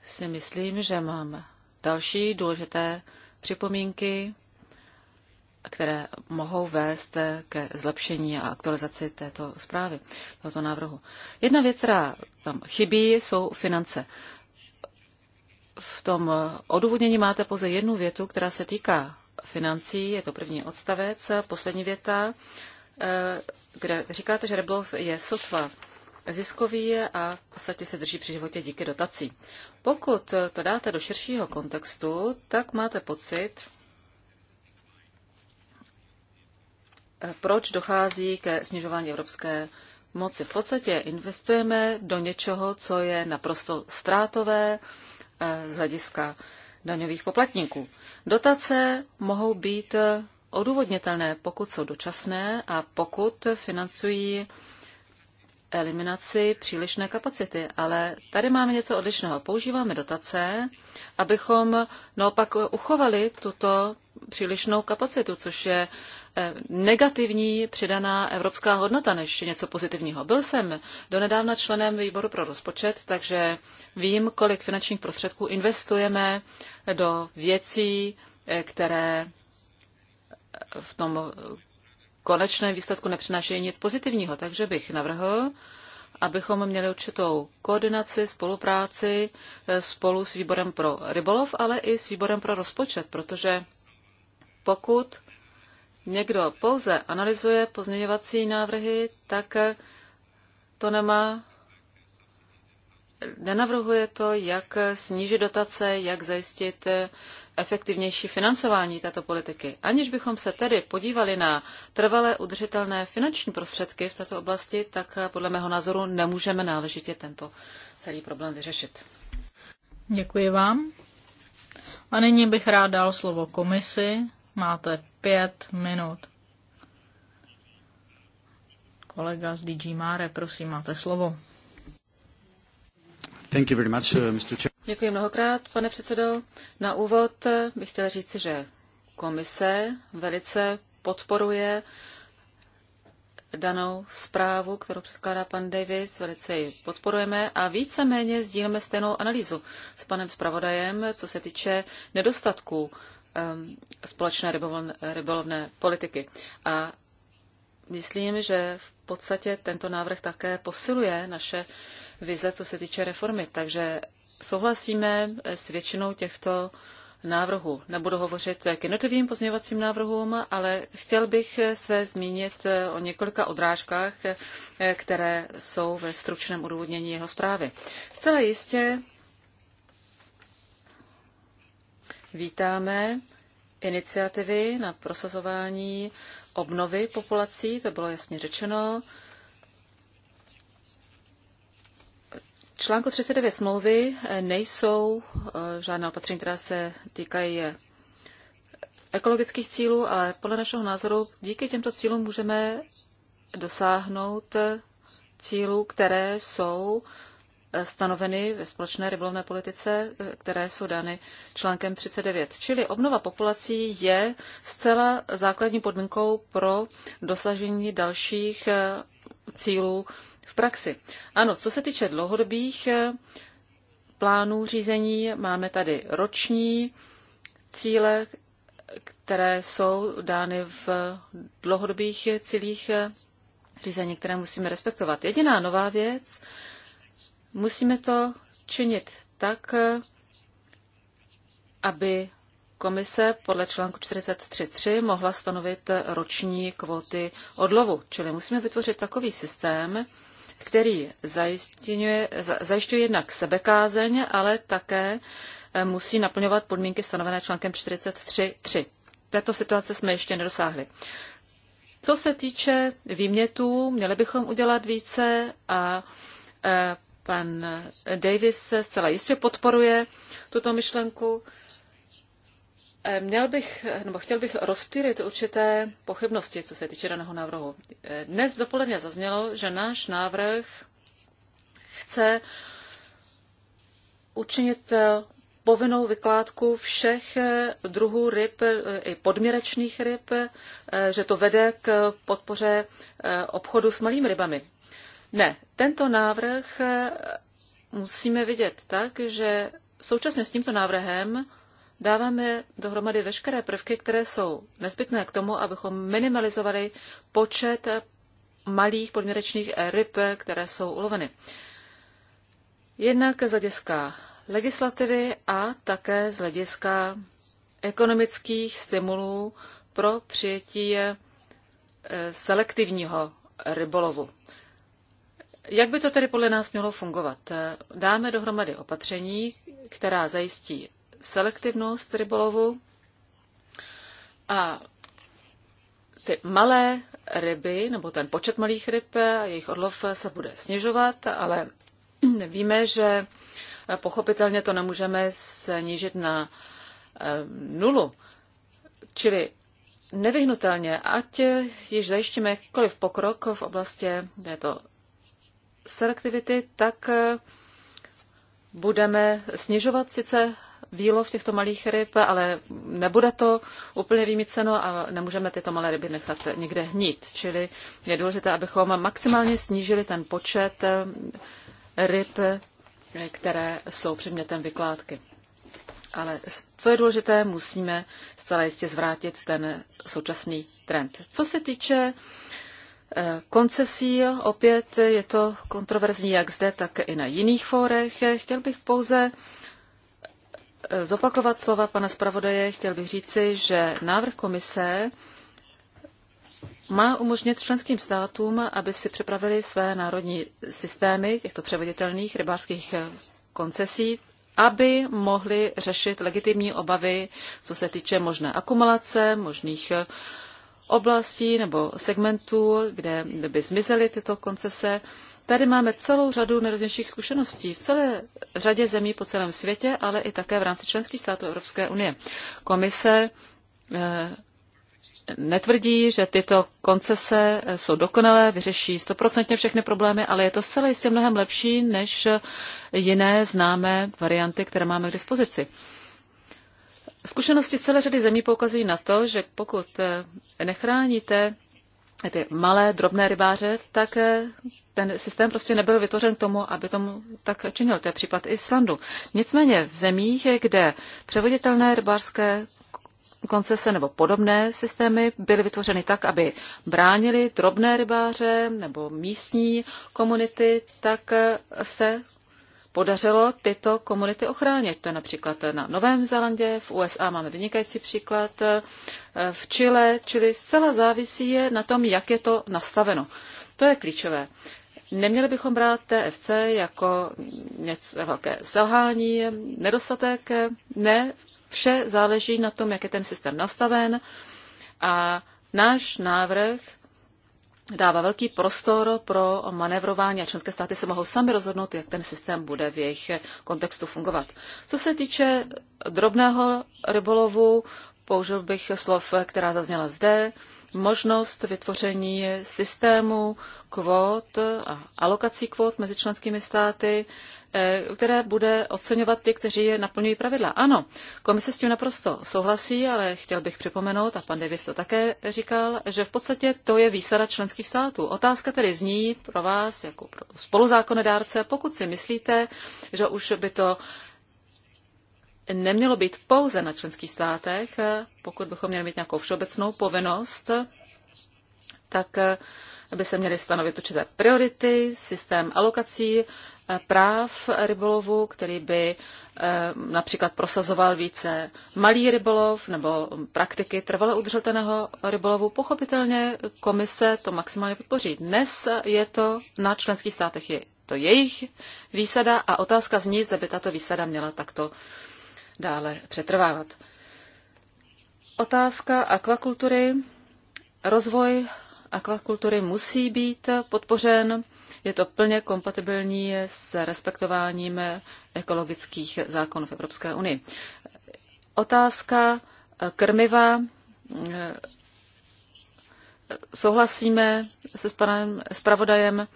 si myslím, že mám další důležité připomínky, které mohou vést ke zlepšení a aktualizaci této zprávy, tohoto návrhu. Jedna věc, která tam chybí, jsou finance. V tom odůvodnění máte pouze jednu větu, která se týká financí, je to první odstavec, poslední věta, eh, kde říkáte, že Reblov je sotva ziskový a v podstatě se drží při životě díky dotací. Pokud to dáte do širšího kontextu, tak máte pocit, proč dochází ke snižování evropské moci. V podstatě investujeme do něčeho, co je naprosto ztrátové eh, z hlediska daňových poplatníků. Dotace mohou být odůvodnitelné, pokud jsou dočasné a pokud financují eliminaci přílišné kapacity, ale tady máme něco odlišného. Používáme dotace, abychom naopak uchovali tuto přílišnou kapacitu, což je eh, negativní přidaná evropská hodnota než něco pozitivního. Byl jsem donedávna členem výboru pro rozpočet, takže vím, kolik finančních prostředků investujeme do věcí, eh, které v tom konečném výsledku nepřinášejí nic pozitivního. Takže bych navrhl, abychom měli určitou koordinaci, spolupráci eh, spolu s výborem pro rybolov, ale i s výborem pro rozpočet, protože pokud někdo pouze analyzuje pozměňovací návrhy, tak eh, to nemá nenavrhuje to, jak snížit dotace, jak zajistit efektivnější financování této politiky. Aniž bychom se tedy podívali na trvalé udržitelné finanční prostředky v této oblasti, tak podle mého názoru nemůžeme náležitě tento celý problém vyřešit. Děkuji vám. A nyní bych rád dal slovo komisi. Máte pět minut. Kolega z DG Mare, prosím, máte slovo. Uh, Děkuji mnohokrát, pane předsedo. Na úvod eh, bych chtěla říci, že komise velice podporuje danou zprávu, kterou předkládá pan Davis, velice ji podporujeme a víceméně sdílíme stejnou analýzu s panem zpravodajem, co se týče nedostatků um, společné rybolovné politiky. A myslím, že v podstatě tento návrh také posiluje naše uh, vize, co se týče reformy. Takže souhlasíme s většinou těchto návrhů. Nebudu hovořit k jednotlivým pozměňovacím návrhům, ale chtěl bych se zmínit o několika odrážkách, které jsou ve stručném odůvodnění jeho zprávy. Zcela jistě vítáme iniciativy na prosazování obnovy populací, to bylo jasně řečeno. článku 39 smlouvy eh, nejsou eh, žádná opatření, která se týkají eh, ekologických cílů, ale podle našeho názoru díky těmto cílům můžeme dosáhnout cílů, které jsou stanoveny ve společné rybolovné politice, které jsou dány článkem 39. Čili obnova populací je zcela základní podmínkou pro dosažení dalších cílů v praxi. Ano, co se týče dlouhodobých eh, plánů řízení, máme tady roční cíle, které jsou dány v dlouhodobých cílích eh, řízení, které musíme respektovat. Jediná nová věc, musíme to činit tak, eh, aby komise podle článku 43.3 mohla stanovit roční kvóty odlovu. Čili musíme vytvořit takový systém, který zajišťuje jednak sebekázeň, ale také eh, musí naplňovat podmínky stanovené článkem 43.3. Této situace jsme ještě nedosáhli. Co se týče výmětů, měli bychom udělat více a eh, pan Davis zcela jistě podporuje tuto myšlenku. Eh, měl bych, eh, nebo chtěl bych rozptýlit určité pochybnosti, co se týče daného návrhu. Eh, dnes dopoledne zaznělo, že náš návrh chce učinit povinnou vykládku všech druhů ryb, i podměrečných ryb, že to vede k podpoře obchodu s malými rybami. Ne, tento návrh musíme vidět tak, že současně s tímto návrhem dáváme dohromady veškeré prvky, které jsou nezbytné k tomu, abychom minimalizovali počet malých podměrečných ryb, které jsou uloveny. Jednak z hlediska legislativy a také z hlediska ekonomických stimulů pro přijetí eh, selektivního rybolovu. Jak by to tedy podle nás mělo fungovat? Dáme dohromady opatření, která zajistí selektivnost rybolovu a ty malé ryby, nebo ten počet malých ryb a jejich odlov se bude snižovat, ale víme, že pochopitelně to nemůžeme snížit na eh, nulu. Čili nevyhnutelně, ať již zajištíme jakýkoliv pokrok v oblasti této selektivity, tak budeme snižovat sice výlov těchto malých ryb, ale nebude to úplně vymyceno a nemůžeme tyto malé ryby nechat někde hnít. Čili je důležité, abychom maximálně snížili ten počet eh, ryb, eh, které jsou předmětem vykládky. Ale co je důležité, musíme zcela jistě zvrátit ten současný trend. Co se týče eh, koncesí, opět je to kontroverzní jak zde, tak i na jiných fórech. Chtěl bych pouze Eh, zopakovat slova pana zpravodaje. Chtěl bych říci, že návrh komise má umožnit členským státům, aby si připravili své národní systémy těchto převoditelných rybářských koncesí, aby mohli řešit legitimní obavy, co se týče možné akumulace, možných oblastí nebo segmentů, kde by zmizely tyto koncese. Tady máme celou řadu nejrůznějších zkušeností v celé řadě zemí po celém světě, ale i také v rámci členských států Evropské unie. Komise eh, netvrdí, že tyto koncese eh, jsou dokonalé, vyřeší stoprocentně všechny problémy, ale je to zcela jistě mnohem lepší než jiné známé varianty, které máme k dispozici. Zkušenosti celé řady zemí poukazují na to, že pokud eh, nechráníte ty malé, drobné rybáře, tak eh, ten systém prostě nebyl vytvořen k tomu, aby tomu tak činil. To je případ Islandu. Nicméně v zemích, eh, kde převoditelné rybářské koncese nebo podobné systémy byly vytvořeny tak, aby bránili drobné rybáře nebo místní komunity, tak eh, se podařilo tyto komunity ochránit. To je například na Novém Zelandě, v USA máme vynikající příklad, eh, v Chile, čili zcela závisí je na tom, jak je to nastaveno. To je klíčové. Neměli bychom brát TFC jako něco velké selhání, nedostatek. Ne, vše záleží na tom, jak je ten systém nastaven a náš návrh dává velký prostor pro manevrování a členské státy se mohou sami rozhodnout, jak ten systém bude v jejich kontextu fungovat. Co se týče drobného rybolovu, použil bych slov, která zazněla zde, možnost vytvoření systému kvót a alokací kvót mezi členskými státy. Eh, které bude oceňovat ty, kteří je naplňují pravidla. Ano, komise s tím naprosto souhlasí, ale chtěl bych připomenout, a pan Davis to také říkal, že v podstatě to je výsada členských států. Otázka tedy zní pro vás, jako pro spoluzákonodárce, pokud si myslíte, že už by to nemělo být pouze na členských státech, pokud bychom měli mít nějakou všeobecnou povinnost, tak eh, aby se měly stanovit určité priority, systém alokací, práv rybolovu, který by eh, například prosazoval více malý rybolov nebo praktiky trvale udržitelného rybolovu. Pochopitelně komise to maximálně podpoří. Dnes je to na členských státech, je to jejich výsada a otázka zní, zda by tato výsada měla takto dále přetrvávat. Otázka akvakultury. Rozvoj akvakultury musí být podpořen je to plně kompatibilní s respektováním ekologických zákonů v Evropské unii. Otázka eh, krmiva. Eh, souhlasíme se s panem zpravodajem.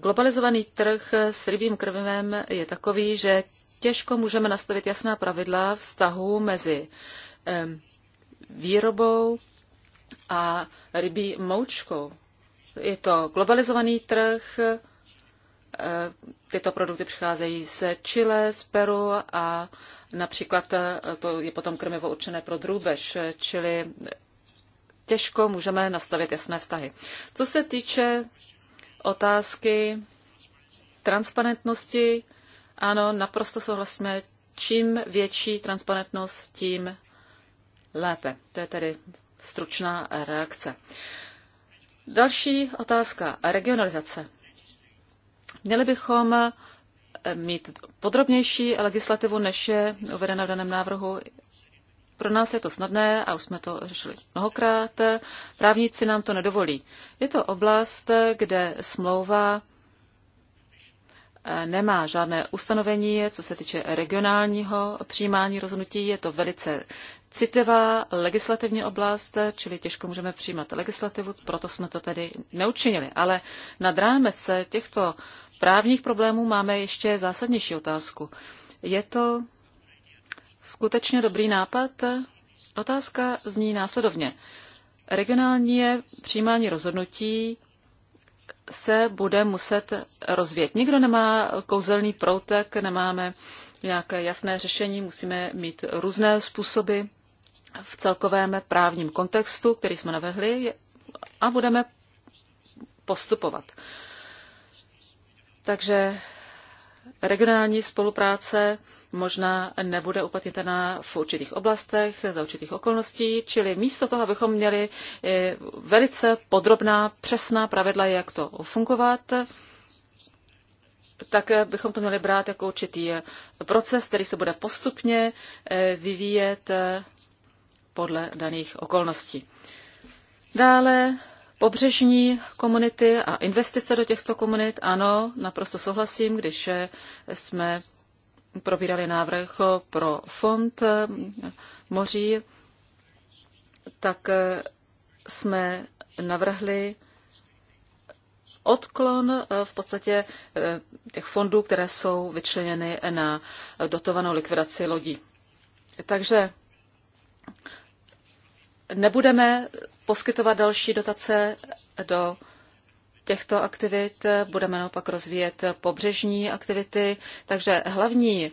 Globalizovaný trh s rybím krmivem je takový, že těžko můžeme nastavit jasná pravidla vztahu mezi eh, výrobou a rybí moučkou. Je to globalizovaný trh, eh, tyto produkty přicházejí z Chile, z Peru a například eh, to je potom krmivo určené pro drůbež, čili těžko můžeme nastavit jasné vztahy. Co se týče otázky transparentnosti, ano, naprosto souhlasíme, čím větší transparentnost, tím lépe. To je tedy stručná reakce. Další otázka. Regionalizace. Měli bychom eh, mít podrobnější legislativu, než je uvedena v daném návrhu. Pro nás je to snadné a už jsme to řešili mnohokrát. Právníci nám to nedovolí. Je to oblast, kde smlouva eh, nemá žádné ustanovení, co se týče regionálního přijímání rozhodnutí. Je to velice citlivá legislativní oblast, čili těžko můžeme přijímat legislativu, proto jsme to tedy neučinili. Ale nad rámec těchto právních problémů máme ještě zásadnější otázku. Je to skutečně dobrý nápad? Otázka zní následovně. Regionální přijímání rozhodnutí se bude muset rozvíjet. Nikdo nemá kouzelný proutek, nemáme nějaké jasné řešení, musíme mít různé způsoby v celkovém právním kontextu, který jsme navrhli, a budeme postupovat. Takže regionální spolupráce možná nebude uplatnitelná v určitých oblastech, za určitých okolností, čili místo toho, abychom měli eh, velice podrobná, přesná pravidla, jak to fungovat, tak bychom to měli brát jako určitý proces, který se bude postupně eh, vyvíjet podle daných okolností. Dále pobřežní komunity a investice do těchto komunit. Ano, naprosto souhlasím, když jsme probírali návrh pro fond eh, moří, tak eh, jsme navrhli odklon eh, v podstatě těch fondů, které jsou vyčleněny na dotovanou likvidaci lodí. Takže nebudeme poskytovat další dotace do těchto aktivit, budeme naopak rozvíjet pobřežní aktivity, takže hlavní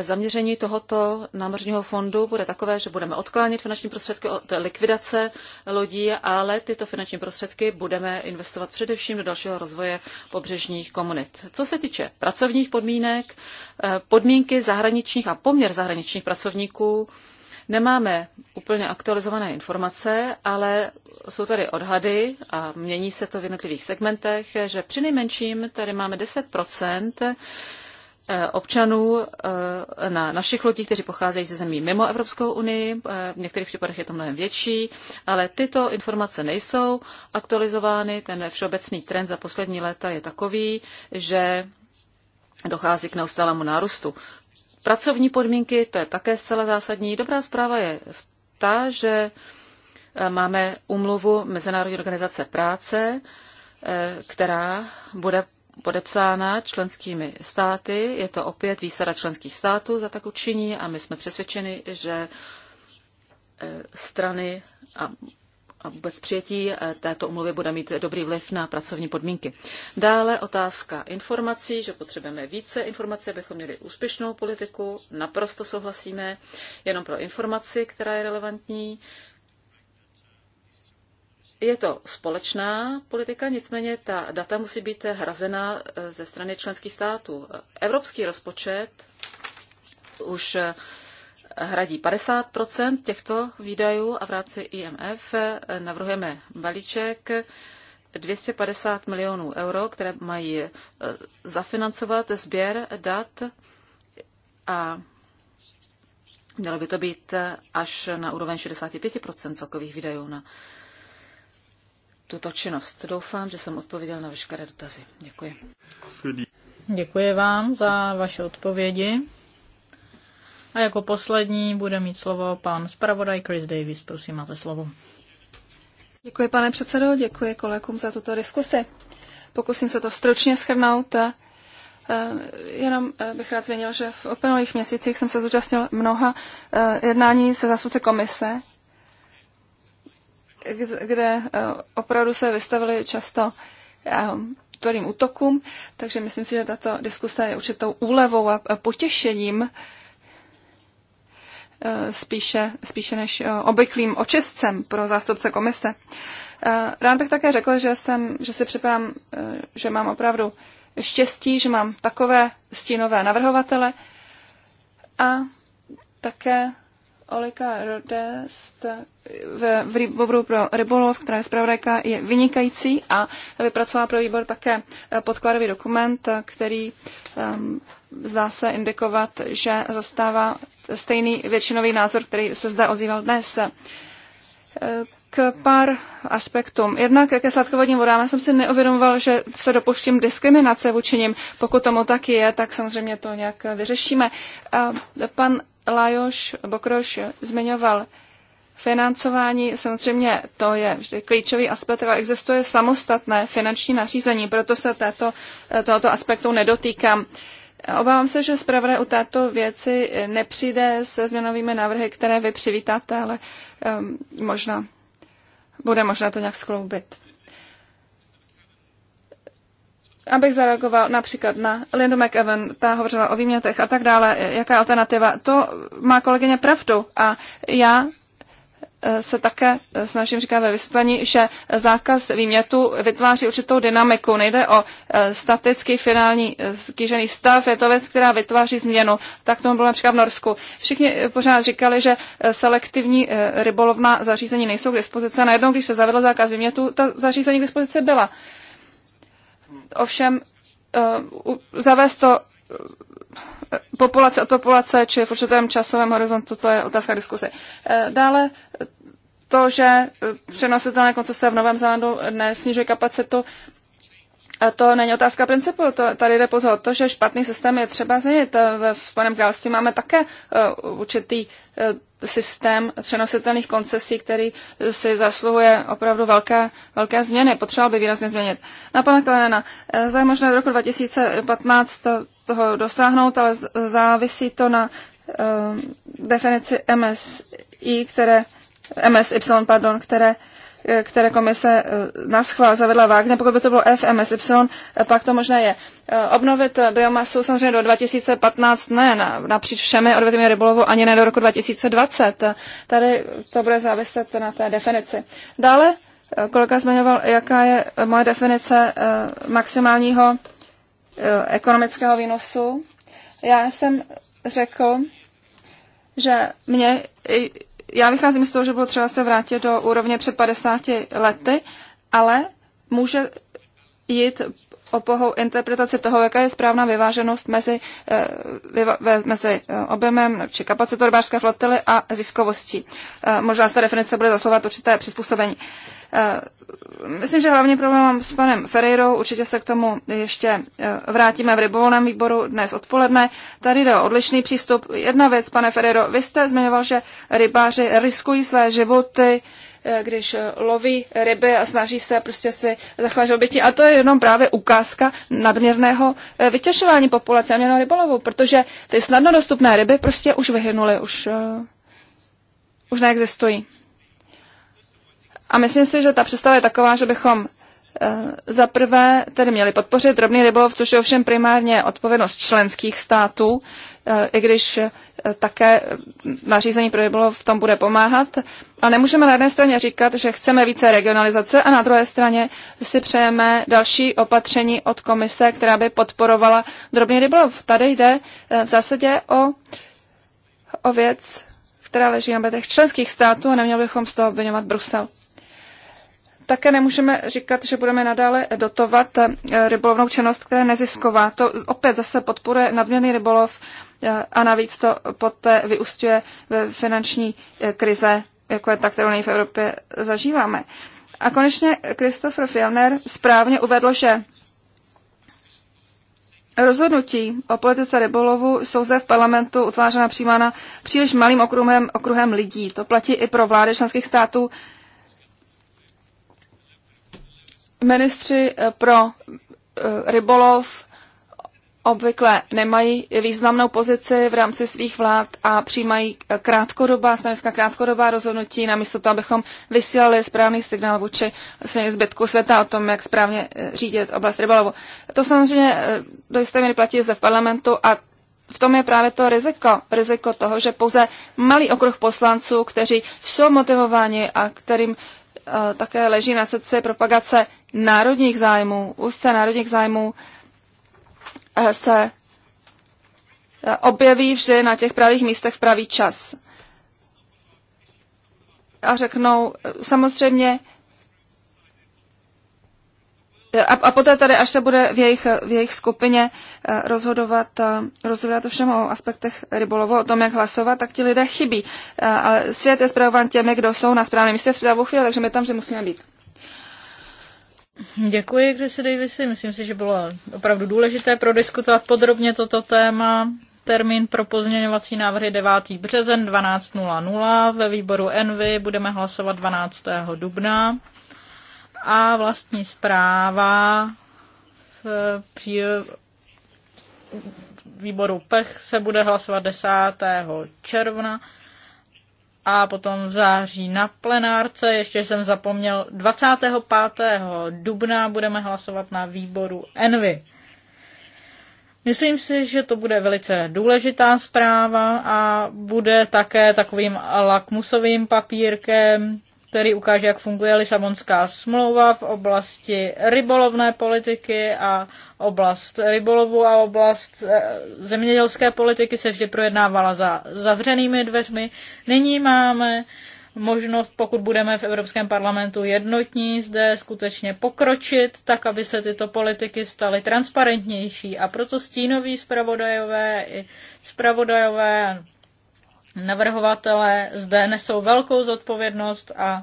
zaměření tohoto námořního fondu bude takové, že budeme odklánět finanční prostředky od likvidace lodí, ale tyto finanční prostředky budeme investovat především do dalšího rozvoje pobřežních komunit. Co se týče pracovních podmínek, eh, podmínky zahraničních a poměr zahraničních pracovníků, Nemáme úplně aktualizované informace, ale jsou tady odhady a mění se to v jednotlivých segmentech, že při nejmenším tady máme 10 eh, občanů eh, na našich lodích, kteří pocházejí ze zemí mimo Evropskou unii. Eh, v některých případech je to mnohem větší, ale tyto informace nejsou aktualizovány. Ten všeobecný trend za poslední léta je takový, že dochází k neustálému nárůstu Pracovní podmínky, to je také zcela zásadní. Dobrá zpráva je ta, že eh, máme umluvu Mezinárodní organizace práce, eh, která bude podepsána členskými státy. Je to opět výsada členských států za tak učiní a my jsme přesvědčeni, že eh, strany a a vůbec přijetí eh, této umluvy bude mít dobrý vliv na pracovní podmínky. Dále otázka informací, že potřebujeme více informací, abychom měli úspěšnou politiku. Naprosto souhlasíme jenom pro informaci, která je relevantní. Je to společná politika, nicméně ta data musí být hrazena eh, ze strany členských států. Evropský rozpočet už eh, hradí 50 těchto výdajů a v rámci IMF navrhujeme balíček 250 milionů euro, které mají e, zafinancovat sběr dat a mělo by to být až na úroveň 65 celkových výdajů na tuto činnost. Doufám, že jsem odpověděl na veškeré dotazy. Děkuji. Děkuji vám za vaše odpovědi. A jako poslední bude mít slovo pan zpravodaj Chris Davis. Prosím, máte slovo. Děkuji, pane předsedo, děkuji kolegům za tuto diskusi. Pokusím se to stručně schrnout. Eh, jenom eh, bych rád zmínil, že v uplynulých měsících jsem se zúčastnil mnoha eh, jednání se zasudce komise, kde opravdu se vystavili často tvrdým útokům, takže myslím si, že tato diskuse je určitou úlevou a potěšením Eh, spíše, spíše než eh, obvyklým očistcem pro zástupce komise. Eh, rád bych také řekl, že, jsem, že si připadám, že mám opravdu štěstí, že mám takové stínové navrhovatele a také Olika Rodest v, v výboru pro rybolov, která je zpravodajka, je vynikající a vypracovala pro výbor také podkladový dokument, který um, zdá se indikovat, že zastává stejný většinový názor, který se zde ozýval dnes. E, k pár aspektům. Jednak ke sladkovodním vodám já jsem si neuvědomoval, že se dopuštím diskriminace vůči nim. Pokud tomu tak je, tak samozřejmě to nějak vyřešíme. A pan Lajoš Bokroš zmiňoval Financování, samozřejmě to je vždy klíčový aspekt, ale existuje samostatné finanční nařízení, proto se této, tohoto aspektu nedotýkám. Obávám se, že zpravodaj u této věci nepřijde se změnovými návrhy, které vy přivítáte, ale um, možná bude možná to nějak skloubit. Abych zareagoval například na Lindu McEwen, ta hovořila o výmětech a tak dále, jaká alternativa. To má kolegyně pravdu a já se také snažím říkat ve vysvětlení, že zákaz výmětu vytváří určitou dynamiku. Nejde o eh, statický finální eh, kýžený stav, je to věc, která vytváří změnu. Tak tomu bylo například v Norsku. Všichni eh, pořád říkali, že selektivní rybolovná zařízení nejsou k dispozici. Najednou, když se zavedl zákaz výmětu, ta zařízení k dispozici byla. Ovšem, zavést to populace od populace, či v určitém časovém horizontu, to je otázka diskuse. Dále to, že eh, přenositelné koncese v Novém Zélandu nesnižuje kapacitu, a to není otázka principu, to, tady jde pozor to, že špatný systém je třeba změnit. Eh, v Spojeném království máme také uh, určitý uh, systém přenositelných koncesí, který si zasluhuje opravdu velké, velké změny. Potřeboval by výrazně změnit. Na pana Klenena, zda možná možné do roku 2015 toho dosáhnout, ale závisí to na uh, definici MSI, které uh, MSY, pardon, které které komise eh, na schvál zavedla vágně. pokud by to bylo FMSY, eh, pak to možné je. Eh, obnovit biomasu samozřejmě do 2015 ne, na, napříč všemi odvětvími rybolovu ani ne do roku 2020. Tady to bude záviset na té definici. Dále kolega zmiňoval, jaká je moje definice maximálního ekonomického výnosu. Já jsem řekl, že mě já vycházím z toho, že bylo třeba se vrátit do úrovně před 50 lety, ale může jít o pohou interpretaci toho, jaká je správná vyváženost mezi, eh, mezi eh, objemem či kapacitou rybářské flotily a ziskovostí. Eh, možná z té definice bude zaslovat určité přizpůsobení. Eh, myslím, že hlavně problém mám s panem Ferreirou, určitě se k tomu ještě eh, vrátíme v rybovolném výboru dnes odpoledne. Tady jde o odlišný přístup. Jedna věc, pane Ferreiro, vy jste zmiňoval, že rybáři riskují své životy, eh, když loví ryby a snaží se prostě si zachovat oběti. A to je jenom právě ukázka nadměrného vytěšování populace a měnou rybolovu, protože ty snadno dostupné ryby prostě už vyhynuly, už, už neexistují. A myslím si, že ta představa je taková, že bychom eh, za prvé tedy měli podpořit drobný rybolov, což je ovšem primárně odpovědnost členských států, eh, i když eh, také nařízení pro rybolov v tom bude pomáhat. A nemůžeme na jedné straně říkat, že chceme více regionalizace a na druhé straně si přejeme další opatření od komise, která by podporovala drobný rybolov. Tady jde v zásadě o, o věc, která leží na betech členských států a neměli bychom z toho obvinovat Brusel. Také nemůžeme říkat, že budeme nadále dotovat eh, rybolovnou činnost, která je nezisková. To opět zase podporuje nadměrný rybolov eh, a navíc to poté vyústuje ve finanční eh, krize, jako je ta, kterou nej v Evropě zažíváme. A konečně Christopher Filner správně uvedl, že Rozhodnutí o politice rybolovu jsou zde v parlamentu utvářena přijímána příliš malým okruhem, okruhem lidí. To platí i pro vlády členských států, Ministři eh, pro eh, rybolov obvykle nemají významnou pozici v rámci svých vlád a přijímají eh, krátkodobá, stanoviska krátkodobá rozhodnutí, namísto toho, abychom vysílali správný signál vůči zbytku světa o tom, jak správně řídit oblast rybolovu. To samozřejmě do jisté míry platí zde v parlamentu a v tom je právě to riziko. Riziko toho, že pouze malý okruh poslanců, kteří jsou motivováni a kterým Eh, také leží na srdci propagace národních zájmů, úzce národních zájmů eh, se eh, objeví vždy na těch pravých místech v pravý čas. A řeknou, samozřejmě a, a poté tady, až se bude v jejich, v jejich skupině eh, rozhodovat, eh, rozhodovat všem o aspektech rybolovu, o tom, jak hlasovat, tak ti lidé chybí. Eh, ale svět je zpravován těmi, kdo jsou na správném místě v pravou chvíli, takže my tam, že musíme být. Děkuji, Chrisi Davisy. Myslím si, že bylo opravdu důležité prodiskutovat podrobně toto téma. Termín pro pozměňovací návrhy 9. březen 12.00 ve výboru Envy. Budeme hlasovat 12. dubna a vlastní zpráva v výboru PECH se bude hlasovat 10. června a potom v září na plenárce, ještě jsem zapomněl, 25. dubna budeme hlasovat na výboru Envy. Myslím si, že to bude velice důležitá zpráva a bude také takovým lakmusovým papírkem který ukáže, jak funguje Lisabonská smlouva v oblasti rybolovné politiky a oblast rybolovu a oblast eh, zemědělské politiky se vždy projednávala za zavřenými dveřmi. Nyní máme možnost, pokud budeme v Evropském parlamentu jednotní, zde skutečně pokročit, tak aby se tyto politiky staly transparentnější. A proto stínoví zpravodajové i zpravodajové Navrhovatelé zde nesou velkou zodpovědnost a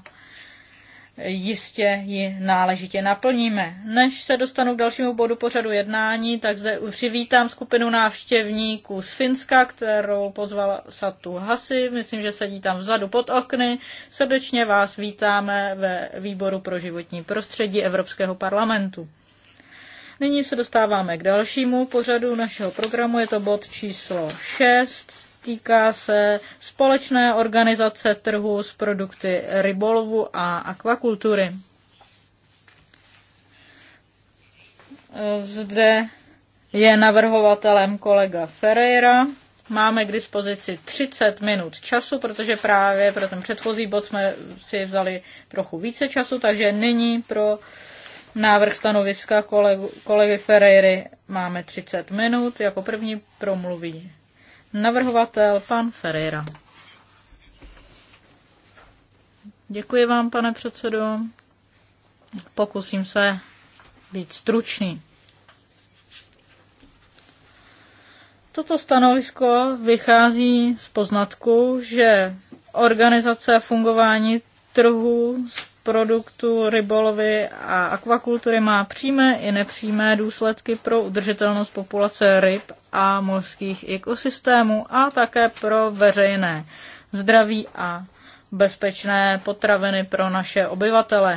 jistě ji náležitě naplníme. Než se dostanu k dalšímu bodu pořadu jednání, tak zde přivítám skupinu návštěvníků z Finska, kterou pozvala Satu Hasi. Myslím, že sedí tam vzadu pod okny. Srdečně vás vítáme ve výboru pro životní prostředí Evropského parlamentu. Nyní se dostáváme k dalšímu pořadu našeho programu, je to bod číslo 6 týká se společné organizace trhu s produkty rybolovu a akvakultury. Zde je navrhovatelem kolega Ferreira. Máme k dispozici 30 minut času, protože právě pro ten předchozí bod jsme si vzali trochu více času, takže nyní pro návrh stanoviska kolegu, kolegy Ferreiry máme 30 minut. Jako první promluví Navrhovatel pan Ferreira. Děkuji vám, pane předsedo. Pokusím se být stručný. Toto stanovisko vychází z poznatku, že organizace a fungování trhu s Produktu rybolovy a akvakultury má přímé i nepřímé důsledky pro udržitelnost populace ryb a mořských ekosystémů a také pro veřejné zdraví a bezpečné potraviny pro naše obyvatele.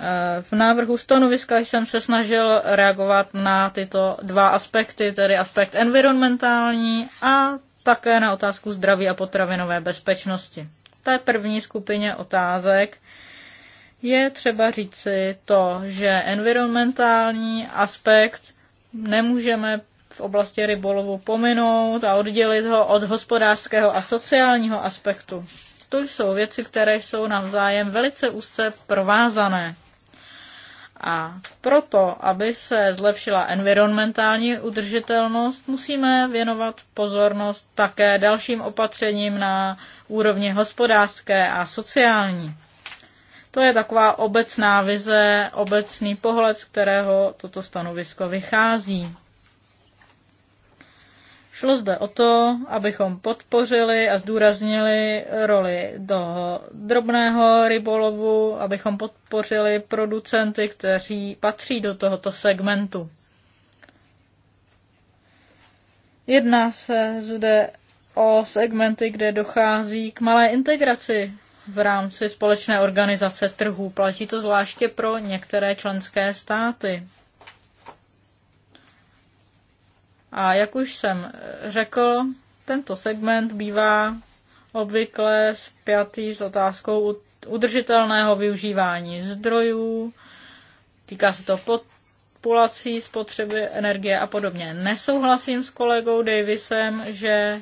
E, v návrhu stanoviska jsem se snažil reagovat na tyto dva aspekty, tedy aspekt environmentální a také na otázku zdraví a potravinové bezpečnosti. Té první skupině otázek je třeba říci to, že environmentální aspekt nemůžeme v oblasti rybolovu pominout a oddělit ho od hospodářského a sociálního aspektu. To jsou věci, které jsou navzájem velice úzce provázané. A proto, aby se zlepšila environmentální udržitelnost, musíme věnovat pozornost také dalším opatřením na úrovni hospodářské a sociální. To je taková obecná vize, obecný pohled, z kterého toto stanovisko vychází. Šlo zde o to, abychom podpořili a zdůraznili roli do drobného rybolovu, abychom podpořili producenty, kteří patří do tohoto segmentu. Jedná se zde o segmenty, kde dochází k malé integraci v rámci společné organizace trhů. Platí to zvláště pro některé členské státy. A jak už jsem řekl, tento segment bývá obvykle spjatý s otázkou udržitelného využívání zdrojů, týká se to populací, spotřeby energie a podobně. Nesouhlasím s kolegou Davisem, že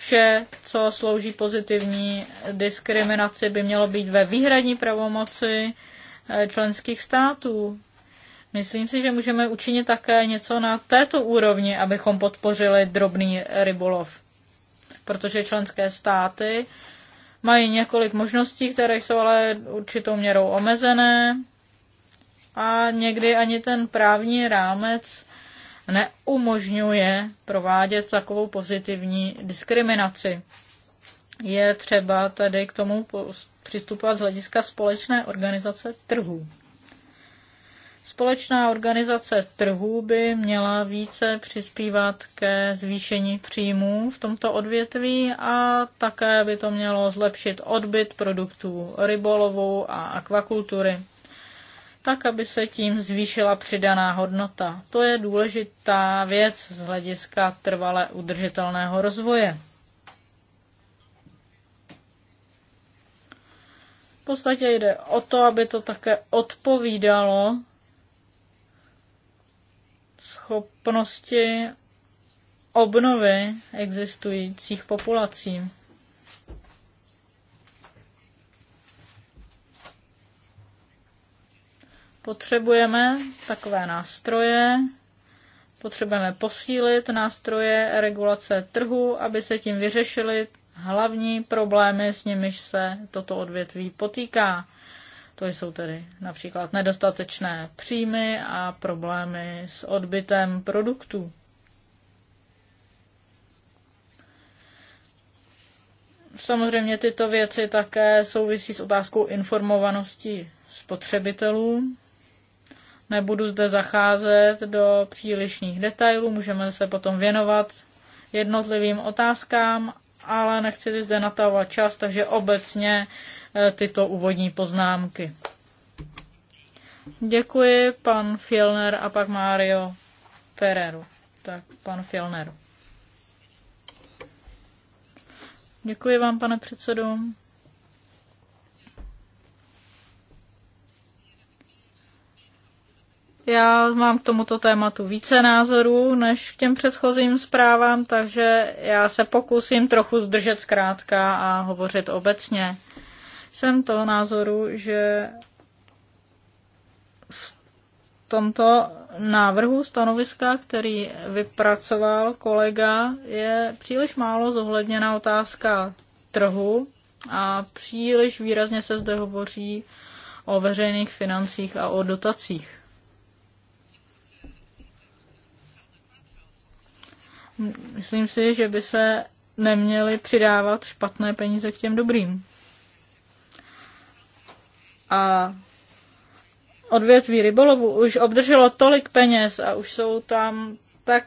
Vše, co slouží pozitivní diskriminaci, by mělo být ve výhradní pravomoci eh, členských států. Myslím si, že můžeme učinit také něco na této úrovni, abychom podpořili drobný rybolov. Protože členské státy mají několik možností, které jsou ale určitou měrou omezené a někdy ani ten právní rámec neumožňuje provádět takovou pozitivní diskriminaci. Je třeba tedy k tomu přistupovat z hlediska společné organizace trhů. Společná organizace trhů by měla více přispívat ke zvýšení příjmů v tomto odvětví a také by to mělo zlepšit odbyt produktů rybolovu a akvakultury tak aby se tím zvýšila přidaná hodnota. To je důležitá věc z hlediska trvale udržitelného rozvoje. V podstatě jde o to, aby to také odpovídalo schopnosti obnovy existujících populací. Potřebujeme takové nástroje, potřebujeme posílit nástroje regulace trhu, aby se tím vyřešily hlavní problémy, s nimiž se toto odvětví potýká. To jsou tedy například nedostatečné příjmy a problémy s odbytem produktů. Samozřejmě tyto věci také souvisí s otázkou informovanosti spotřebitelů. Nebudu zde zacházet do přílišných detailů, můžeme se potom věnovat jednotlivým otázkám, ale nechci zde natávat čas, takže obecně eh, tyto úvodní poznámky. Děkuji, pan Filner a pak Mario Ferreru. Tak, pan Filner. Děkuji vám, pane předsedo. Já mám k tomuto tématu více názorů než k těm předchozím zprávám, takže já se pokusím trochu zdržet zkrátka a hovořit obecně. Jsem toho názoru, že v tomto návrhu stanoviska, který vypracoval kolega, je příliš málo zohledněna otázka trhu a příliš výrazně se zde hovoří o veřejných financích a o dotacích. Myslím si, že by se neměly přidávat špatné peníze k těm dobrým. A odvětví rybolovu už obdrželo tolik peněz a už jsou tam tak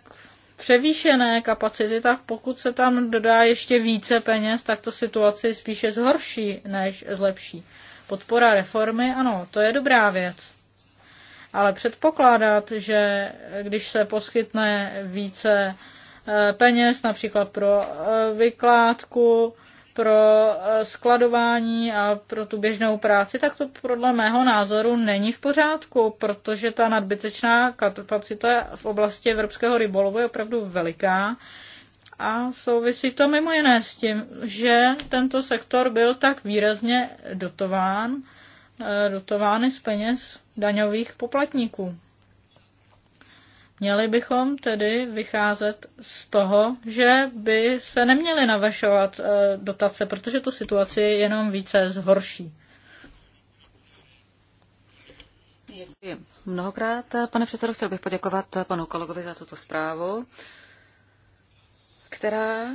převýšené kapacity, tak pokud se tam dodá ještě více peněz, tak to situaci spíše zhorší než zlepší. Podpora reformy, ano, to je dobrá věc. Ale předpokládat, že když se poskytne více Eh, peněz, například pro eh, vykládku, pro eh, skladování a pro tu běžnou práci, tak to podle mého názoru není v pořádku, protože ta nadbytečná kapacita v oblasti evropského rybolovu je opravdu veliká. A souvisí to mimo jiné s tím, že tento sektor byl tak výrazně dotován, dotovány z peněz daňových poplatníků. Měli bychom tedy vycházet z toho, že by se neměly navašovat eh, dotace, protože to situaci jenom více zhorší. Děkuji mnohokrát. Pane předsedo, chtěl bych poděkovat panu kolegovi za tuto zprávu, která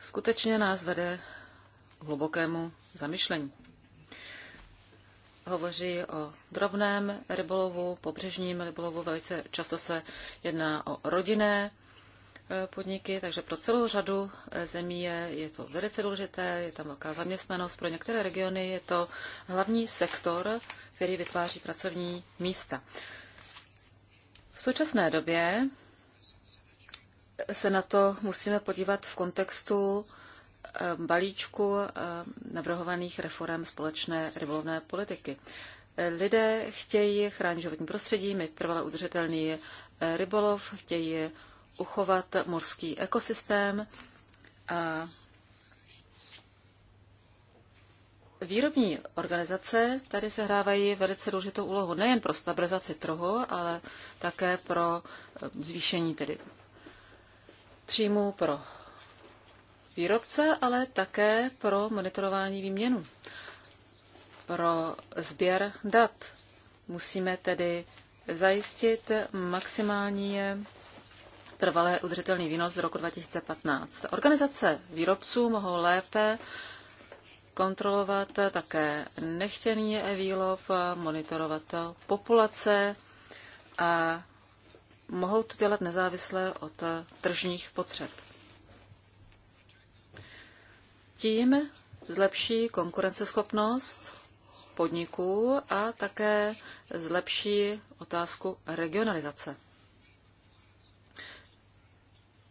skutečně nás vede k hlubokému zamyšlení hovoří o drobném rybolovu, pobřežním rybolovu. Velice často se jedná o rodinné e, podniky, takže pro celou řadu e, zemí je, je to velice důležité, je tam velká zaměstnanost. Pro některé regiony je to hlavní sektor, který vytváří pracovní místa. V současné době se na to musíme podívat v kontextu Eh, balíčku eh, navrhovaných reform společné rybolovné politiky. Eh, lidé chtějí chránit životní prostředí, mít trvale udržitelný rybolov, chtějí uchovat mořský ekosystém a Výrobní organizace tady sehrávají velice důležitou úlohu nejen pro stabilizaci trhu, ale také pro zvýšení tedy příjmu pro výrobce, ale také pro monitorování výměnu, pro sběr dat. Musíme tedy zajistit maximální trvalé udržitelný výnos z roku 2015. Organizace výrobců mohou lépe kontrolovat také nechtěný výlov, monitorovat populace a mohou to dělat nezávisle od tržních potřeb. Tím zlepší konkurenceschopnost podniků a také zlepší otázku regionalizace.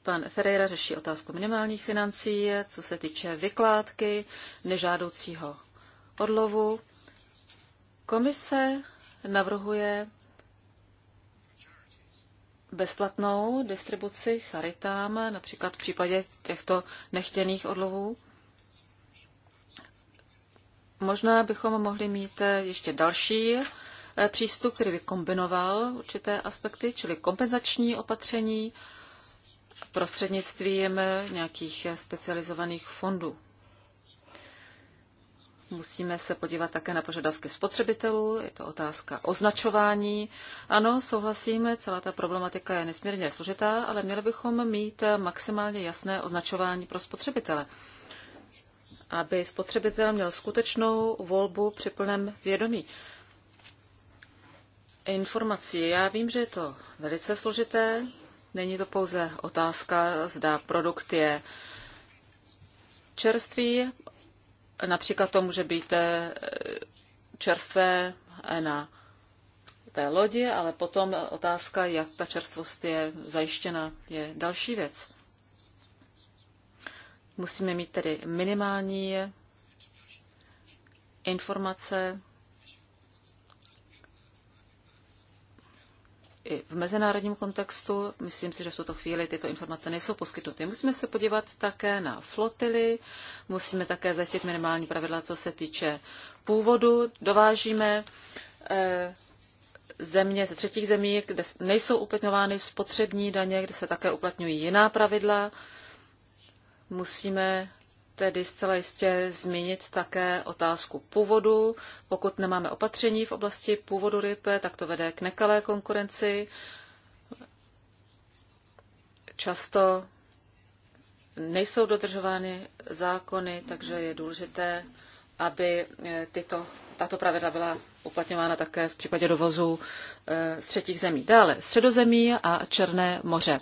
Pan Ferreira řeší otázku minimálních financí, co se týče vykládky, nežádoucího odlovu. Komise navrhuje bezplatnou distribuci charitám, například v případě těchto nechtěných odlovů. Možná bychom mohli mít eh, ještě další eh, přístup, který by kombinoval určité aspekty, čili kompenzační opatření prostřednictvím eh, nějakých specializovaných fondů. Musíme se podívat také na požadavky spotřebitelů, je to otázka označování. Ano, souhlasíme, celá ta problematika je nesmírně složitá, ale měli bychom mít maximálně jasné označování pro spotřebitele aby spotřebitel měl skutečnou volbu při plném vědomí informací. Já vím, že je to velice složité. Není to pouze otázka, zda produkt je čerstvý. Například to může být eh, čerstvé eh, na té lodi, ale potom otázka, jak ta čerstvost je zajištěna, je další věc. Musíme mít tedy minimální informace i v mezinárodním kontextu. Myslím si, že v tuto chvíli tyto informace nejsou poskytnuty. Musíme se podívat také na flotily, musíme také zajistit minimální pravidla, co se týče původu. Dovážíme eh, země ze třetích zemí, kde nejsou uplatňovány spotřební daně, kde se také uplatňují jiná pravidla. Musíme tedy zcela jistě zmínit také otázku původu. Pokud nemáme opatření v oblasti původu ryb, tak to vede k nekalé konkurenci. Často nejsou dodržovány zákony, takže je důležité, aby eh, tyto, tato pravidla byla uplatňována také v případě dovozu eh, z třetích zemí. Dále středozemí a Černé moře.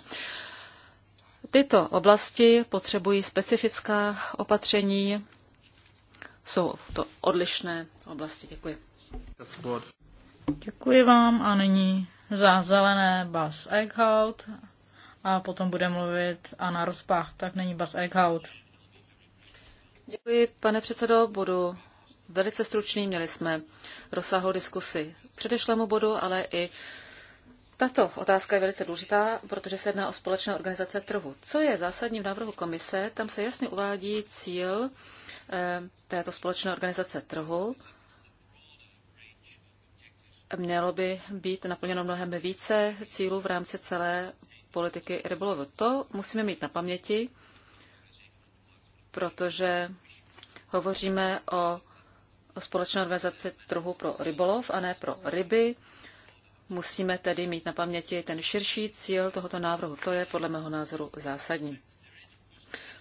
Tyto oblasti potřebují specifická opatření. Jsou to odlišné oblasti. Děkuji. Děkuji vám a nyní za zelené Bas Eichhout a potom bude mluvit Anna Rozpach, tak není Bas Eichhout. Děkuji, pane předsedo, budu velice stručný. Měli jsme rozsáhlou diskusi k předešlému bodu, ale i tato otázka je velice důležitá, protože se jedná o společné organizace trhu. Co je zásadní v návrhu komise? Tam se jasně uvádí cíl eh, této společné organizace trhu. Mělo by být naplněno mnohem více cílů v rámci celé politiky rybolovu. To musíme mít na paměti, protože hovoříme o společné organizaci trhu pro rybolov a ne pro ryby. Musíme tedy mít na paměti ten širší cíl tohoto návrhu. To je podle mého názoru zásadní.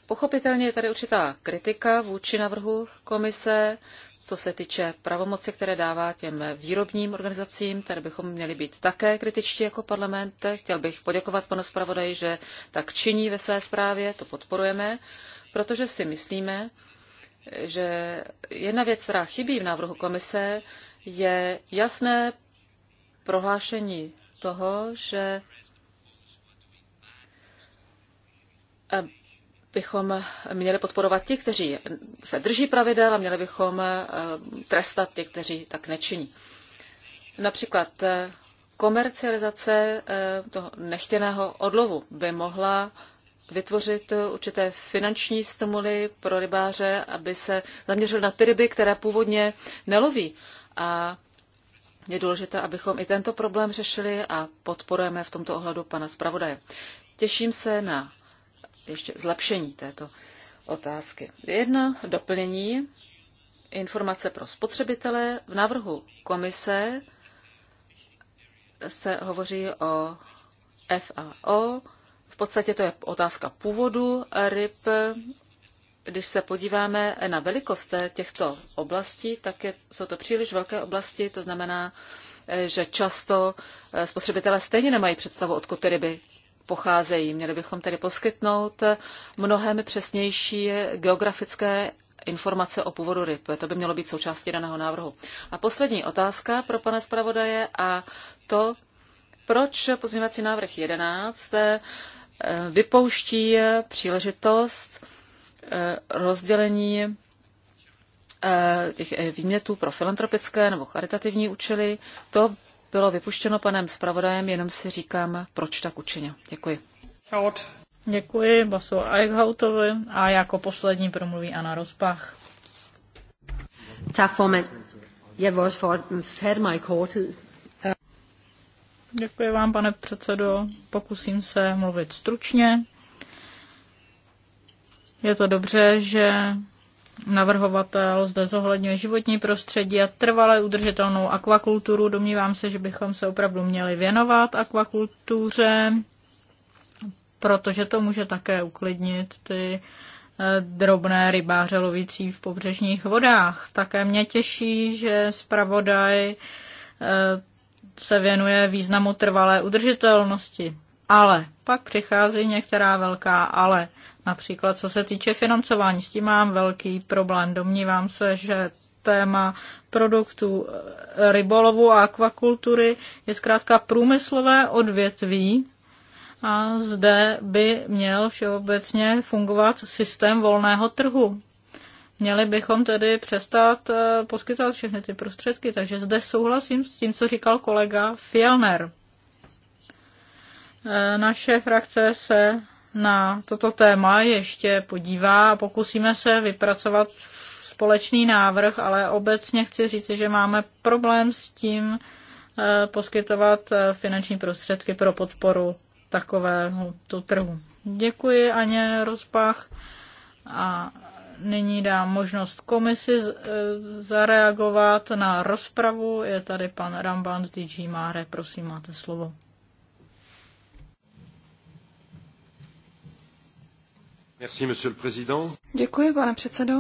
Pochopitelně je tady určitá kritika vůči návrhu komise, co se týče pravomoci, které dává těm výrobním organizacím, tady bychom měli být také kritičtí jako parlament. Chtěl bych poděkovat panu zpravodaji, že tak činí ve své zprávě, to podporujeme, protože si myslíme, že jedna věc, která chybí v návrhu komise, je jasné prohlášení toho, že eh, bychom měli podporovat ti, kteří se drží pravidel a měli bychom eh, trestat ti, kteří tak nečiní. Například eh, komercializace toho nechtěného odlovu by mohla vytvořit určité finanční stimuly pro rybáře, aby se zaměřil na ty ryby, které původně neloví. A je důležité, abychom i tento problém řešili a podporujeme v tomto ohledu pana zpravodaje. Těším se na ještě zlepšení této otázky. Jedna doplnění informace pro spotřebitele. V návrhu komise se hovoří o FAO. V podstatě to je otázka původu ryb, když se podíváme na velikost těchto oblastí, tak je, jsou to příliš velké oblasti, to znamená, eh, že často eh, spotřebitelé stejně nemají představu, odkud ty ryby pocházejí. Měli bychom tedy poskytnout eh, mnohem přesnější geografické informace o původu ryb. To by mělo být součástí daného návrhu. A poslední otázka pro pana zpravodaje a to, proč pozměňovací návrh 11 vypouští příležitost Eh, rozdělení eh, těch eh, výmětů pro filantropické nebo charitativní účely. To bylo vypuštěno panem zpravodajem, jenom si říkám, proč tak učinil. Děkuji. Děkuji Basu Eichhautovi a jako poslední promluví Anna Rozpach. Tak, formand. Jeg vás også fatte mig Děkuji vám, pane předsedo. Pokusím se mluvit stručně. Je to dobře, že navrhovatel zde zohledňuje životní prostředí a trvale udržitelnou akvakulturu. Domnívám se, že bychom se opravdu měli věnovat akvakultuře, protože to může také uklidnit ty eh, drobné rybáře lovící v pobřežních vodách. Také mě těší, že zpravodaj eh, se věnuje významu trvalé udržitelnosti. Ale pak přichází některá velká ale. Například co se týče financování, s tím mám velký problém. Domnívám se, že téma produktů eh, rybolovu a akvakultury je zkrátka průmyslové odvětví a zde by měl všeobecně fungovat systém volného trhu. Měli bychom tedy přestat eh, poskytovat všechny ty prostředky, takže zde souhlasím s tím, co říkal kolega Fielner. Eh, naše frakce se na toto téma ještě podívá a pokusíme se vypracovat společný návrh, ale obecně chci říct, že máme problém s tím eh, poskytovat eh, finanční prostředky pro podporu takového tu trhu. Děkuji Aně Rozpach a nyní dám možnost komisi eh, zareagovat na rozpravu. Je tady pan Ramban z DG Máre, prosím, máte slovo. Děkuji, pane předsedo.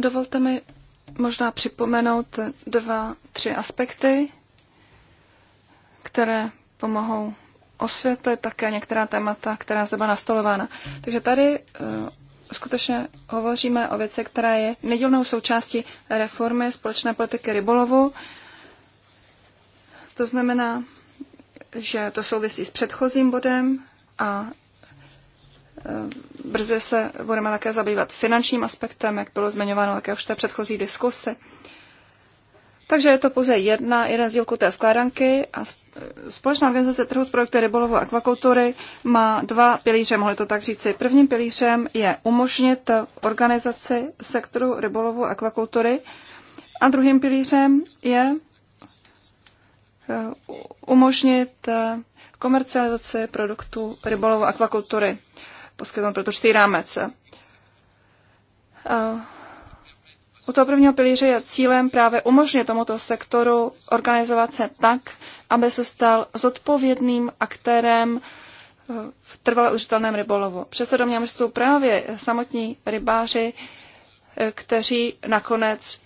Dovolte mi možná připomenout dva, tři aspekty, které pomohou osvětlit také některá témata, která zde byla nastolována. Takže tady eh, skutečně hovoříme o věci, která je nedílnou součástí reformy společné politiky rybolovu. To znamená, že to souvisí s předchozím bodem, a e, brzy se budeme také zabývat finančním aspektem, jak bylo zmiňováno také už v té předchozí diskusi. Takže je to pouze jedna, jeden z dílků té skládanky a Společná organizace trhu s projekty rybolovu a akvakultury má dva pilíře, mohli to tak říci. Prvním pilířem je umožnit organizaci sektoru rybolovu a akvakultury a druhým pilířem je e, umožnit e, komercializaci produktů rybolovu akvakultury. Poskytnout proto čtý rámec. U toho prvního pilíře je cílem právě umožnit tomuto sektoru organizovat se tak, aby se stal zodpovědným aktérem eh, v trvale užitelném rybolovu. Přesedom mě jsou právě samotní rybáři, eh, kteří nakonec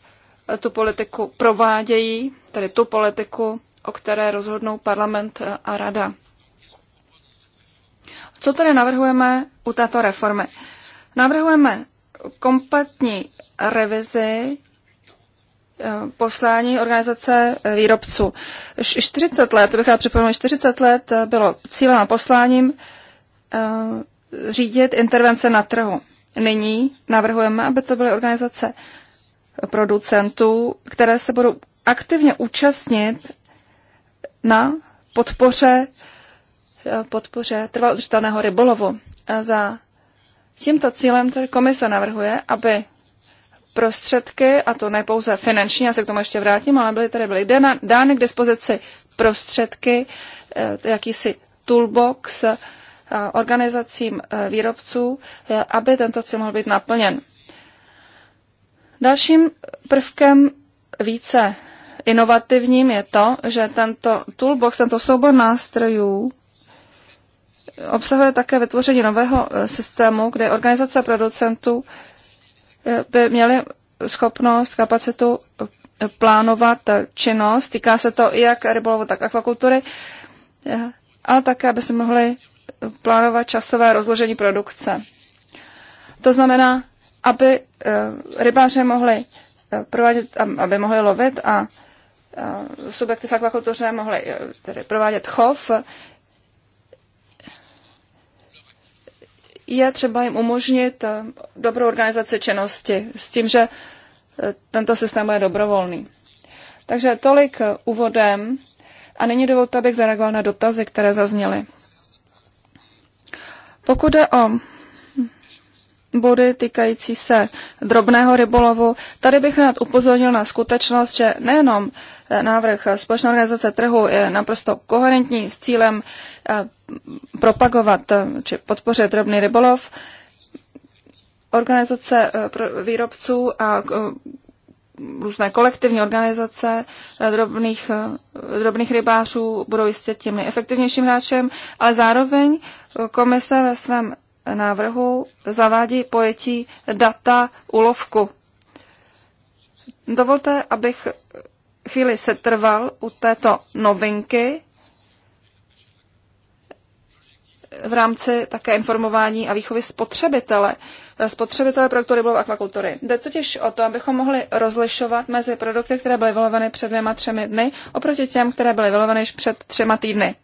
eh, tu politiku provádějí, tedy tu politiku, o které rozhodnou parlament a rada. Co tedy navrhujeme u této reformy? Navrhujeme kompletní revizi eh, poslání organizace výrobců. 40 let, to bych rád připomněl, 40 let eh, bylo cílem a posláním eh, řídit intervence na trhu. Nyní navrhujeme, aby to byly organizace producentů, které se budou aktivně účastnit na podpoře Eh, podpoře trvalo udržitelného rybolovu. A eh, za tímto cílem tedy komise navrhuje, aby prostředky, a to ne pouze finanční, já se k tomu ještě vrátím, ale byly tady byly dány k dispozici prostředky, eh, jakýsi toolbox organizacím výrobců, aby tento cíl mohl být naplněn. Dalším prvkem více inovativním je to, že tento toolbox, tento soubor nástrojů obsahuje také vytvoření nového e, systému, kde organizace producentů e, by měly schopnost, kapacitu e, plánovat činnost. Týká se to jak rybolovu, tak akvakultury, ale také, aby se mohly plánovat časové rozložení produkce. To znamená, aby rybáře mohli provádět, aby mohli lovit a subjekty v akvakultuře mohly tedy provádět chov, je třeba jim umožnit eh, dobrou organizaci činnosti s tím, že eh, tento systém je dobrovolný. Takže tolik eh, úvodem a nyní dovolte, abych zareagoval na dotazy, které zazněly. Pokud jde o body týkající se drobného rybolovu. Tady bych rád upozornil na skutečnost, že nejenom návrh společné organizace trhu je naprosto koherentní s cílem propagovat eh, či podpořit drobný rybolov. Organizace eh, výrobců a eh, různé kolektivní organizace drobných, drobných rybářů budou jistě tím nejefektivnějším hráčem, ale zároveň komise ve svém návrhu zavádí pojetí data ulovku. Dovolte, abych chvíli setrval u této novinky, v rámci také informování a výchovy spotřebitele, eh, spotřebitele produktů rybolovu akvakultury. Jde totiž o to, abychom mohli rozlišovat mezi produkty, které byly vyloveny před dvěma třemi dny, oproti těm, které byly vyloveny již před třema týdny.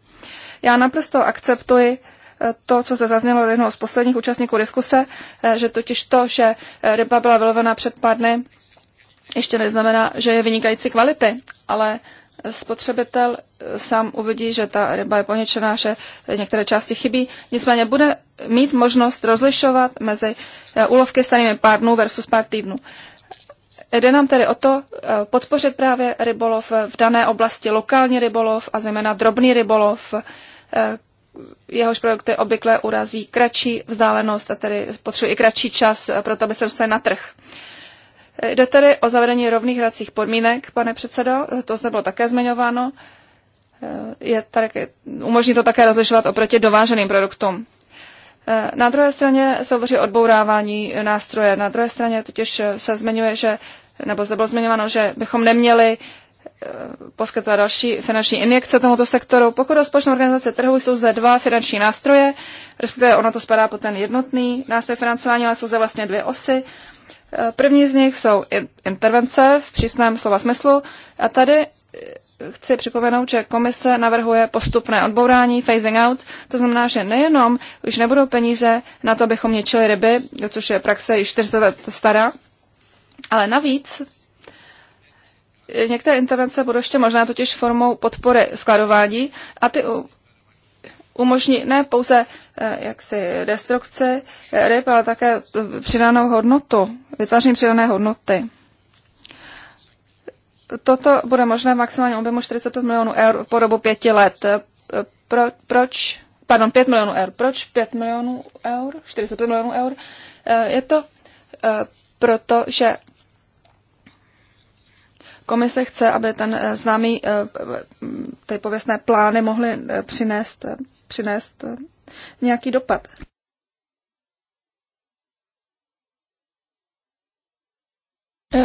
Já naprosto akceptuji eh, to, co se zaznělo od jednoho z posledních účastníků diskuse, eh, že totiž to, že ryba byla vylovena před pár dny, ještě neznamená, že je vynikající kvality, ale spotřebitel sám uvidí, že ta ryba je poničená, že některé části chybí. Nicméně bude mít možnost rozlišovat mezi eh, úlovky starými pár dnů versus pár týdnů. Jde nám tedy o to eh, podpořit právě rybolov v dané oblasti, lokální rybolov a zejména drobný rybolov, eh, jehož produkty obvykle urazí kratší vzdálenost a tedy potřebuje i kratší čas pro to, aby se dostali na trh. Eh, jde tedy o zavedení rovných hracích podmínek, pane předsedo, eh, to zde bylo také zmiňováno. Eh, je tady, umožní to také rozlišovat oproti dováženým produktům. Na druhé straně se hovoří o odbourávání nástroje. Na druhé straně totiž se zmiňuje, že, nebo zde bylo zmiňováno, že bychom neměli poskytovat další finanční injekce tomuto sektoru. Pokud rozpočtu organizace trhu jsou zde dva finanční nástroje, respektive ono to spadá pod ten jednotný nástroj financování, ale jsou zde vlastně dvě osy. První z nich jsou intervence v přísném slova smyslu a tady eh, chci připomenout, že komise navrhuje postupné odbourání, phasing out. To znamená, že nejenom už nebudou peníze na to, abychom ničili ryby, což je praxe již 40 let stará, ale navíc eh, některé intervence budou ještě možná totiž formou podpory skladování a ty umožní ne pouze eh, jaksi destrukci eh, ryb, ale také eh, přidanou hodnotu, vytváření přidané hodnoty. Toto bude možné v maximálním objemu 45 milionů eur po dobu pěti let. Pro, proč? Pardon, 5 milionů eur. Proč 5 milionů eur? 45 milionů eur? Je to proto, že komise chce, aby ten známý ty pověstné plány mohly přinést přinést nějaký dopad.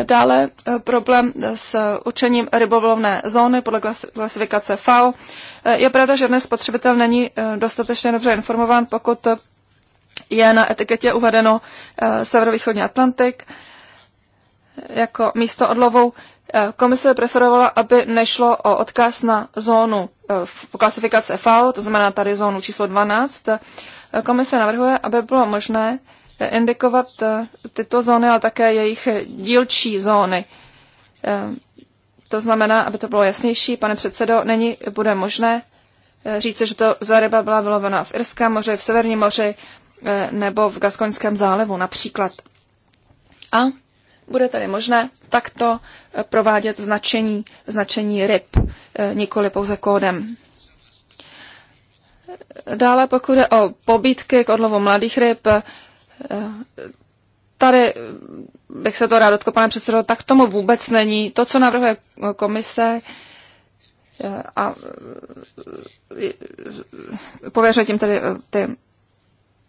Dále eh, problém s učením rybolovné zóny podle klasifikace FAO. Eh, je pravda, že dnes spotřebitel není eh, dostatečně dobře informován, pokud je na etiketě uvedeno severovýchodní Atlantik jako místo odlovu. Komise preferovala, aby nešlo o odkaz na zónu v klasifikace FAO, to znamená tady zónu číslo 12, komise navrhuje, aby bylo možné indikovat eh, tyto zóny, ale také jejich dílčí zóny. Eh, to znamená, aby to bylo jasnější, pane předsedo, není, bude možné eh, říci, že to za ryba byla vylovena v Irském moři, v Severním moři nebo v Gaskoňském zálivu například. A bude tady možné takto provádět značení, značení ryb, eh, nikoli pouze kódem. Dále pokud je o pobítky k odlovu mladých ryb, eh, tady bych se to rád dotkl, pane předsedo, tak tomu vůbec není. To, co navrhuje komise eh, a pověřuje tím tedy ty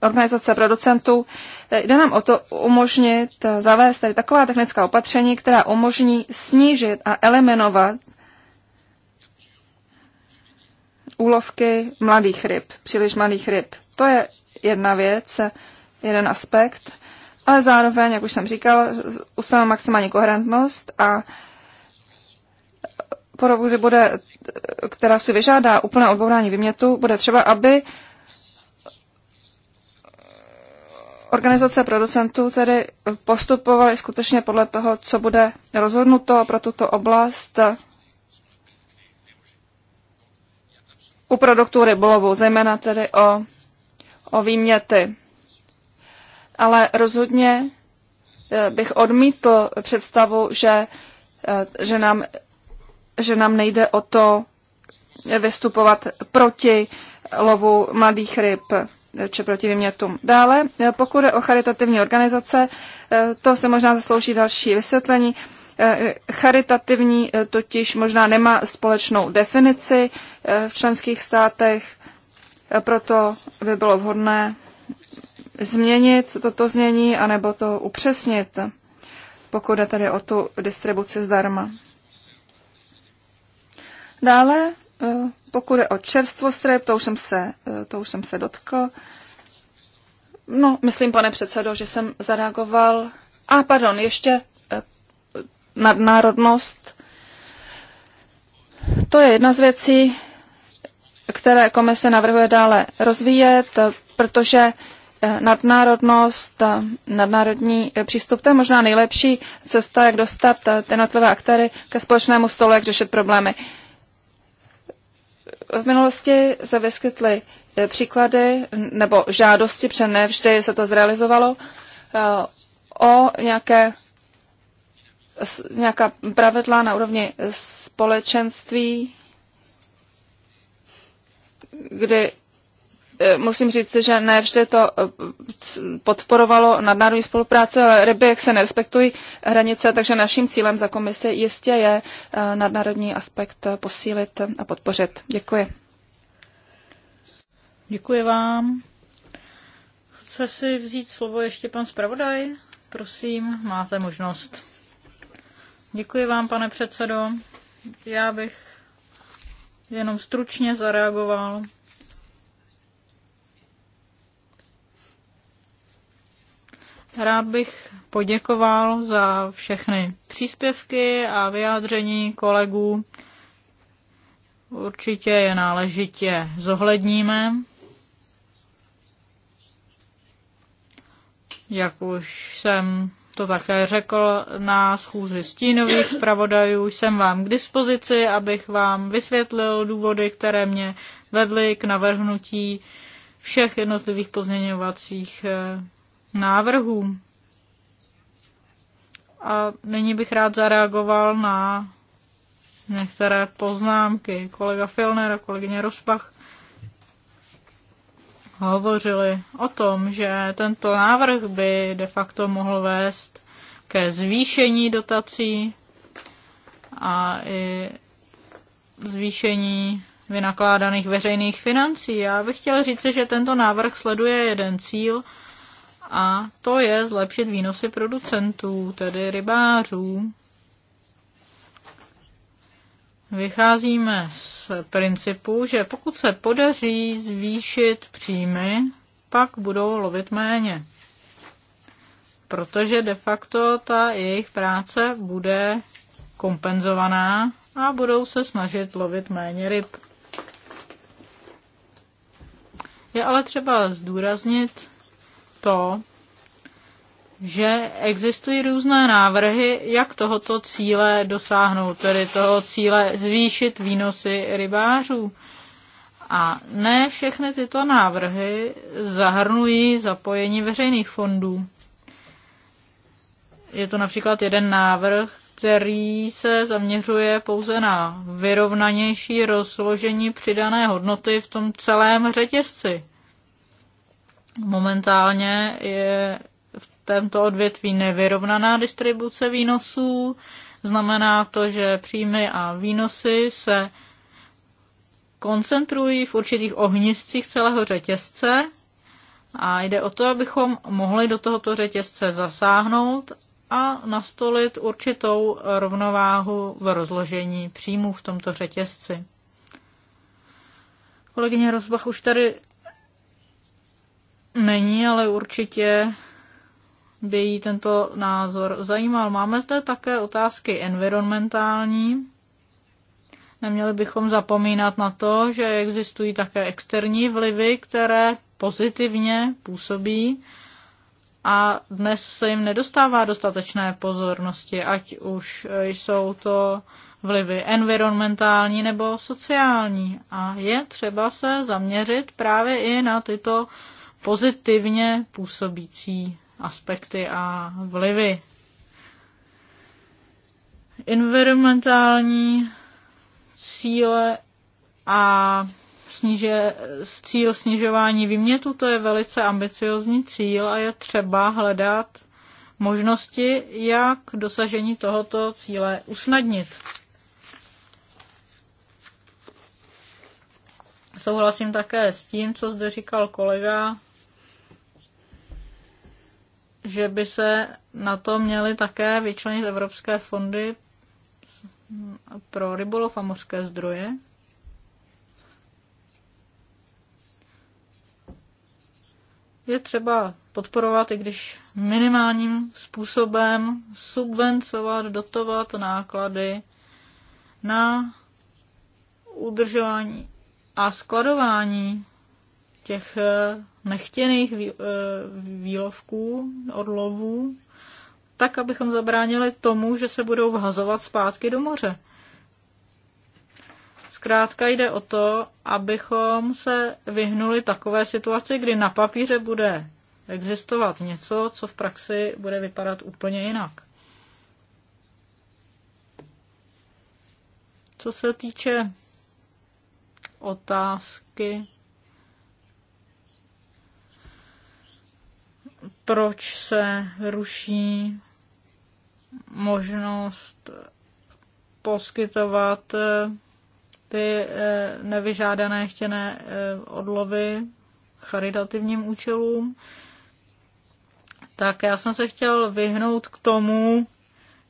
organizace producentů. Eh, jde nám o to umožnit eh, zavést tady taková technická opatření, která umožní snížit a eliminovat úlovky mladých ryb, příliš mladých ryb. To je jedna věc, jeden aspekt, ale zároveň, jak už jsem říkal, ustanou maximální koherentnost a porovu, bude, eh, která si vyžádá úplné odbourání vymětu, bude třeba, aby Organizace producentů tedy postupovaly skutečně podle toho, co bude rozhodnuto pro tuto oblast u produktů rybolovu, zejména tedy o, o výměty. Ale rozhodně eh, bych odmítl představu, že, eh, že, nám, že nám nejde o to vystupovat proti lovu mladých ryb či proti vymětům. Dále, eh, pokud je o charitativní organizace, eh, to se možná zaslouží další vysvětlení. Eh, charitativní totiž možná nemá společnou definici v členských státech, proto by bylo vhodné změnit toto znění anebo to upřesnit, pokud je tady o tu distribuci zdarma. Dále Eh, pokud je o čerstvost ryb, to už jsem se, eh, to už jsem se dotkl. No, myslím, pane předsedo, že jsem zareagoval. A, ah, pardon, ještě eh, nadnárodnost. To je jedna z věcí, které komise navrhuje dále rozvíjet, protože nadnárodnost, nadnárodní přístup, to je možná nejlepší cesta, jak dostat ty aktéry ke společnému stolu, jak řešit problémy. V minulosti se vyskytly eh, příklady nebo žádosti, protože ne vždy se to zrealizovalo, eh, o nějaké, nějaká pravidla na úrovni společenství, kdy Eh, musím říct, že ne vždy to eh, podporovalo nadnárodní spolupráce, ale ryby, jak se nerespektují hranice, takže naším cílem za komisi jistě je eh, nadnárodní aspekt posílit a podpořit. Děkuji. Děkuji vám. Chce si vzít slovo ještě pan zpravodaj? Prosím, máte možnost. Děkuji vám, pane předsedo. Já bych jenom stručně zareagoval Rád bych poděkoval za všechny příspěvky a vyjádření kolegů. Určitě je náležitě zohledníme. Jak už jsem to také řekl na schůzi stínových zpravodajů, jsem vám k dispozici, abych vám vysvětlil důvody, které mě vedly k navrhnutí všech jednotlivých pozměňovacích eh, návrhů. A nyní bych rád zareagoval na některé poznámky. Kolega Filner a kolegyně Rozpach hovořili o tom, že tento návrh by de facto mohl vést ke zvýšení dotací a i zvýšení vynakládaných veřejných financí. Já bych chtěl říct, že tento návrh sleduje jeden cíl, a to je zlepšit výnosy producentů, tedy rybářů. Vycházíme z principu, že pokud se podaří zvýšit příjmy, pak budou lovit méně. Protože de facto ta jejich práce bude kompenzovaná a budou se snažit lovit méně ryb. Je ale třeba zdůraznit, to, že existují různé návrhy, jak tohoto cíle dosáhnout, tedy toho cíle zvýšit výnosy rybářů. A ne všechny tyto návrhy zahrnují zapojení veřejných fondů. Je to například jeden návrh, který se zaměřuje pouze na vyrovnanější rozložení přidané hodnoty v tom celém řetězci. Momentálně je v tomto odvětví nevyrovnaná distribuce výnosů. Znamená to, že příjmy a výnosy se koncentrují v určitých ohniscích celého řetězce a jde o to, abychom mohli do tohoto řetězce zasáhnout a nastolit určitou rovnováhu v rozložení příjmů v tomto řetězci. Kolegyně Rozbach už tady není, ale určitě by jí tento názor zajímal. Máme zde také otázky environmentální. Neměli bychom zapomínat na to, že existují také externí vlivy, které pozitivně působí a dnes se jim nedostává dostatečné pozornosti, ať už jsou to vlivy environmentální nebo sociální. A je třeba se zaměřit právě i na tyto pozitivně působící aspekty a vlivy. Environmentální cíle a sniže, cíl snižování výmětu, to je velice ambiciozní cíl a je třeba hledat možnosti, jak dosažení tohoto cíle usnadnit. Souhlasím také s tím, co zde říkal kolega že by se na to měly také vyčlenit evropské fondy pro rybolov a mořské zdroje. Je třeba podporovat, i když minimálním způsobem, subvencovat, dotovat náklady na udržování a skladování těch eh, nechtěných eh, výlovků, odlovů, tak, abychom zabránili tomu, že se budou vhazovat zpátky do moře. Zkrátka jde o to, abychom se vyhnuli takové situaci, kdy na papíře bude existovat něco, co v praxi bude vypadat úplně jinak. Co se týče otázky proč se ruší možnost poskytovat eh, ty eh, nevyžádané chtěné eh, odlovy charitativním účelům. Tak já jsem se chtěl vyhnout k tomu,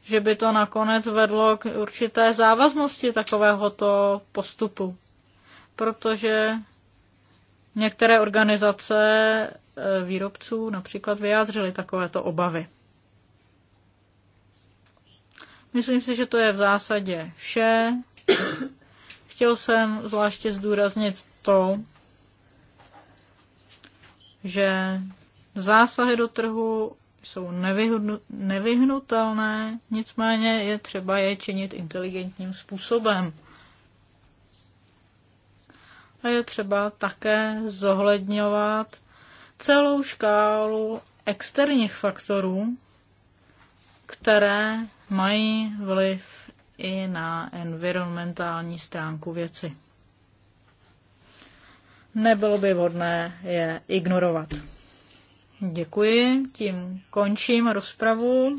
že by to nakonec vedlo k určité závaznosti takovéhoto postupu. Protože Některé organizace eh, výrobců například vyjádřily takovéto obavy. Myslím si, že to je v zásadě vše. Chtěl jsem zvláště zdůraznit to, že zásahy do trhu jsou nevyhnutelné, nicméně je třeba je činit inteligentním způsobem a je třeba také zohledňovat celou škálu externích faktorů, které mají vliv i na environmentální stránku věci. Nebylo by vhodné je ignorovat. Děkuji, tím končím rozpravu.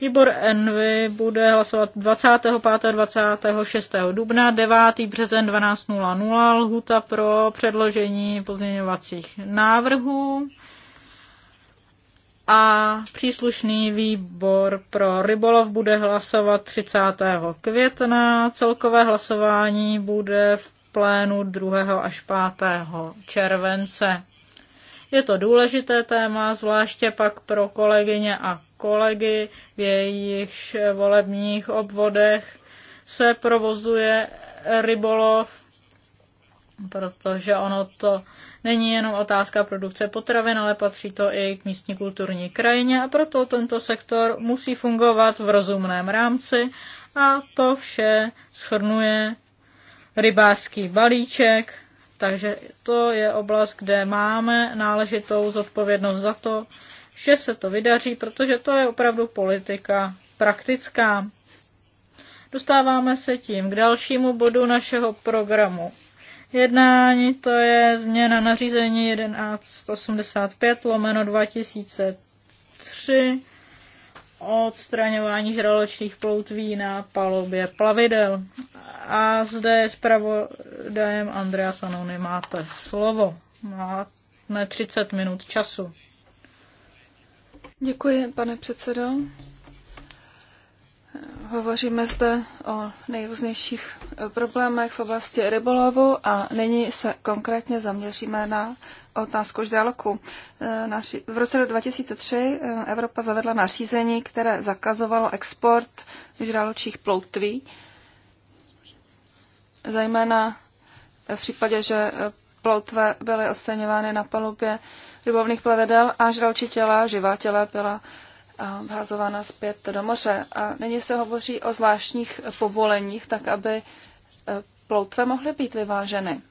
Výbor Envy bude hlasovat 25. 26. dubna, 9. březen 12.00, lhuta pro předložení pozměňovacích návrhů a příslušný výbor pro rybolov bude hlasovat 30. května. Celkové hlasování bude v plénu 2. až 5. července. Je to důležité téma, zvláště pak pro kolegyně a kolegy v jejich volebních obvodech se provozuje rybolov, protože ono to není jenom otázka produkce potravin, ale patří to i k místní kulturní krajině a proto tento sektor musí fungovat v rozumném rámci a to vše schrnuje rybářský balíček, takže to je oblast, kde máme náležitou zodpovědnost za to, že se to vydaří, protože to je opravdu politika praktická. Dostáváme se tím k dalšímu bodu našeho programu. Jednání to je změna nařízení 1185 lomeno 2003 odstraňování žraločních ploutví na palobě plavidel. A zde je zpravodajem Andrea Sanony máte slovo. Máte 30 minut času. Děkuji, pane předsedo. Hovoříme zde o nejrůznějších problémech v oblasti rybolovu a nyní se konkrétně zaměříme na otázku už dál roku. E, v roce 2003 e, Evropa zavedla nařízení, které zakazovalo export žraločích ploutví, zejména v případě, že e, ploutve byly odstraňovány na palubě rybovných plavidel a žraločí těla, živá těla byla vházována zpět do moře. A nyní se hovoří o zvláštních povoleních, tak aby ploutve mohly být vyváženy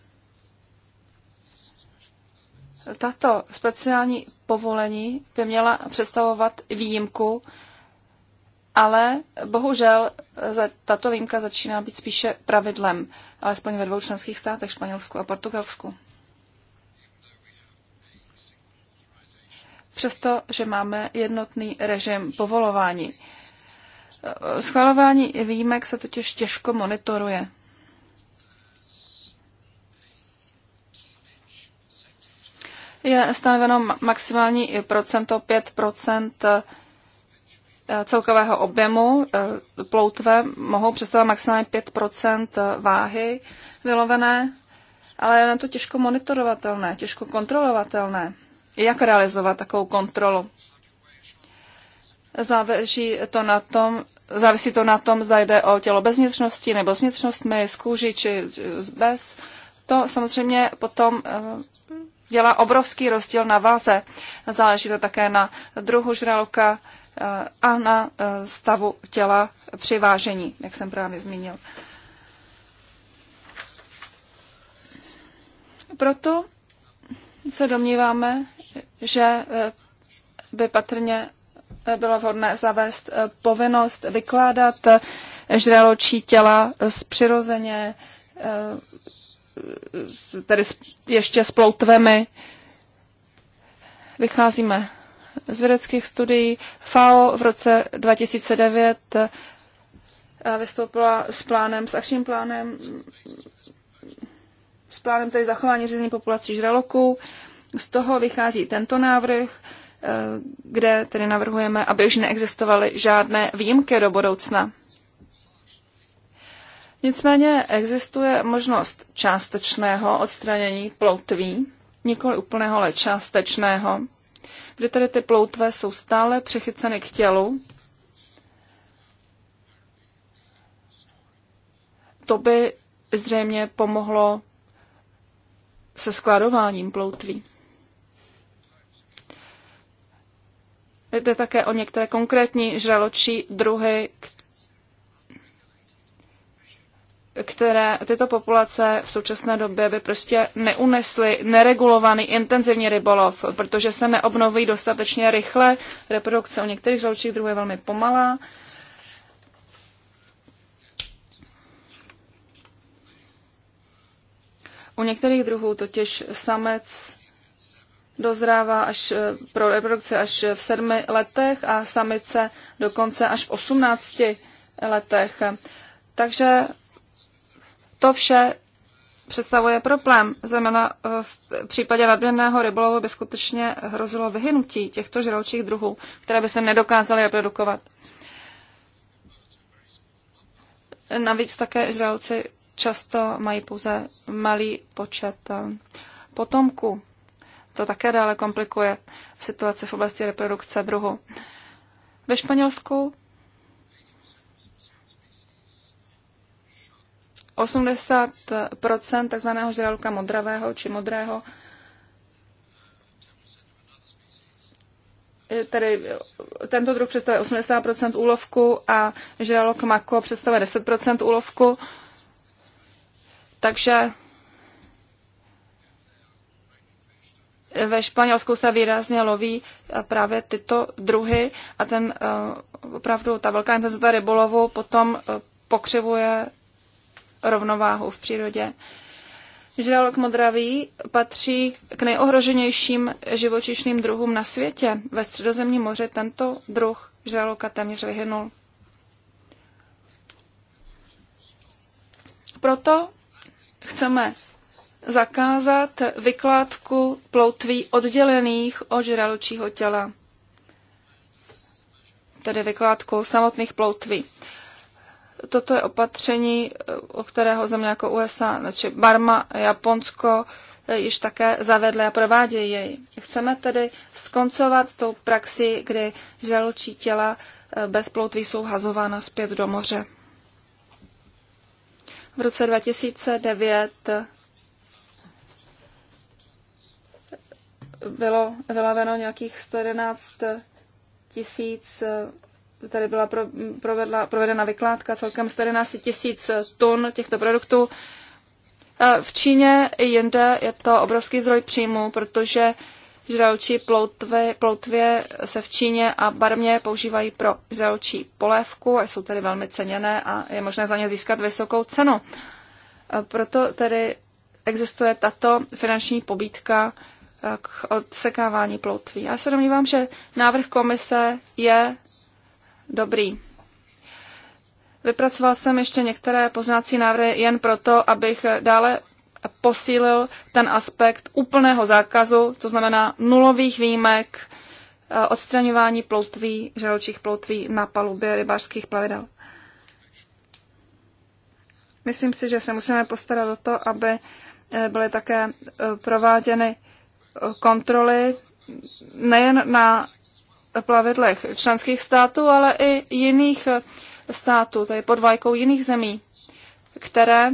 tato speciální povolení by měla představovat výjimku, ale bohužel tato výjimka začíná být spíše pravidlem, alespoň ve dvou členských státech, Španělsku a Portugalsku. Přesto, že máme jednotný režim povolování. Schvalování výjimek se totiž těžko monitoruje. je stanoveno maximální procento 5 eh, celkového objemu eh, ploutve mohou představovat maximálně 5 eh, váhy vylovené, ale je to těžko monitorovatelné, těžko kontrolovatelné. Jak realizovat takovou kontrolu? Závisí to na tom, závisí to na tom, zda jde o tělo bez vnitřností nebo s vnitřnostmi, s kůží či bez. To samozřejmě potom dělá obrovský rozdíl na váze. Záleží to také na druhu žraloka eh, a na eh, stavu těla při vážení, jak jsem právě zmínil. Proto se domníváme, že eh, by patrně bylo vhodné zavést povinnost vykládat žraločí těla z přirozeně tedy ještě s ploutvemi. Vycházíme z vědeckých studií. FAO v roce 2009 eh, vystoupila s plánem, s akčním plánem, s plánem tedy zachování řízení populací žraloků. Z toho vychází tento návrh, eh, kde tedy navrhujeme, aby už neexistovaly žádné výjimky do budoucna. Nicméně existuje možnost částečného odstranění ploutví, nikoli úplného, ale částečného, kdy tedy ty ploutve jsou stále přechyceny k tělu. To by zřejmě pomohlo se skladováním ploutví. Jde také o některé konkrétní žraločí druhy, které tyto populace v současné době by prostě neunesly neregulovaný intenzivní rybolov, protože se neobnoví dostatečně rychle. Reprodukce u některých žloučích druhů je velmi pomalá. U některých druhů totiž samec dozrává až eh, pro reprodukci až v sedmi letech a samice dokonce až v osmnácti letech. Takže to vše představuje problém. Zejména eh, v případě nadměrného rybolovu by skutečně hrozilo vyhynutí těchto žraločích druhů, které by se nedokázaly reprodukovat. Navíc také žraloci často mají pouze malý počet eh, potomků. To také dále komplikuje situaci v oblasti reprodukce druhu. Ve Španělsku 80 takzvaného žraloka modravého či modrého tedy tento druh představuje 80 úlovku a žralok mako představuje 10 úlovku. Takže ve Španělsku se výrazně loví právě tyto druhy a ten eh, opravdu ta velká intenzita rybolovu potom eh, pokřivuje rovnováhu v přírodě. Žralok modravý patří k nejohroženějším živočišným druhům na světě. Ve středozemním moře tento druh žraloka téměř vyhynul. Proto chceme zakázat vykládku ploutví oddělených od žraločího těla, tedy vykládku samotných ploutví toto je opatření, eh, o kterého země jako USA, znači Barma, Japonsko, eh, již také zavedly a provádějí jej. Chceme tedy skoncovat s tou praxi, kdy žalučí těla eh, bez ploutví jsou hazována zpět do moře. V roce 2009 bylo vylaveno nějakých 111 tisíc tady byla provedla, provedena vykládka celkem 14 tisíc tun těchto produktů. V Číně i jinde je to obrovský zdroj příjmu, protože žraločí ploutvě, ploutvě se v Číně a barmě používají pro žraločí polévku a jsou tedy velmi ceněné a je možné za ně získat vysokou cenu. Proto tedy existuje tato finanční pobídka eh, k odsekávání ploutví. Já se domnívám, že návrh komise je dobrý. Vypracoval jsem ještě některé poznávací návrhy jen proto, abych dále posílil ten aspekt úplného zákazu, to znamená nulových výjimek, eh, odstraňování ploutví, žaločích ploutví na palubě rybářských plavidel. Myslím si, že se musíme postarat o to, aby eh, byly také eh, prováděny kontroly nejen na plavidlech členských států, ale i jiných eh, států, tedy pod vlajkou jiných zemí, které,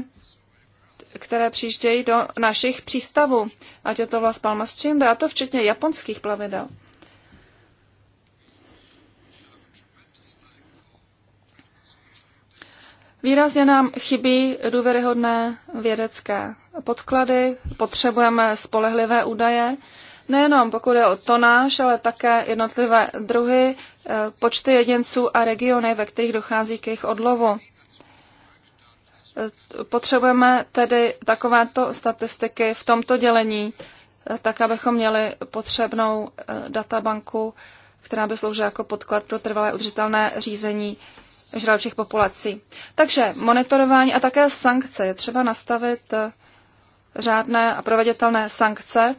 které přijíždějí do našich přístavů, ať je to Las Palmas Chinde, a to včetně japonských plavidel. Výrazně nám chybí důvěryhodné vědecké podklady, potřebujeme spolehlivé údaje, nejenom pokud je o tonáž, ale také jednotlivé druhy, eh, počty jedinců a regiony, ve kterých dochází k jejich odlovu. Eh, potřebujeme tedy takovéto statistiky v tomto dělení, eh, tak abychom měli potřebnou databanku, která by sloužila jako podklad pro trvalé udržitelné řízení žraločích populací. Takže monitorování a také sankce je třeba nastavit řádné a proveditelné sankce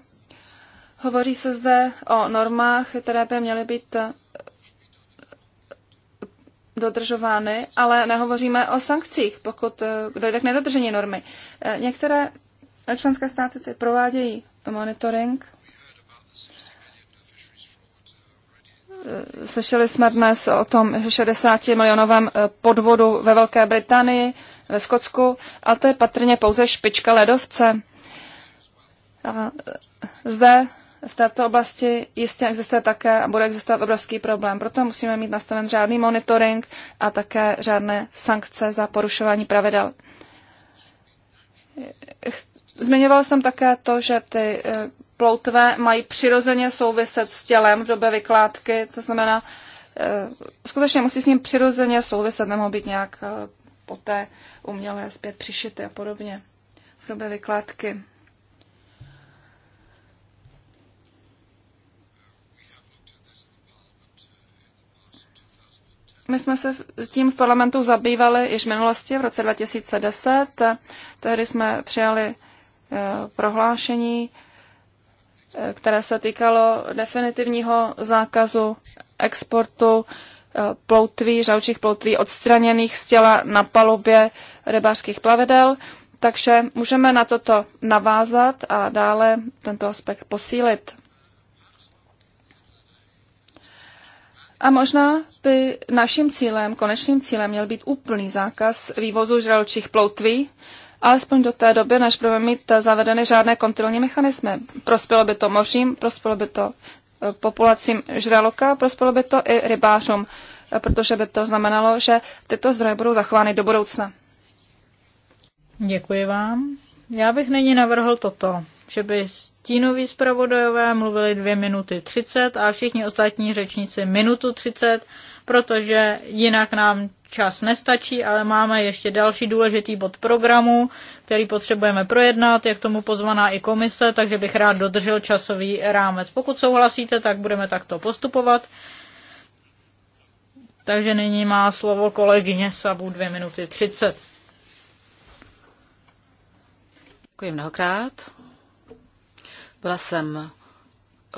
Hovoří se zde o normách, které by měly být eh, dodržovány, ale nehovoříme o sankcích, pokud eh, dojde k nedodržení normy. Eh, některé členské státy ty provádějí monitoring. Slyšeli jsme dnes o tom 60 milionovém podvodu ve Velké Británii, ve Skotsku, a to je patrně pouze špička ledovce. A zde v této oblasti jistě existuje také a bude existovat obrovský problém. Proto musíme mít nastaven řádný monitoring a také žádné sankce za porušování pravidel. Zmiňoval jsem také to, že ty eh, ploutve mají přirozeně souviset s tělem v době vykládky, to znamená, eh, skutečně musí s ním přirozeně souviset, nemohou být nějak eh, poté umělé zpět přišity a podobně v době vykládky. My jsme se tím v parlamentu zabývali již v minulosti, v roce 2010. Tehdy jsme přijali eh, prohlášení, eh, které se týkalo definitivního zákazu exportu eh, ploutví, žavčích ploutví odstraněných z těla na palubě rybářských plavidel. Takže můžeme na toto navázat a dále tento aspekt posílit. A možná by naším cílem, konečným cílem, měl být úplný zákaz vývozu žraločích ploutví, alespoň do té doby, než budeme mít zavedeny žádné kontrolní mechanismy. Prospělo by to mořím, prospělo by to e, populacím žraloka, prospělo by to i rybářům, e, protože by to znamenalo, že tyto zdroje budou zachovány do budoucna. Děkuji vám. Já bych nyní navrhl toto, že by Stínoví zpravodajové mluvili dvě minuty třicet a všichni ostatní řečníci minutu třicet, protože jinak nám čas nestačí, ale máme ještě další důležitý bod programu, který potřebujeme projednat, je k tomu pozvaná i komise, takže bych rád dodržel časový rámec. Pokud souhlasíte, tak budeme takto postupovat. Takže nyní má slovo kolegyně Sabu 2 minuty 30. Děkuji mnohokrát. Byla jsem eh,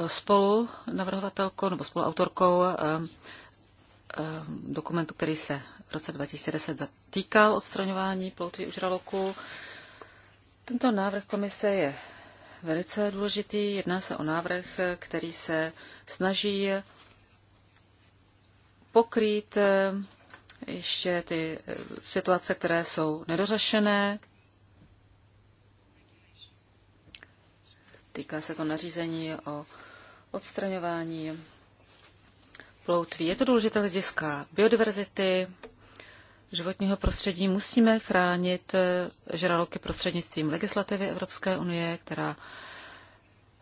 spolu navrhovatelkou nebo spoluautorkou eh, eh, dokumentu, který se v roce 2010 zatýkal odstraňování ploutví u žraloků. Tento návrh komise je velice důležitý. Jedná se o návrh, který se snaží pokrýt ještě ty situace, které jsou nedořešené, Týká se to nařízení o odstraňování ploutví. Je to důležité hlediska biodiverzity, životního prostředí. Musíme chránit eh, žraloky prostřednictvím legislativy Evropské unie, která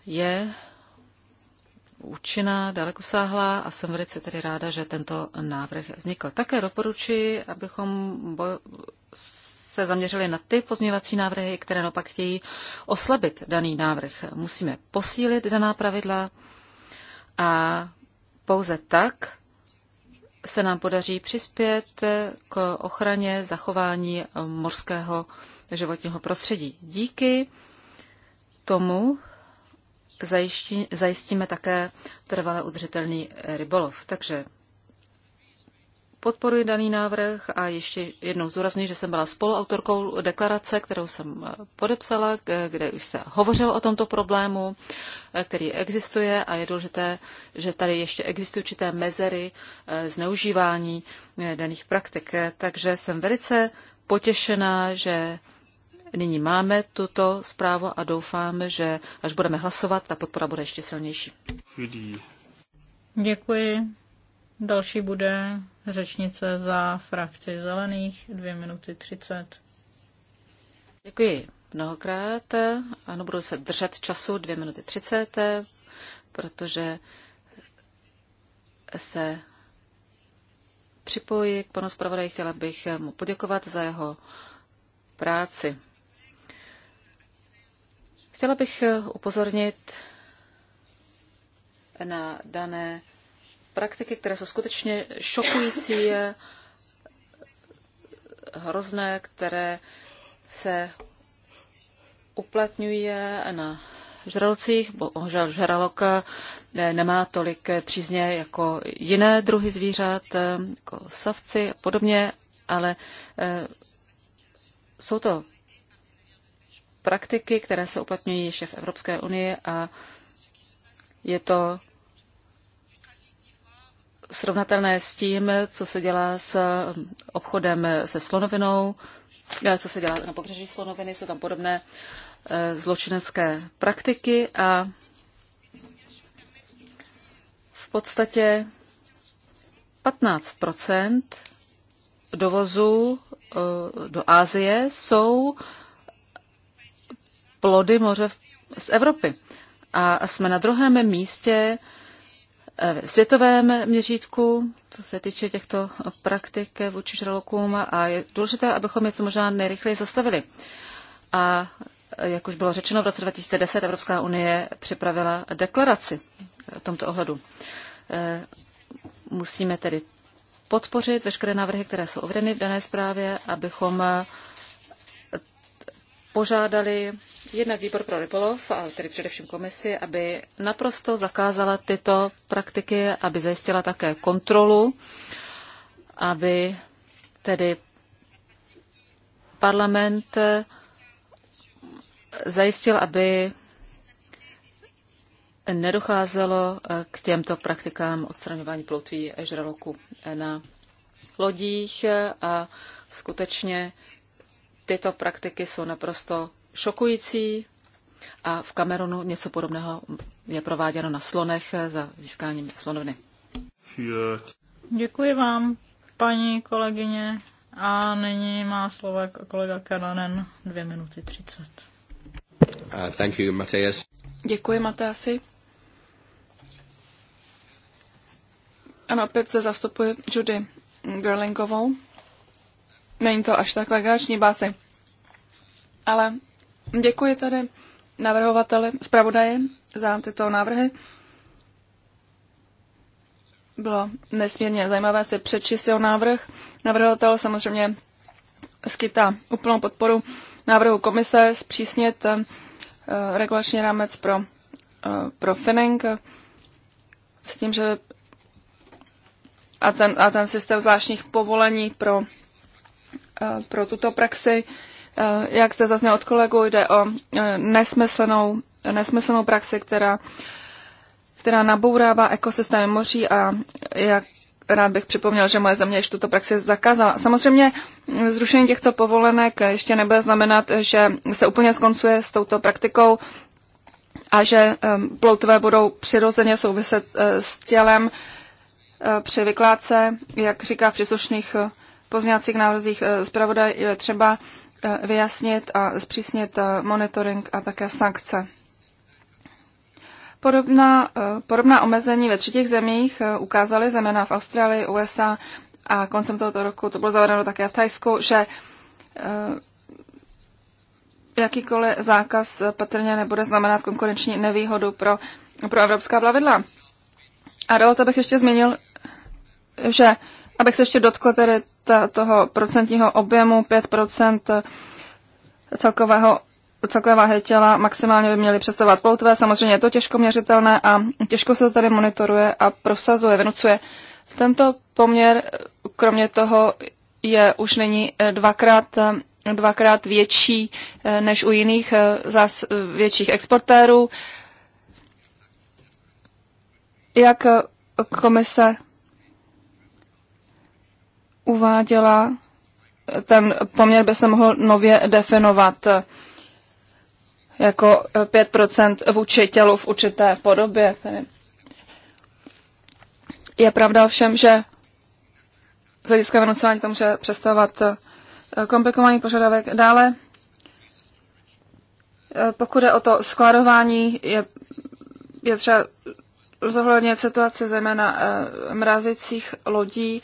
je účinná, dalekosáhlá a jsem velice tedy ráda, že tento návrh vznikl. Také doporučuji, abychom se zaměřili na ty pozměňovací návrhy, které naopak chtějí oslabit daný návrh. Musíme posílit daná pravidla a pouze tak se nám podaří přispět k ochraně zachování morského životního prostředí. Díky tomu zajistí, zajistíme také trvale udržitelný rybolov. Takže podporuji daný návrh a ještě jednou zdůrazňuji, že jsem byla spoluautorkou deklarace, kterou jsem eh, podepsala, kde už se hovořilo o tomto problému, eh, který existuje a je důležité, že tady ještě existují určité mezery eh, zneužívání daných praktik. Takže jsem velice potěšená, že nyní máme tuto zprávu a doufám, že až budeme hlasovat, ta podpora bude ještě silnější. Děkuji. Další bude řečnice za frakci zelených, dvě minuty třicet. Děkuji mnohokrát. Ano, budu se držet času dvě minuty třicet, protože se připojí. k panu zpravodaji. Chtěla bych mu poděkovat za jeho práci. Chtěla bych upozornit na dané praktiky, které jsou skutečně šokující, hrozné, které se uplatňují na žralcích. Bohužel žraloka eh, nemá tolik přízně jako jiné druhy zvířat, eh, jako savci a podobně, ale eh, jsou to praktiky, které se uplatňují ještě v Evropské unii a je to srovnatelné s tím, co se dělá s um, obchodem se slonovinou, eh, co se dělá na pobřeží slonoviny, jsou tam podobné eh, zločinecké praktiky a v podstatě 15 dovozu eh, do Asie jsou plody moře z Evropy. A jsme na druhém místě Eh, v světovém měřítku, co se týče těchto praktik vůči žralokům a je důležité, abychom je co možná nejrychleji zastavili. A eh, jak už bylo řečeno, v roce 2010 Evropská unie připravila deklaraci v tomto ohledu. Eh, musíme tedy podpořit veškeré návrhy, které jsou uvedeny v dané zprávě, abychom požádali jednak výbor pro rybolov, ale tedy především komisi, aby naprosto zakázala tyto praktiky, aby zajistila také kontrolu, aby tedy parlament eh, zajistil, aby nedocházelo eh, k těmto praktikám odstraňování ploutví žraloku na lodích eh, a skutečně tyto praktiky jsou naprosto šokující a v Kamerunu něco podobného je prováděno na slonech za získáním slonoviny. Děkuji vám, paní kolegyně. A nyní má slovo kolega Kananen, dvě minuty třicet. Uh, thank you, Matthias. Děkuji, Matási. Ano, opět se zastupuje Judy Gerlingovou. Není to až tak legrační báse. Ale Děkuji tady navrhovateli, zpravodaji za tyto návrhy. Bylo nesmírně zajímavé si přečíst jeho návrh. Navrhovatel samozřejmě skytá úplnou podporu návrhu komise zpřísnit eh, regulační rámec pro, eh, pro finning s tím, že a ten, a ten systém zvláštních povolení pro, eh, pro tuto praxi Eh, jak zde zaznělo od kolegů, jde o eh, nesmyslnou, nesmyslnou praxi, která, která nabourává ekosystémy moří a jak rád bych připomněl, že moje země již tuto praxi zakázala. Samozřejmě zrušení těchto povolenek ještě nebude znamenat, že se úplně skoncuje s touto praktikou a že ploutve budou přirozeně souviset eh, s tělem při vykládce, jak říká v příslušných pozněcích návrzích zpravodaj, je třeba Eh, vyjasnit a zpřísnit eh, monitoring a také sankce. Podobná, eh, podobná omezení ve třetích zemích ukázaly zeměna v Austrálii, USA a koncem tohoto roku to bylo zavedeno také v Thajsku, že jakýkoliv zákaz patrně nebude znamenat konkurenční nevýhodu pro, pro evropská plavidla. A dovolte bych ještě zmínil, že abych se ještě dotkl tedy toho procentního objemu 5 celkového celkové váhy těla maximálně by měly představovat ploutvé. Samozřejmě je to těžko měřitelné a těžko se to tady monitoruje a prosazuje, vynucuje. Tento poměr, kromě toho, je už není eh, dvakrát, eh, dvakrát větší eh, než u jiných zás, větších exportérů. Jak komise uváděla, ten poměr by se mohl nově definovat jako 5% vůči tělu v určité podobě. Je pravda ovšem, že z hlediska vynucování to může představovat eh, komplikovaný požadavek. Dále, eh, pokud je o to skladování, je, je třeba zohlednit situaci zejména eh, mrazicích lodí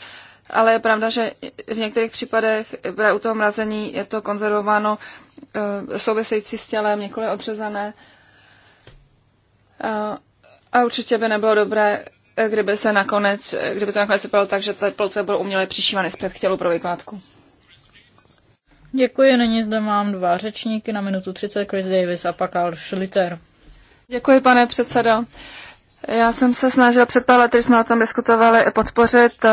ale je pravda, že v některých případech právě u toho mrazení je to konzervováno eh, související s tělem, několik odřezané. A určitě by nebylo dobré, eh, kdyby se nakonec, eh, kdyby to nakonec vypadalo tak, že ty ploutve bylo uměle přišívané zpět k tělu pro vykládku. Děkuji, nyní zde mám dva řečníky na minutu 30, Chris Davis a pak Al Schlitter. Děkuji, pane předsedo. Já jsem se snažila před pár lety, jsme o tom diskutovali, podpořit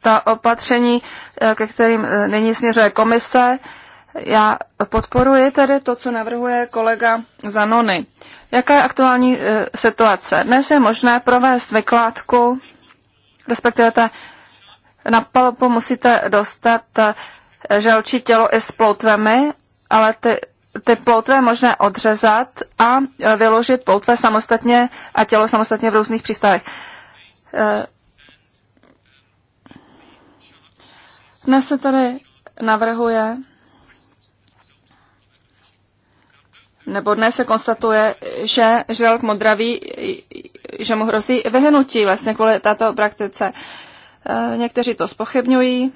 ta opatření, eh, ke kterým eh, nyní směřuje komise, já podporuji tedy to, co navrhuje kolega Zanony. Jaká je aktuální e, situace? Dnes je možné provést vykládku, respektive ta, na palpu musíte dostat žalčí tělo i s ploutvemi, ale ty, ty ploutve je možné odřezat a vyložit ploutve samostatně a tělo samostatně v různých přístavech. E, Dnes se tady navrhuje, nebo dnes se konstatuje, že žralok modravý, že mu hrozí vyhnutí vlastně kvůli této praktice. Eh, někteří to spochybňují,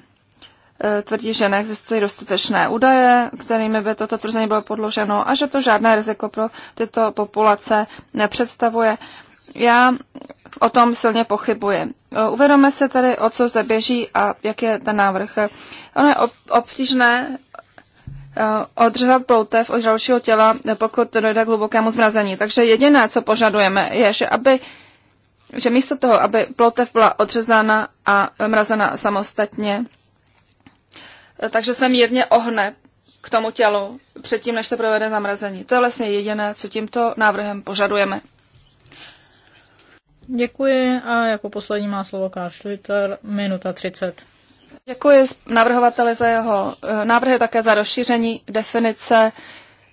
eh, tvrdí, že neexistují dostatečné údaje, kterými by toto tvrzení bylo podloženo a že to žádné riziko pro tyto populace nepředstavuje. Já o tom silně pochybuji. E, uvědomme se tady, o co zde běží a jak je ten návrh. Ono je obtížné e, odřezat ploutev od dalšího těla, e, pokud dojde k hlubokému zmrazení. Takže jediné, co požadujeme, je, že aby že místo toho, aby ploutev byla odřezána a mrazena samostatně, takže se mírně ohne k tomu tělu předtím, než se provede zamrazení. To je vlastně jediné, co tímto návrhem požadujeme. Děkuji a jako poslední má slovo Karl Schlitter, minuta 30. Děkuji navrhovateli za jeho eh, návrhy, také za rozšíření definice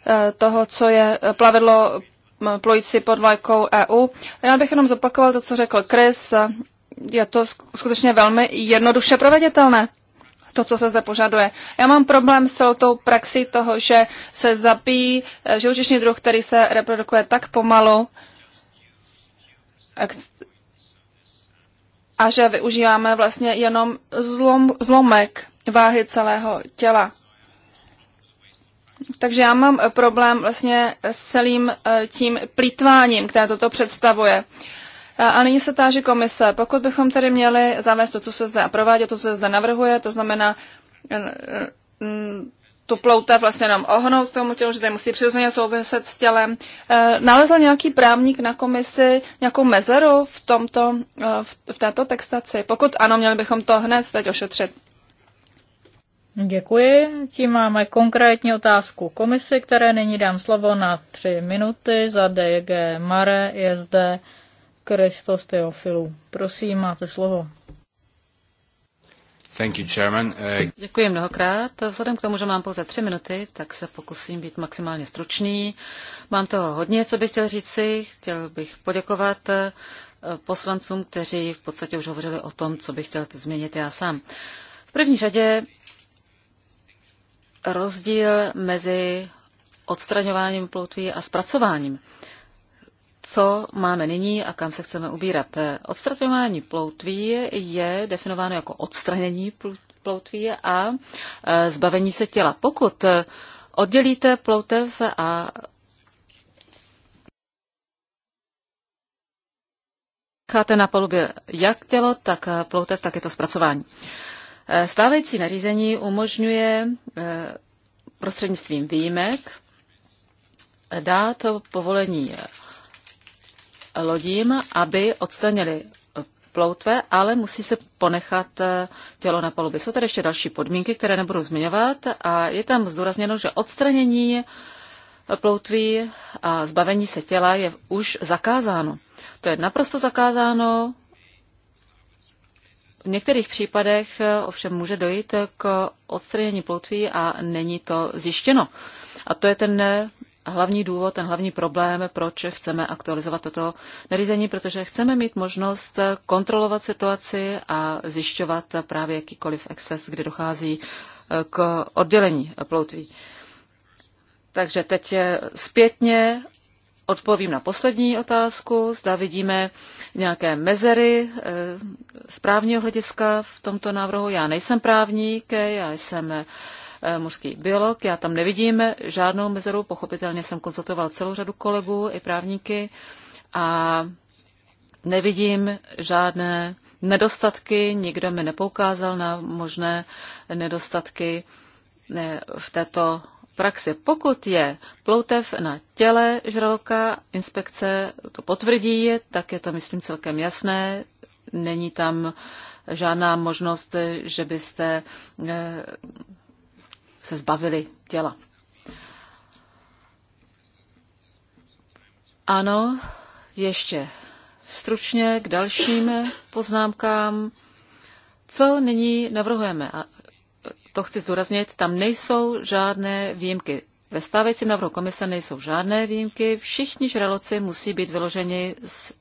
eh, toho, co je eh, plavidlo plující pod vlajkou EU. Já bych jenom zopakoval to, co řekl Chris. Je to skutečně velmi jednoduše proveditelné to, co se zde požaduje. Já mám problém s celou tou praxí toho, že se zabíjí živočišný druh, který se reprodukuje tak pomalu, a že využíváme vlastně jenom zlom, zlomek váhy celého těla. Takže já mám problém vlastně s celým eh, tím plítváním, které toto představuje. Eh, a nyní se táží komise, pokud bychom tedy měli zavést to, co se zde a provádět, to, co se zde navrhuje, to znamená eh, tu plouta vlastně jenom ohnout k tomu tělu, že tady musí přirozeně souviset s tělem. Eh, nalezl nějaký právník na komisi nějakou mezeru v, tomto, eh, v této textaci? Pokud ano, měli bychom to hned teď ošetřit. Děkuji. Tím máme konkrétní otázku komisi, které nyní dám slovo na tři minuty. Za DG Mare je zde Kristos Teofilu. Prosím, máte slovo. Uh, Děkuji mnohokrát. Vzhledem k tomu, že mám pouze tři minuty, tak se pokusím být maximálně stručný. Mám toho hodně, co bych chtěl říci. Chtěl bych poděkovat eh, poslancům, kteří v podstatě už hovořili o tom, co bych chtěl změnit já sám. V první řadě rozdíl mezi odstraňováním ploutví a zpracováním co máme nyní a kam se chceme ubírat. Odstraňování ploutví je definováno jako odstranění ploutví a e, zbavení se těla. Pokud oddělíte ploutev a necháte na palubě jak tělo, tak e, ploutev, tak je to zpracování. E, stávající nařízení umožňuje prostřednictvím výjimek dát povolení lodím, aby odstranili ploutve, ale musí se ponechat eh, tělo na palubě. Jsou tady ještě další podmínky, které nebudu zmiňovat a je tam zdůrazněno, že odstranění eh, ploutví a zbavení se těla je už zakázáno. To je naprosto zakázáno. V některých případech eh, ovšem může dojít k odstranění ploutví a není to zjištěno. A to je ten hlavní důvod, ten hlavní problém, proč chceme aktualizovat toto nařízení, protože chceme mít možnost kontrolovat situaci a zjišťovat právě jakýkoliv exces, kdy dochází eh, k oddělení ploutví. Takže teď eh, zpětně odpovím na poslední otázku. Zda vidíme nějaké mezery eh, z právního hlediska v tomto návrhu. Já nejsem právník, já jsem Eh, mořský biolog. Já tam nevidím žádnou mezeru. Pochopitelně jsem konzultoval celou řadu kolegů i právníky a nevidím žádné nedostatky. Nikdo mi nepoukázal na možné nedostatky eh, v této praxi. Pokud je ploutev na těle žraloka, inspekce to potvrdí, tak je to, myslím, celkem jasné. Není tam žádná možnost, že byste eh, se zbavili těla. Ano, ještě stručně k dalším poznámkám. Co nyní navrhujeme? A to chci zdůraznit, tam nejsou žádné výjimky. Ve stávajícím návrhu komise nejsou žádné výjimky, všichni žraloci musí být vyloženi z,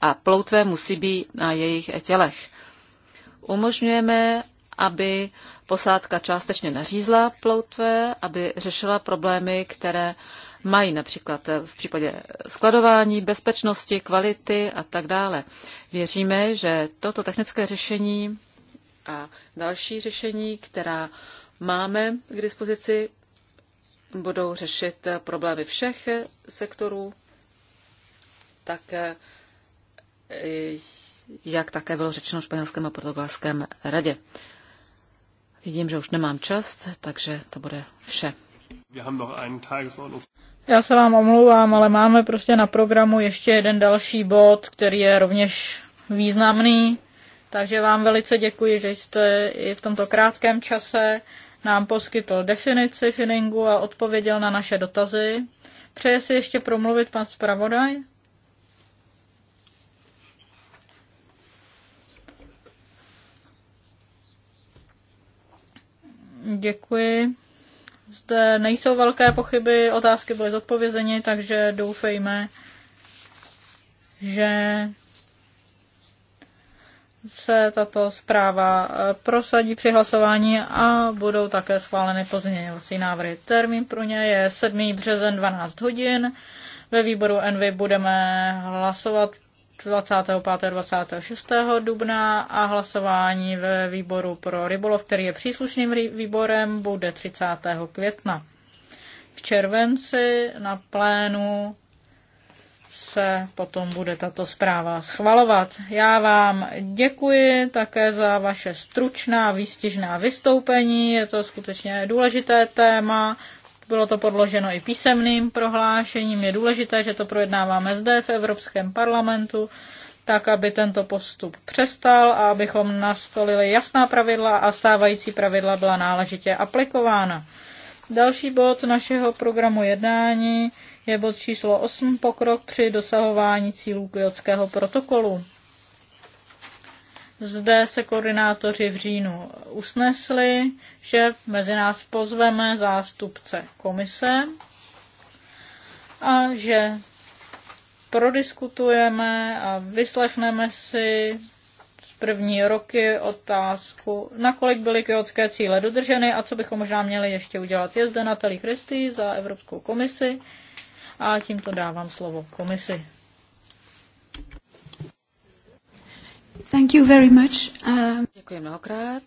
a ploutve musí být na jejich tělech. Umožňujeme, aby posádka částečně nařízla ploutve, aby řešila problémy, které mají například v případě skladování, bezpečnosti, kvality a tak dále. Věříme, že toto technické řešení a další řešení, která máme k dispozici, budou řešit problémy všech sektorů, tak eh, jak také bylo řečeno v španělském a portugalském radě. Vidím, že už nemám čas, takže to bude vše. Já se vám omlouvám, ale máme prostě na programu ještě jeden další bod, který je rovněž významný. Takže vám velice děkuji, že jste i v tomto krátkém čase nám poskytl definici finingu a odpověděl na naše dotazy. Přeje si ještě promluvit pan zpravodaj? Děkuji. Zde nejsou velké pochyby, otázky byly zodpovězeny, takže doufejme, že se tato zpráva eh, prosadí při hlasování a budou také schváleny pozměňovací návrhy. Termín pro ně je 7. březen 12 hodin. Ve výboru Envy budeme hlasovat 25. a 26. dubna a hlasování ve výboru pro rybolov, který je příslušným výborem, bude 30. května. V červenci na plénu se potom bude tato zpráva schvalovat. Já vám děkuji také za vaše stručná, výstižná vystoupení. Je to skutečně důležité téma bylo to podloženo i písemným prohlášením. Je důležité, že to projednáváme zde v Evropském parlamentu, tak aby tento postup přestal a abychom nastolili jasná pravidla a stávající pravidla byla náležitě aplikována. Další bod našeho programu jednání je bod číslo 8 pokrok při dosahování cílů Kyotského protokolu. Zde se koordinátoři v říjnu usnesli, že mezi nás pozveme zástupce komise a že prodiskutujeme a vyslechneme si z první roky otázku, nakolik byly kyotské cíle dodrženy a co bychom možná měli ještě udělat. Je zde Natalie Christy za Evropskou komisi a tímto dávám slovo komisi. Thank you very much. Um... Děkuji mnohokrát.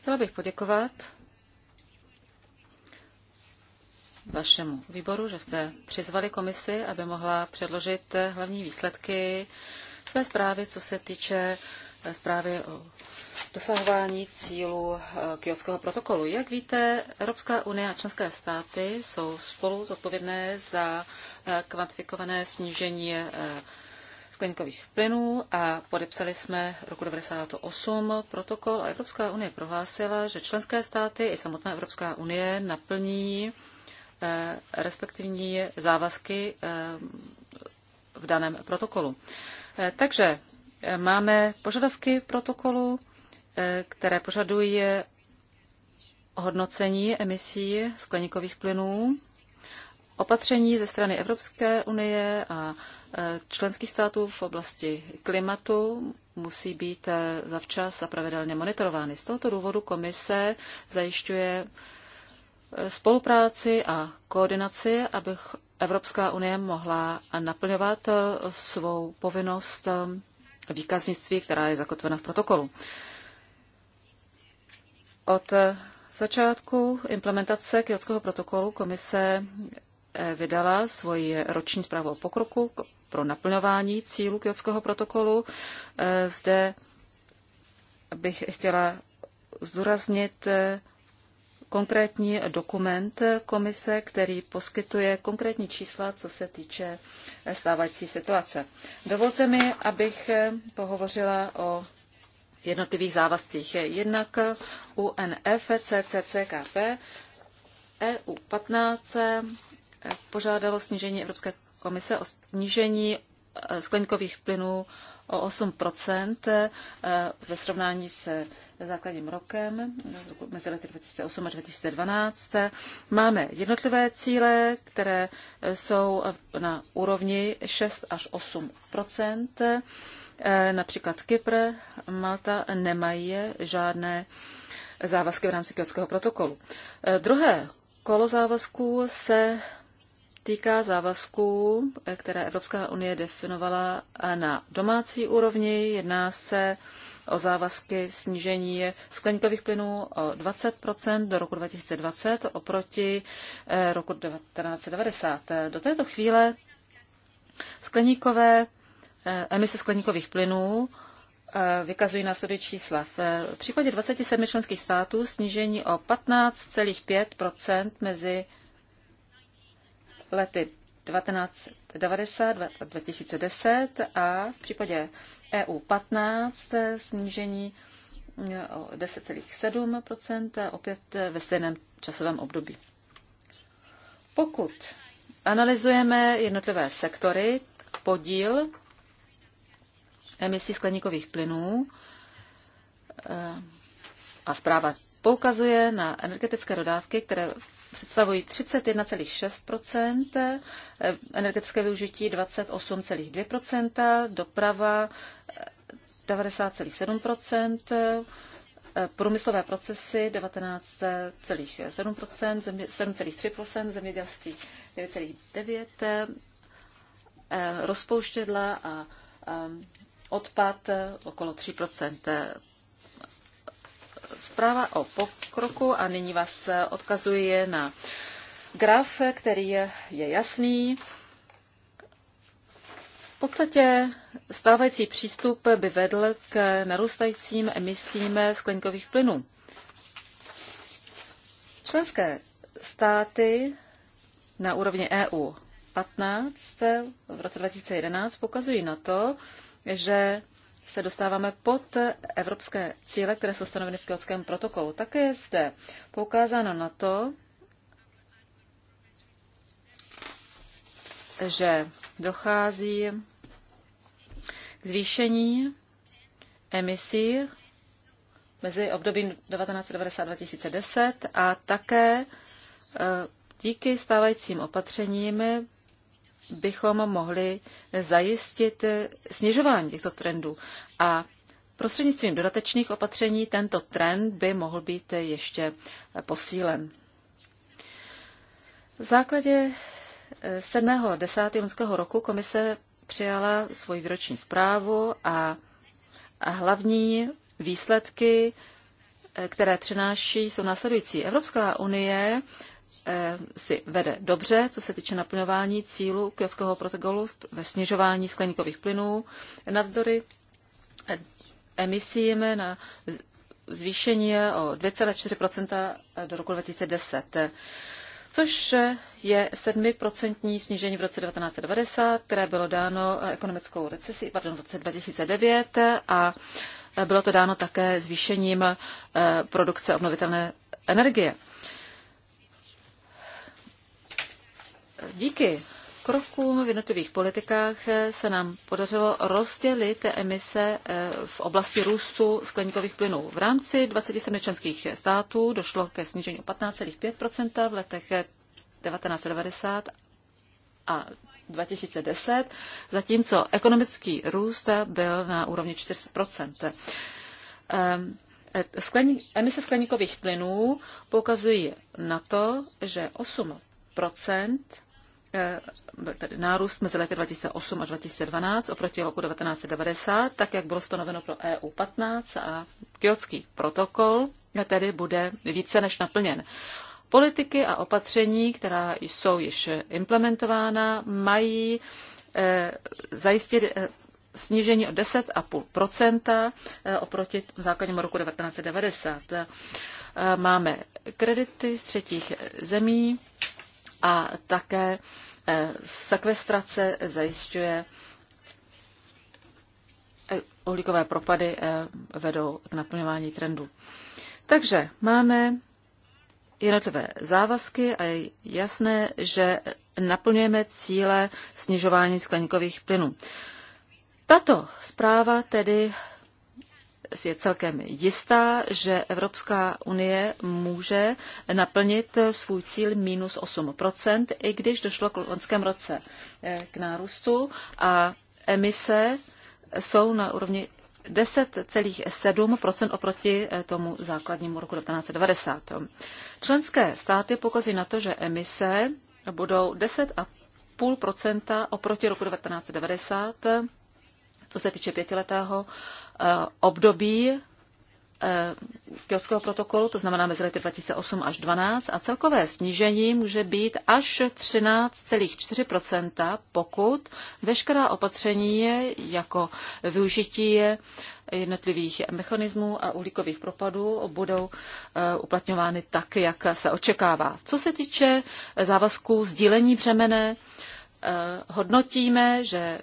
Chtěla bych poděkovat vašemu výboru, že jste přizvali komisi, aby mohla předložit hlavní výsledky své zprávy, co se týče eh, zprávy o dosahování cílů eh, Kyotského protokolu. Jak víte, Evropská unie a členské státy jsou spolu zodpovědné za eh, kvantifikované snížení skleníkových plynů a podepsali jsme roku 1998 protokol a Evropská unie prohlásila, že členské státy i samotná Evropská unie naplní eh, respektivní závazky eh, v daném protokolu. Eh, takže máme požadavky protokolu, které požadují hodnocení emisí skleníkových plynů, opatření ze strany Evropské unie a členských států v oblasti klimatu musí být eh, zavčas a pravidelně monitorovány. Z tohoto důvodu komise zajišťuje eh, spolupráci a koordinaci, abych Evropská unie mohla naplňovat eh, svou povinnost výkaznictví, která je zakotvena v protokolu. Od začátku implementace Kyotského protokolu komise vydala svoji roční zprávu o pokroku pro naplňování cílů Kyotského protokolu. Eh, zde bych chtěla zdůraznit eh, konkrétní dokument komise, který poskytuje konkrétní čísla, co se týče eh, stávající situace. Dovolte mi, abych pohovořila o jednotlivých závazcích. Jednak UNF, CCCKP, EU 15 požádalo snížení evropské komise o snížení eh, skleníkových plynů o 8 eh, ve srovnání se základním rokem eh, mezi lety 2008 a 2012. Máme jednotlivé cíle, které jsou na úrovni 6 až 8 Například Kypr, Malta nemají žádné závazky v rámci Kyotského protokolu. Druhé kolo závazků se týká závazků, eh, které Evropská unie definovala eh, na domácí úrovni. Jedná se o závazky snížení skleníkových plynů o 20 do roku 2020 oproti eh, roku 1990. Do této chvíle skleníkové emise skleníkových plynů vykazují následující čísla. V případě 27 členských států snížení o 15,5 mezi lety 1990-2010 a v případě EU 15 snížení eh, o 10,7 eh, opět eh, ve stejném časovém období. Pokud analyzujeme jednotlivé sektory, podíl emisí skleníkových plynů a zpráva poukazuje na energetické dodávky, které představují 31,6 energetické využití 28,2 doprava 90,7 průmyslové procesy 19,7%, země, 7,3%, zemědělství 9,9%, eh, rozpouštědla a, a eh, odpad okolo 3% zpráva o pokroku a nyní vás odkazuji na graf, který je jasný. V podstatě stávající přístup by vedl k narůstajícím emisím skleníkových plynů. Členské státy na úrovni EU 15 v roce 2011 pokazují na to, že se dostáváme pod evropské cíle, které jsou stanoveny v Kyotském protokolu. Také je zde poukázáno na to, že dochází k zvýšení emisí mezi obdobím 1990-2010 a také eh, díky stávajícím opatřením bychom mohli zajistit snižování těchto trendů. A prostřednictvím dodatečných opatření tento trend by mohl být ještě posílen. V základě 7.10. loňského roku komise přijala svoji výroční zprávu a, a hlavní výsledky, které přináší, jsou následující. Evropská unie Eh, si vede dobře, co se týče naplňování cílu Kyotského protokolu ve snižování skleníkových plynů, navzdory eh, emisím na zvýšení o 2,4 eh, do roku 2010, což je 7% snížení v roce 1990, které bylo dáno ekonomickou recesí, pardon, v roce 2009 a bylo to dáno také zvýšením produkce obnovitelné energie. díky krokům v jednotlivých politikách se nám podařilo rozdělit emise eh, v oblasti růstu skleníkových plynů. V rámci 27 členských států došlo ke snížení o 15,5 v letech 1990 a 2010, zatímco ekonomický růst byl na úrovni 40 ehm, eh, Sklení, emise skleníkových plynů poukazují na to, že 8 byl eh, tady nárůst mezi lety 2008 až 2012 oproti roku 1990, tak jak bylo stanoveno pro EU 15 a Kyotský protokol tedy bude více než naplněn. Politiky a opatření, která jsou již implementována, mají eh, zajistit eh, snížení o 10,5 oproti základnímu roku 1990. Máme kredity z třetích zemí, a také eh, sekvestrace zajišťuje eh, uhlíkové propady eh, vedou k naplňování trendu. Takže máme jednotlivé závazky a je jasné, že naplňujeme cíle snižování skleníkových plynů. Tato zpráva tedy je celkem jistá, že Evropská unie může naplnit svůj cíl minus 8%, i když došlo k loňském roce eh, k nárůstu a emise jsou na úrovni 10,7 oproti eh, tomu základnímu roku 1990. Členské státy pokazují na to, že emise budou 10,5 oproti roku 1990, co se týče pětiletého Eh, období eh, Kyotského protokolu, to znamená mezi lety 2008 až 2012, a celkové snížení může být až 13,4 pokud veškerá opatření, je jako využití jednotlivých mechanismů a uhlíkových propadů, budou eh, uplatňovány tak, jak se očekává. Co se týče závazků sdílení břemene, hodnotíme, že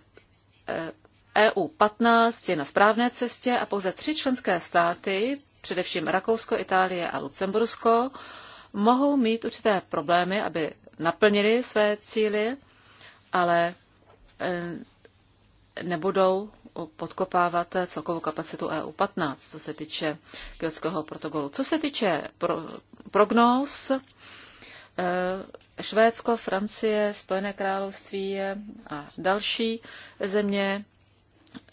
EU15 je na správné cestě a pouze tři členské státy, především Rakousko, Itálie a Lucembursko, mohou mít určité problémy, aby naplnili své cíly, ale e, nebudou podkopávat celkovou kapacitu EU15, co se týče kyotského protokolu. Co se týče pro, prognóz, e, Švédsko, Francie, Spojené království a další země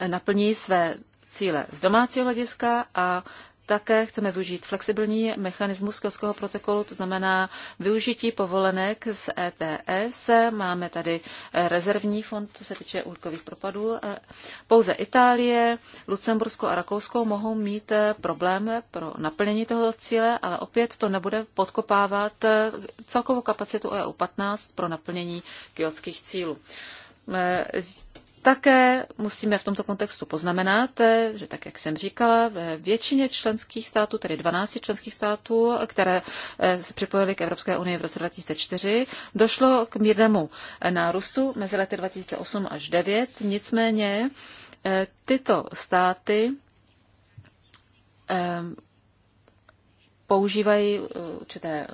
naplní své cíle z domácího hlediska a také chceme využít flexibilní mechanismus Kyotského protokolu, to znamená využití povolenek z ETS. Máme tady eh, rezervní fond, co se týče úlkových propadů. Eh, pouze Itálie, Lucembursko a Rakousko mohou mít eh, problém pro naplnění tohoto cíle, ale opět to nebude podkopávat celkovou kapacitu EU 15 pro naplnění kyotských cílů. Také musíme v tomto kontextu poznamenat, že tak, jak jsem říkala, ve většině členských států, tedy 12 členských států, které eh, se připojily k Evropské unii v roce 2004, došlo k mírnému eh, nárůstu mezi lety 2008 až 2009. Nicméně eh, tyto státy používají určité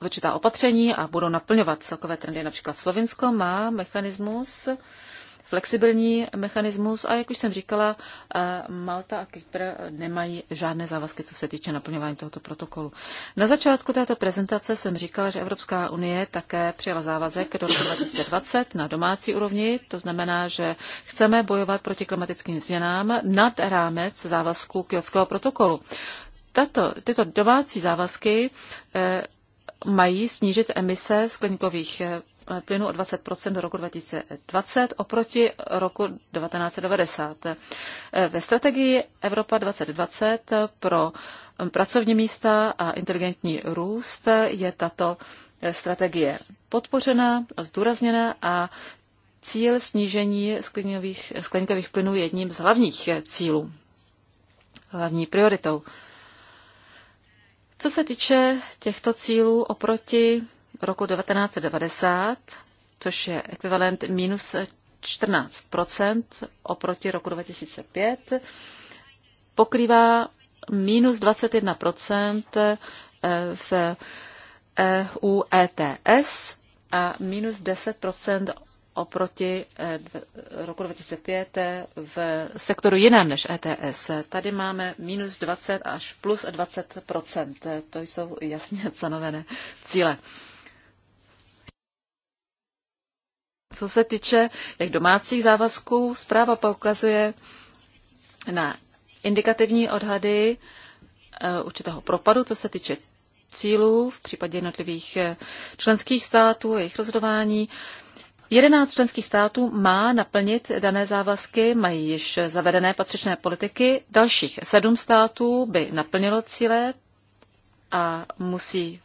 určitá opatření a budou naplňovat celkové trendy. Například Slovinsko má mechanismus, flexibilní mechanismus a jak už jsem říkala, eh, Malta a Kypr nemají žádné závazky, co se týče naplňování tohoto protokolu. Na začátku této prezentace jsem říkala, že Evropská unie také přijala závazek do roku 2020 na domácí úrovni, to znamená, že chceme bojovat proti klimatickým změnám nad rámec závazků Kyotského protokolu. Tato, tyto domácí závazky eh, mají snížit emise skleníkových eh, plynu o 20 do roku 2020 oproti roku 1990. Ve strategii Evropa 2020 pro pracovní místa a inteligentní růst je tato strategie podpořena, zdůrazněna a cíl snížení skleníkových plynů je jedním z hlavních cílů, hlavní prioritou. Co se týče těchto cílů oproti roku 1990, což je ekvivalent minus 14 oproti roku 2005, pokrývá minus 21 eh, v EU ETS a minus 10 oproti eh, roku 2005 eh, v sektoru jiném než ETS. Tady máme minus 20 až plus 20 To jsou jasně stanovené cíle. Co se týče těch domácích závazků, zpráva poukazuje na indikativní odhady eh, určitého propadu, co se týče cílů v případě jednotlivých eh, členských států a jejich rozhodování. 11 členských států má naplnit dané závazky, mají již zavedené patřičné politiky. Dalších sedm států by naplnilo cíle a musí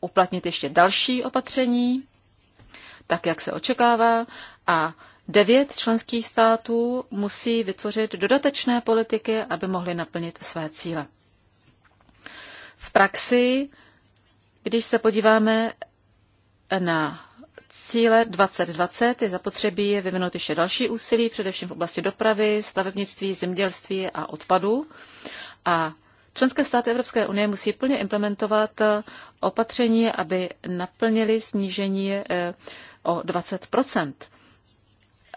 uplatnit ještě další opatření, tak, jak se očekává, a devět členských států musí vytvořit dodatečné politiky, aby mohly naplnit své cíle. V praxi, když se podíváme na cíle 2020 je zapotřebí vyvinout ještě další úsilí, především v oblasti dopravy, stavebnictví, zemědělství a odpadů. A členské státy Evropské unie musí plně implementovat opatření, aby naplnili snížení eh, o 20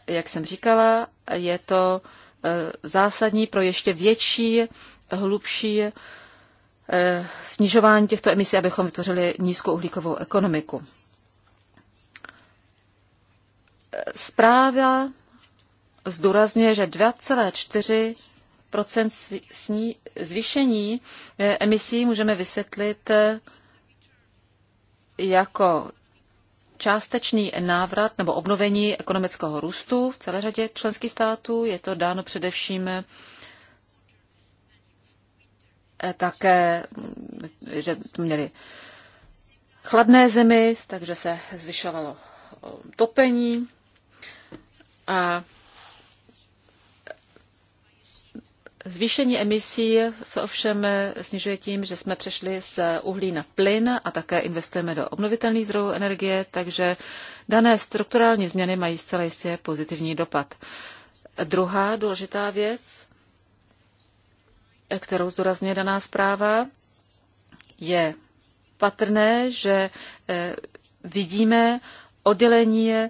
Jak jsem říkala, je to e, zásadní pro ještě větší, hlubší e, snižování těchto emisí, abychom vytvořili nízkouhlíkovou ekonomiku. Zpráva zdůrazňuje, že 2,4 zvýšení e, emisí můžeme vysvětlit jako částečný návrat nebo obnovení ekonomického růstu v celé řadě členských států. Je to dáno především eh, také, mm, že měli chladné zemi, takže se zvyšovalo eh, topení. A Zvýšení emisí se ovšem snižuje tím, že jsme přešli z uhlí na plyn a také investujeme do obnovitelných zdrojů energie, takže dané strukturální změny mají zcela jistě pozitivní dopad. Druhá důležitá věc, kterou zdůrazňuje daná zpráva, je patrné, že eh, vidíme oddělení eh,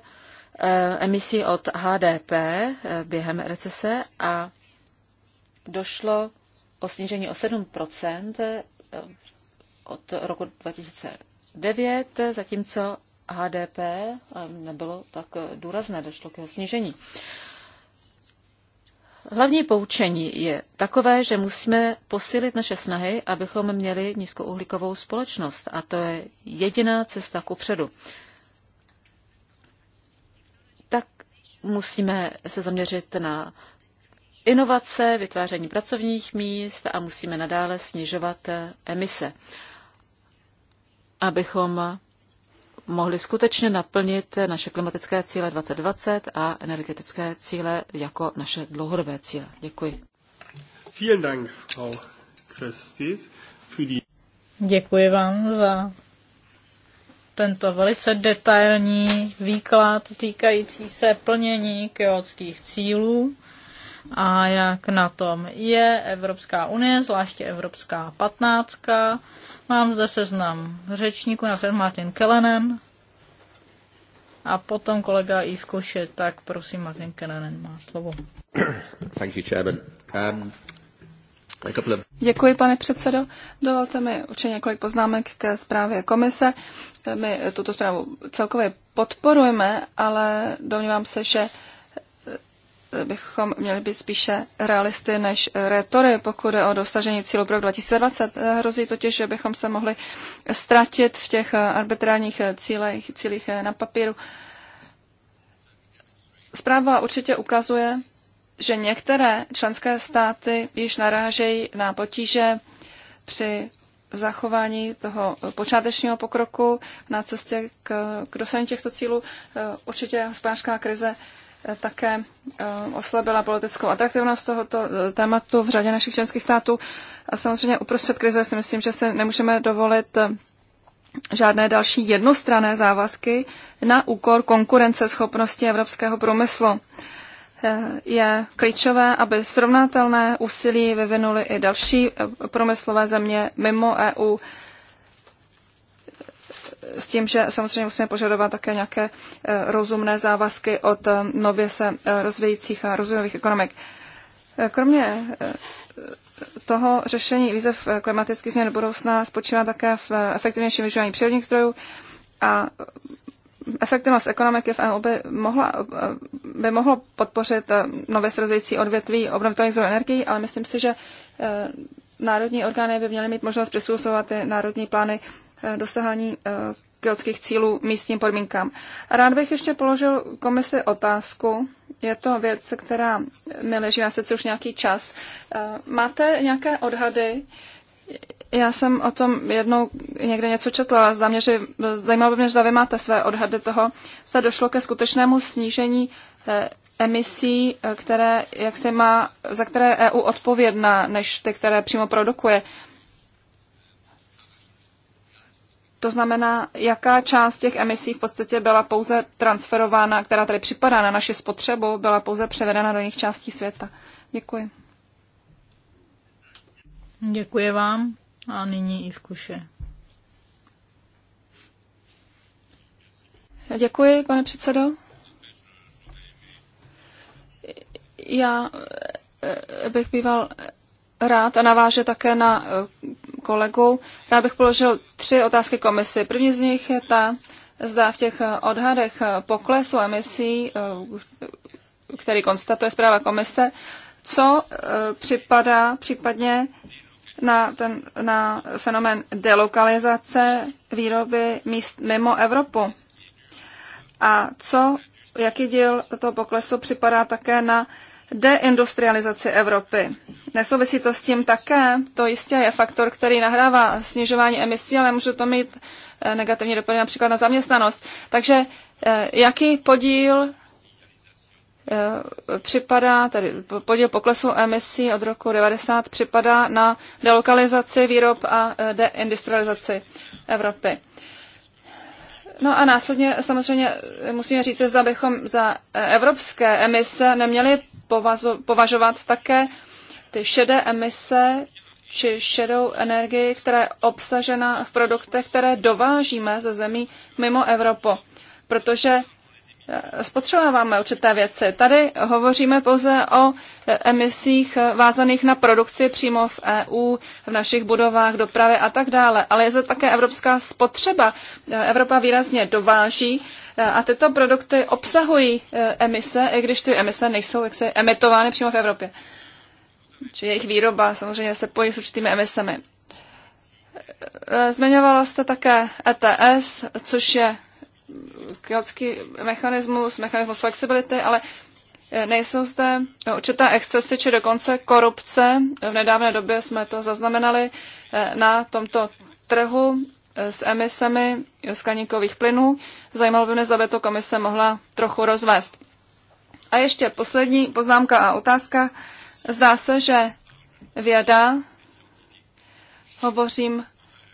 emisí od HDP eh, během recese a došlo o snížení o 7 eh, od roku 2009, zatímco HDP eh, nebylo tak eh, důrazné, došlo k jeho snížení. Hlavní poučení je takové, že musíme posílit naše snahy, abychom měli nízkouhlíkovou společnost. A to je jediná cesta ku předu. Tak musíme se zaměřit na inovace, vytváření pracovních míst a musíme nadále snižovat eh, emise, abychom mohli skutečně naplnit naše klimatické cíle 2020 a energetické cíle jako naše dlouhodobé cíle. Děkuji. Vielen Dank, Frau Christis, für die... Děkuji vám za tento velice detailní výklad týkající se plnění kyotských cílů a jak na tom je Evropská unie, zvláště Evropská patnáctka. Mám zde seznam řečníků, napřed Martin Kelenen a potom kolega Yves Koše, tak prosím Martin Kelenen má slovo. Thank you, Chairman. Um... Děkuji, pane předsedo. Dovolte mi určitě několik poznámek ke zprávě komise. My tuto zprávu celkově podporujeme, ale domnívám se, že bychom měli být spíše realisty než retory, pokud je o dosažení cílu pro 2020. Hrozí totiž, že bychom se mohli ztratit v těch arbitrálních cílech, cílích na papíru. Zpráva určitě ukazuje, že některé členské státy již narážejí na potíže při zachování toho počátečního pokroku na cestě k, k dosažení těchto cílů. Určitě hospodářská krize také eh, oslabila politickou atraktivnost tohoto eh, tématu v řadě našich členských států. A samozřejmě uprostřed krize si myslím, že se nemůžeme dovolit eh, žádné další jednostrané závazky na úkor konkurenceschopnosti evropského průmyslu. Je klíčové, aby srovnatelné úsilí vyvinuli i další průmyslové země mimo EU s tím, že samozřejmě musíme požadovat také nějaké e, rozumné závazky od e, nově se e, rozvíjících a rozvojových ekonomik. Kromě toho řešení výzev klimatických změn do budoucna spočívá také v efektivnějším využívání přírodních zdrojů a efektivnost ekonomiky v EU by, mohla, by mohlo podpořit nově se rozvíjící odvětví obnovitelných zdrojů energií, ale myslím si, že národní orgány by měly mít možnost přizpůsobovat ty národní plány Eh, dosahání eh, kyotských cílů místním podmínkám. Rád bych ještě položil komisi otázku. Je to věc, která mi leží na srdci už nějaký čas. Eh, máte nějaké odhady? Já jsem o tom jednou někde něco četla. Zdá mě, že zajímalo by mě, že vy máte své odhady toho, zda došlo ke skutečnému snížení emisí, které, jak se má, za které EU odpovědná, než ty, které přímo produkuje. To znamená, jaká část těch emisí v podstatě byla pouze transferována, která tady připadá na naši spotřebu, byla pouze převedena do jiných částí světa. Děkuji. Děkuji vám a nyní i vkuše. Děkuji, pane předsedo. Já eh, bych býval rád a naváže také na eh, kolegu. Rád bych položil tři otázky komisi. První z nich je ta, zda v těch odhadech poklesu emisí, eh, který konstatuje zpráva komise, co eh, připadá případně na, ten, na fenomen delokalizace výroby míst mimo Evropu. A co, jaký díl toho poklesu připadá také na deindustrializaci Evropy. Nesouvisí to s tím také, to jistě je faktor, který nahrává snižování emisí, ale může to mít eh, negativní dopady například na zaměstnanost. Takže eh, jaký podíl eh, připadá, tedy podíl poklesu emisí od roku 90 připadá na delokalizaci výrob a deindustrializaci Evropy. No a následně samozřejmě musíme říct, zda bychom za evropské emise neměli považovat také ty šedé emise či šedou energii, která je obsažena v produktech, které dovážíme ze zemí mimo Evropu. Protože eh, spotřebováváme určité věci. Tady hovoříme pouze o eh, emisích eh, vázaných na produkci přímo v EU, v našich budovách, dopravě a tak dále. Ale je zde také evropská spotřeba. Evropa výrazně dováží a tyto produkty obsahují emise, i když ty emise nejsou jaksi emitovány přímo v Evropě či jejich výroba samozřejmě se pojí s určitými emisemi. E, zmiňovala jste také ETS, což je kyotský mechanismus, mechanismus flexibility, ale nejsou zde určité excesy, či dokonce korupce. V nedávné době jsme to zaznamenali e, na tomto trhu e, s emisemi skleníkových plynů. Zajímalo by mě, zda by to komise mohla trochu rozvést. A ještě poslední poznámka a otázka. Zdá se, že věda, hovořím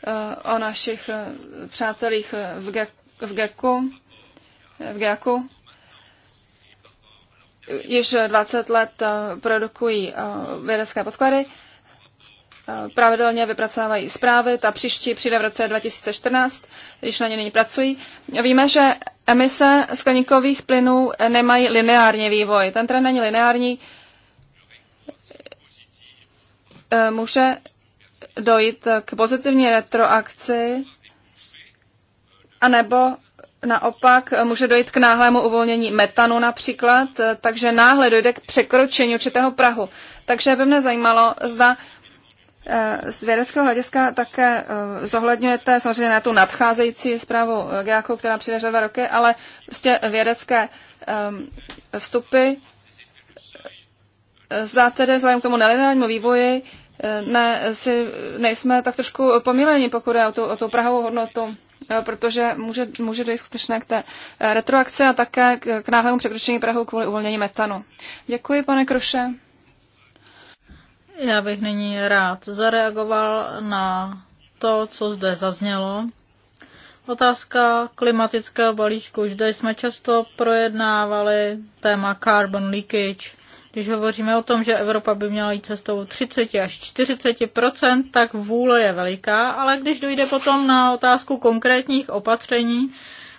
eh, o našich eh, přátelích eh, v, Ge- v Geku, v Geku, již 20 let produkují vědecké podklady, pravidelně vypracovávají zprávy, ta příští přijde v roce 2014, když na ně nyní pracují. Víme, že emise skleníkových plynů nemají lineární vývoj. Ten trend není lineární, E, může dojít k pozitivní retroakci, anebo naopak může dojít k náhlému uvolnění metanu například, e, takže náhle dojde k překročení určitého Prahu. Takže by mě zajímalo, zda e, z vědeckého hlediska také zohledňujete samozřejmě na tu nadcházející zprávu GEAKu, která přijde za dva roky, ale prostě vědecké vstupy. Zdá tedy, vzhledem k tomu nelineárnímu vývoji, ne, si, nejsme tak trošku pomíleni, pokud je o tu, o tu prahovou hodnotu, protože může, může dojít skutečně k té eh, retroakci a také k náhlému překročení Prahu kvůli uvolnění metanu. Děkuji, pane Kroše. Já bych nyní rád zareagoval na to, co zde zaznělo. Otázka klimatického balíčku. Zde jsme často projednávali téma carbon leakage – když hovoříme o tom, že Evropa by měla jít cestou 30 až 40 tak vůle je veliká, ale když dojde potom na otázku konkrétních opatření,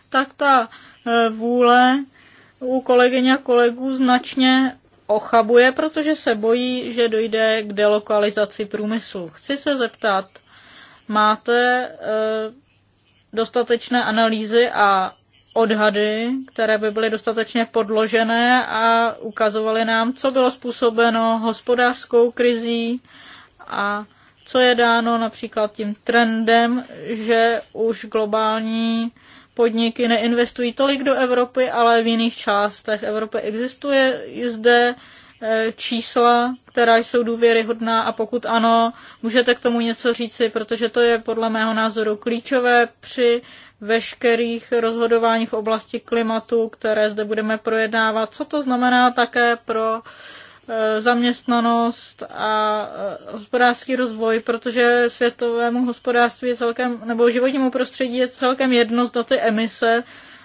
tak ta e, vůle u kolegyň a kolegů značně ochabuje, protože se bojí, že dojde k delokalizaci průmyslu. Chci se zeptat, máte e, dostatečné analýzy a odhady, které by byly dostatečně podložené a ukazovaly nám, co bylo způsobeno hospodářskou krizí a co je dáno například tím trendem, že už globální podniky neinvestují tolik do Evropy, ale v jiných částech Evropy existuje zde eh, čísla, která jsou důvěryhodná a pokud ano, můžete k tomu něco říci, protože to je podle mého názoru klíčové při veškerých rozhodování v oblasti klimatu, které zde budeme projednávat, co to znamená také pro e, zaměstnanost a e, hospodářský rozvoj, protože světovému hospodářství je celkem, nebo životnímu prostředí je celkem jedno, zda ty emise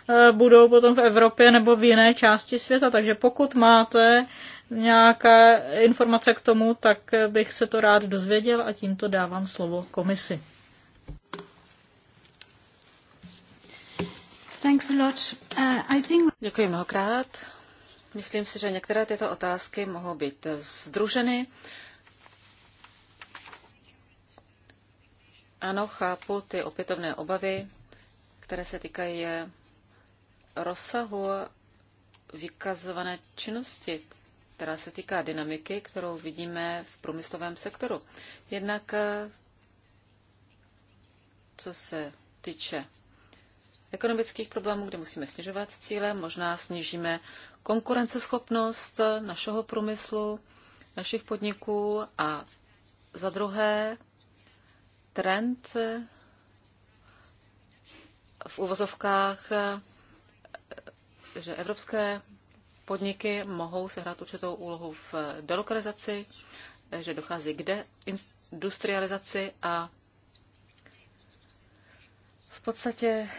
e, budou potom v Evropě nebo v jiné části světa. Takže pokud máte nějaké informace k tomu, tak bych se to rád dozvěděl a tímto dávám slovo komisi. Uh, Děkuji mnohokrát. Myslím si, že některé tyto otázky mohou být eh, združeny. Ano, chápu ty opětovné obavy, které se týkají eh, rozsahu vykazované činnosti, která se týká dynamiky, kterou vidíme v průmyslovém sektoru. Jednak eh, co se týče ekonomických problémů, kde musíme snižovat cíle, možná snížíme konkurenceschopnost našeho průmyslu, našich podniků a za druhé trend v uvozovkách, že evropské podniky mohou sehrát určitou úlohu v delokalizaci, že dochází k deindustrializaci a v podstatě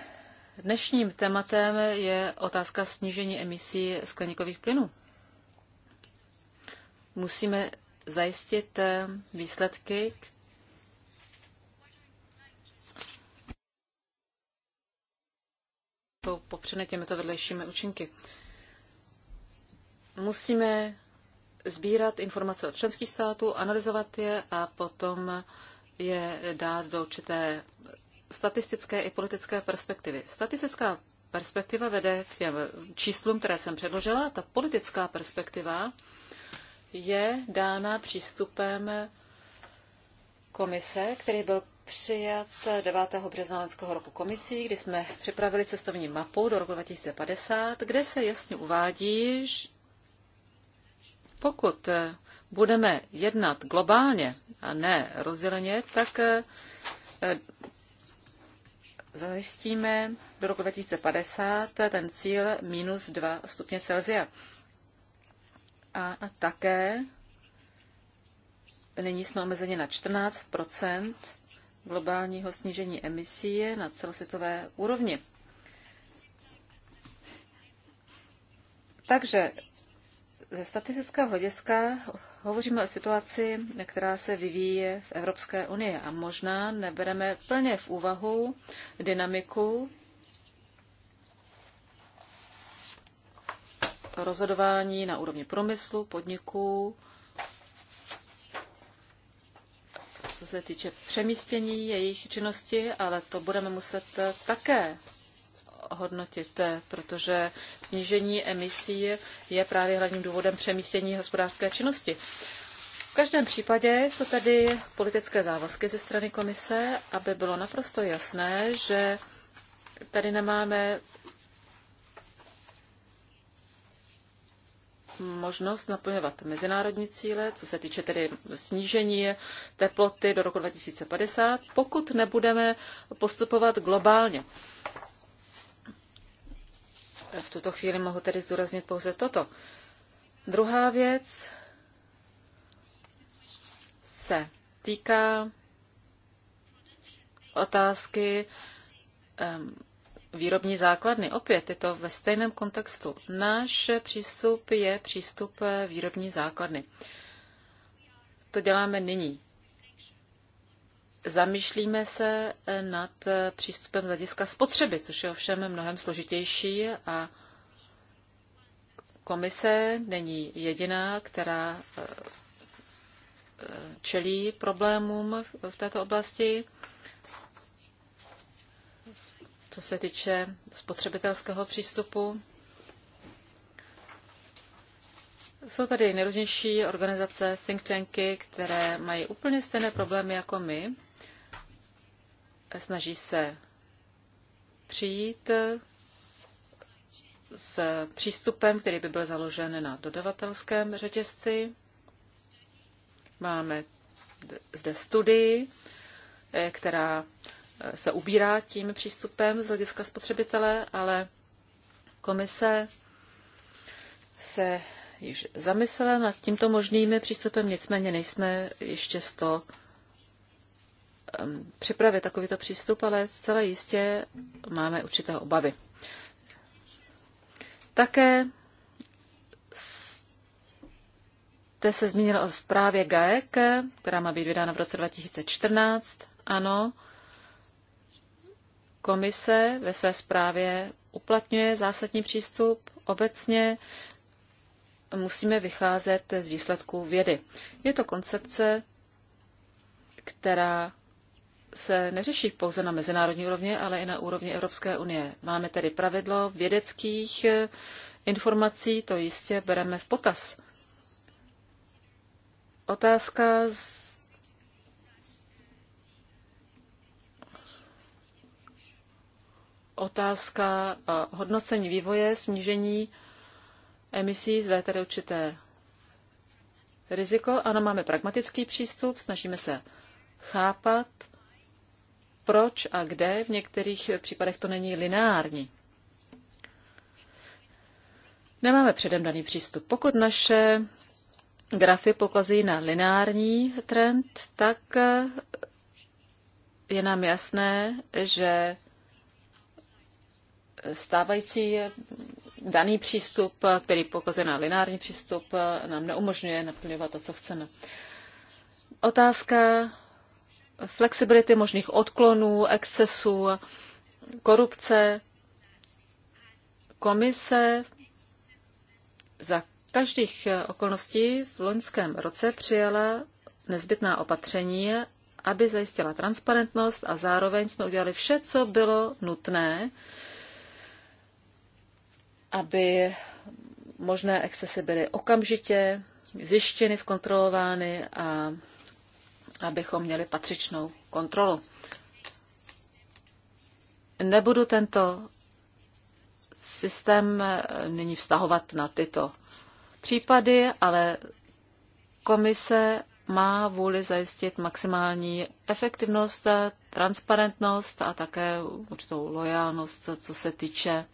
Dnešním tématem je otázka snížení emisí skleníkových plynů. Musíme zajistit eh, výsledky, jsou popřeny těmito vedlejšími účinky. Musíme sbírat informace od členských států, analyzovat je a potom je dát do určité statistické i politické perspektivy. Statistická perspektiva vede k těm číslům, které jsem předložila. Ta politická perspektiva je dána přístupem komise, který byl přijat 9. března loňského roku komisí, kdy jsme připravili cestovní mapu do roku 2050, kde se jasně uvádí, že pokud budeme jednat globálně a ne rozděleně, tak zajistíme do roku 2050 ten cíl minus 2 stupně Celsia. A, také nyní jsme omezeni na 14 globálního snížení emisí na celosvětové úrovni. Takže ze statistického hlediska hovoříme o situaci, která se vyvíje v Evropské unii a možná nebereme plně v úvahu dynamiku rozhodování na úrovni průmyslu, podniků, co se týče přemístění jejich činnosti, ale to budeme muset také hodnotit, protože snížení emisí je právě hlavním důvodem přemístění hospodářské činnosti. V každém případě jsou tady politické závazky ze strany komise, aby bylo naprosto jasné, že tady nemáme možnost naplňovat mezinárodní cíle, co se týče tedy snížení teploty do roku 2050, pokud nebudeme postupovat globálně. V tuto chvíli mohu tedy zdůraznit pouze toto. Druhá věc se týká otázky výrobní základny. Opět je to ve stejném kontextu. Náš přístup je přístup eh, výrobní základny. To děláme nyní. Zamýšlíme se eh, nad eh, přístupem z hlediska spotřeby, což je ovšem mnohem složitější a komise není jediná, která eh, čelí problémům v této oblasti. Co se týče spotřebitelského přístupu, jsou tady nejrůznější organizace, think tanky, které mají úplně stejné problémy jako my. Snaží se přijít s přístupem, který by byl založen na dodavatelském řetězci. Máme zde studii, eh, která eh, se ubírá tím přístupem z hlediska spotřebitele, ale komise se již zamyslela nad tímto možným přístupem, nicméně nejsme ještě sto Um, připravit takovýto přístup, ale zcela jistě máme určité obavy. Také jste se zmínil o zprávě GAEK, která má být vydána v roce 2014. Ano, komise ve své zprávě uplatňuje zásadní přístup. Obecně musíme vycházet z výsledků vědy. Je to koncepce, která se neřeší pouze na mezinárodní úrovni, ale i na úrovni Evropské unie. Máme tedy pravidlo vědeckých eh, informací, to jistě bereme v potaz. Otázka z... Otázka eh, hodnocení vývoje, snížení emisí, zde, je tedy určité riziko. Ano, máme pragmatický přístup, snažíme se chápat proč a kde. V některých případech to není lineární. Nemáme předem daný přístup. Pokud naše grafy pokazují na lineární trend, tak je nám jasné, že stávající daný přístup, který pokazuje na lineární přístup, nám neumožňuje naplňovat to, co chceme. Otázka flexibility, možných odklonů, excesů, korupce. Komise za každých okolností v loňském roce přijala nezbytná opatření, aby zajistila transparentnost a zároveň jsme udělali vše, co bylo nutné, aby možné excesy byly okamžitě zjištěny, zkontrolovány a abychom měli patřičnou kontrolu. Nebudu tento systém eh, nyní vztahovat na tyto případy, ale komise má vůli zajistit maximální efektivnost, transparentnost a také určitou lojálnost, co se týče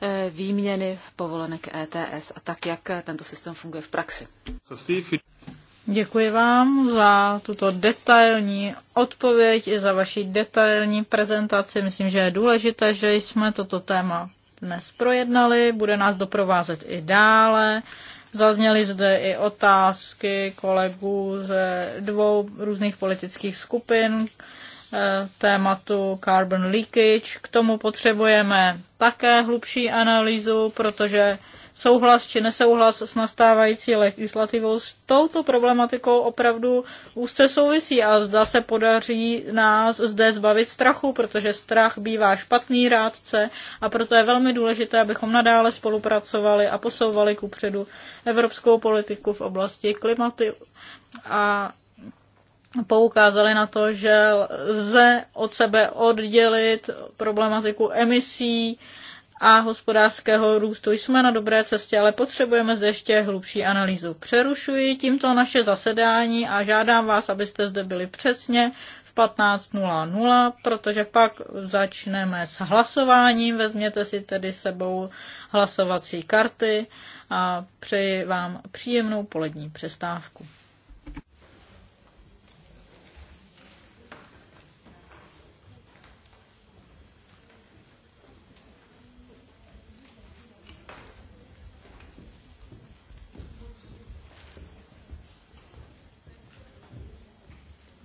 eh, výměny povolenek ETS a tak, jak tento systém funguje v praxi. Děkuji vám za tuto detailní odpověď i za vaši detailní prezentaci. Myslím, že je důležité, že jsme toto téma dnes projednali. Bude nás doprovázet i dále. Zazněly zde i otázky kolegů ze dvou různých politických skupin eh, tématu carbon leakage. K tomu potřebujeme také hlubší analýzu, protože souhlas či nesouhlas s nastávající legislativou s touto problematikou opravdu úzce souvisí a zda se podaří nás zde zbavit strachu, protože strach bývá špatný rádce a proto je velmi důležité, abychom nadále spolupracovali a posouvali kupředu evropskou politiku v oblasti klimatu a poukázali na to, že lze od sebe oddělit problematiku emisí a hospodářského růstu jsme na dobré cestě, ale potřebujeme zde ještě hlubší analýzu. Přerušuji tímto naše zasedání a žádám vás, abyste zde byli přesně v 15.00, protože pak začneme s hlasováním. Vezměte si tedy sebou hlasovací karty a přeji vám příjemnou polední přestávku.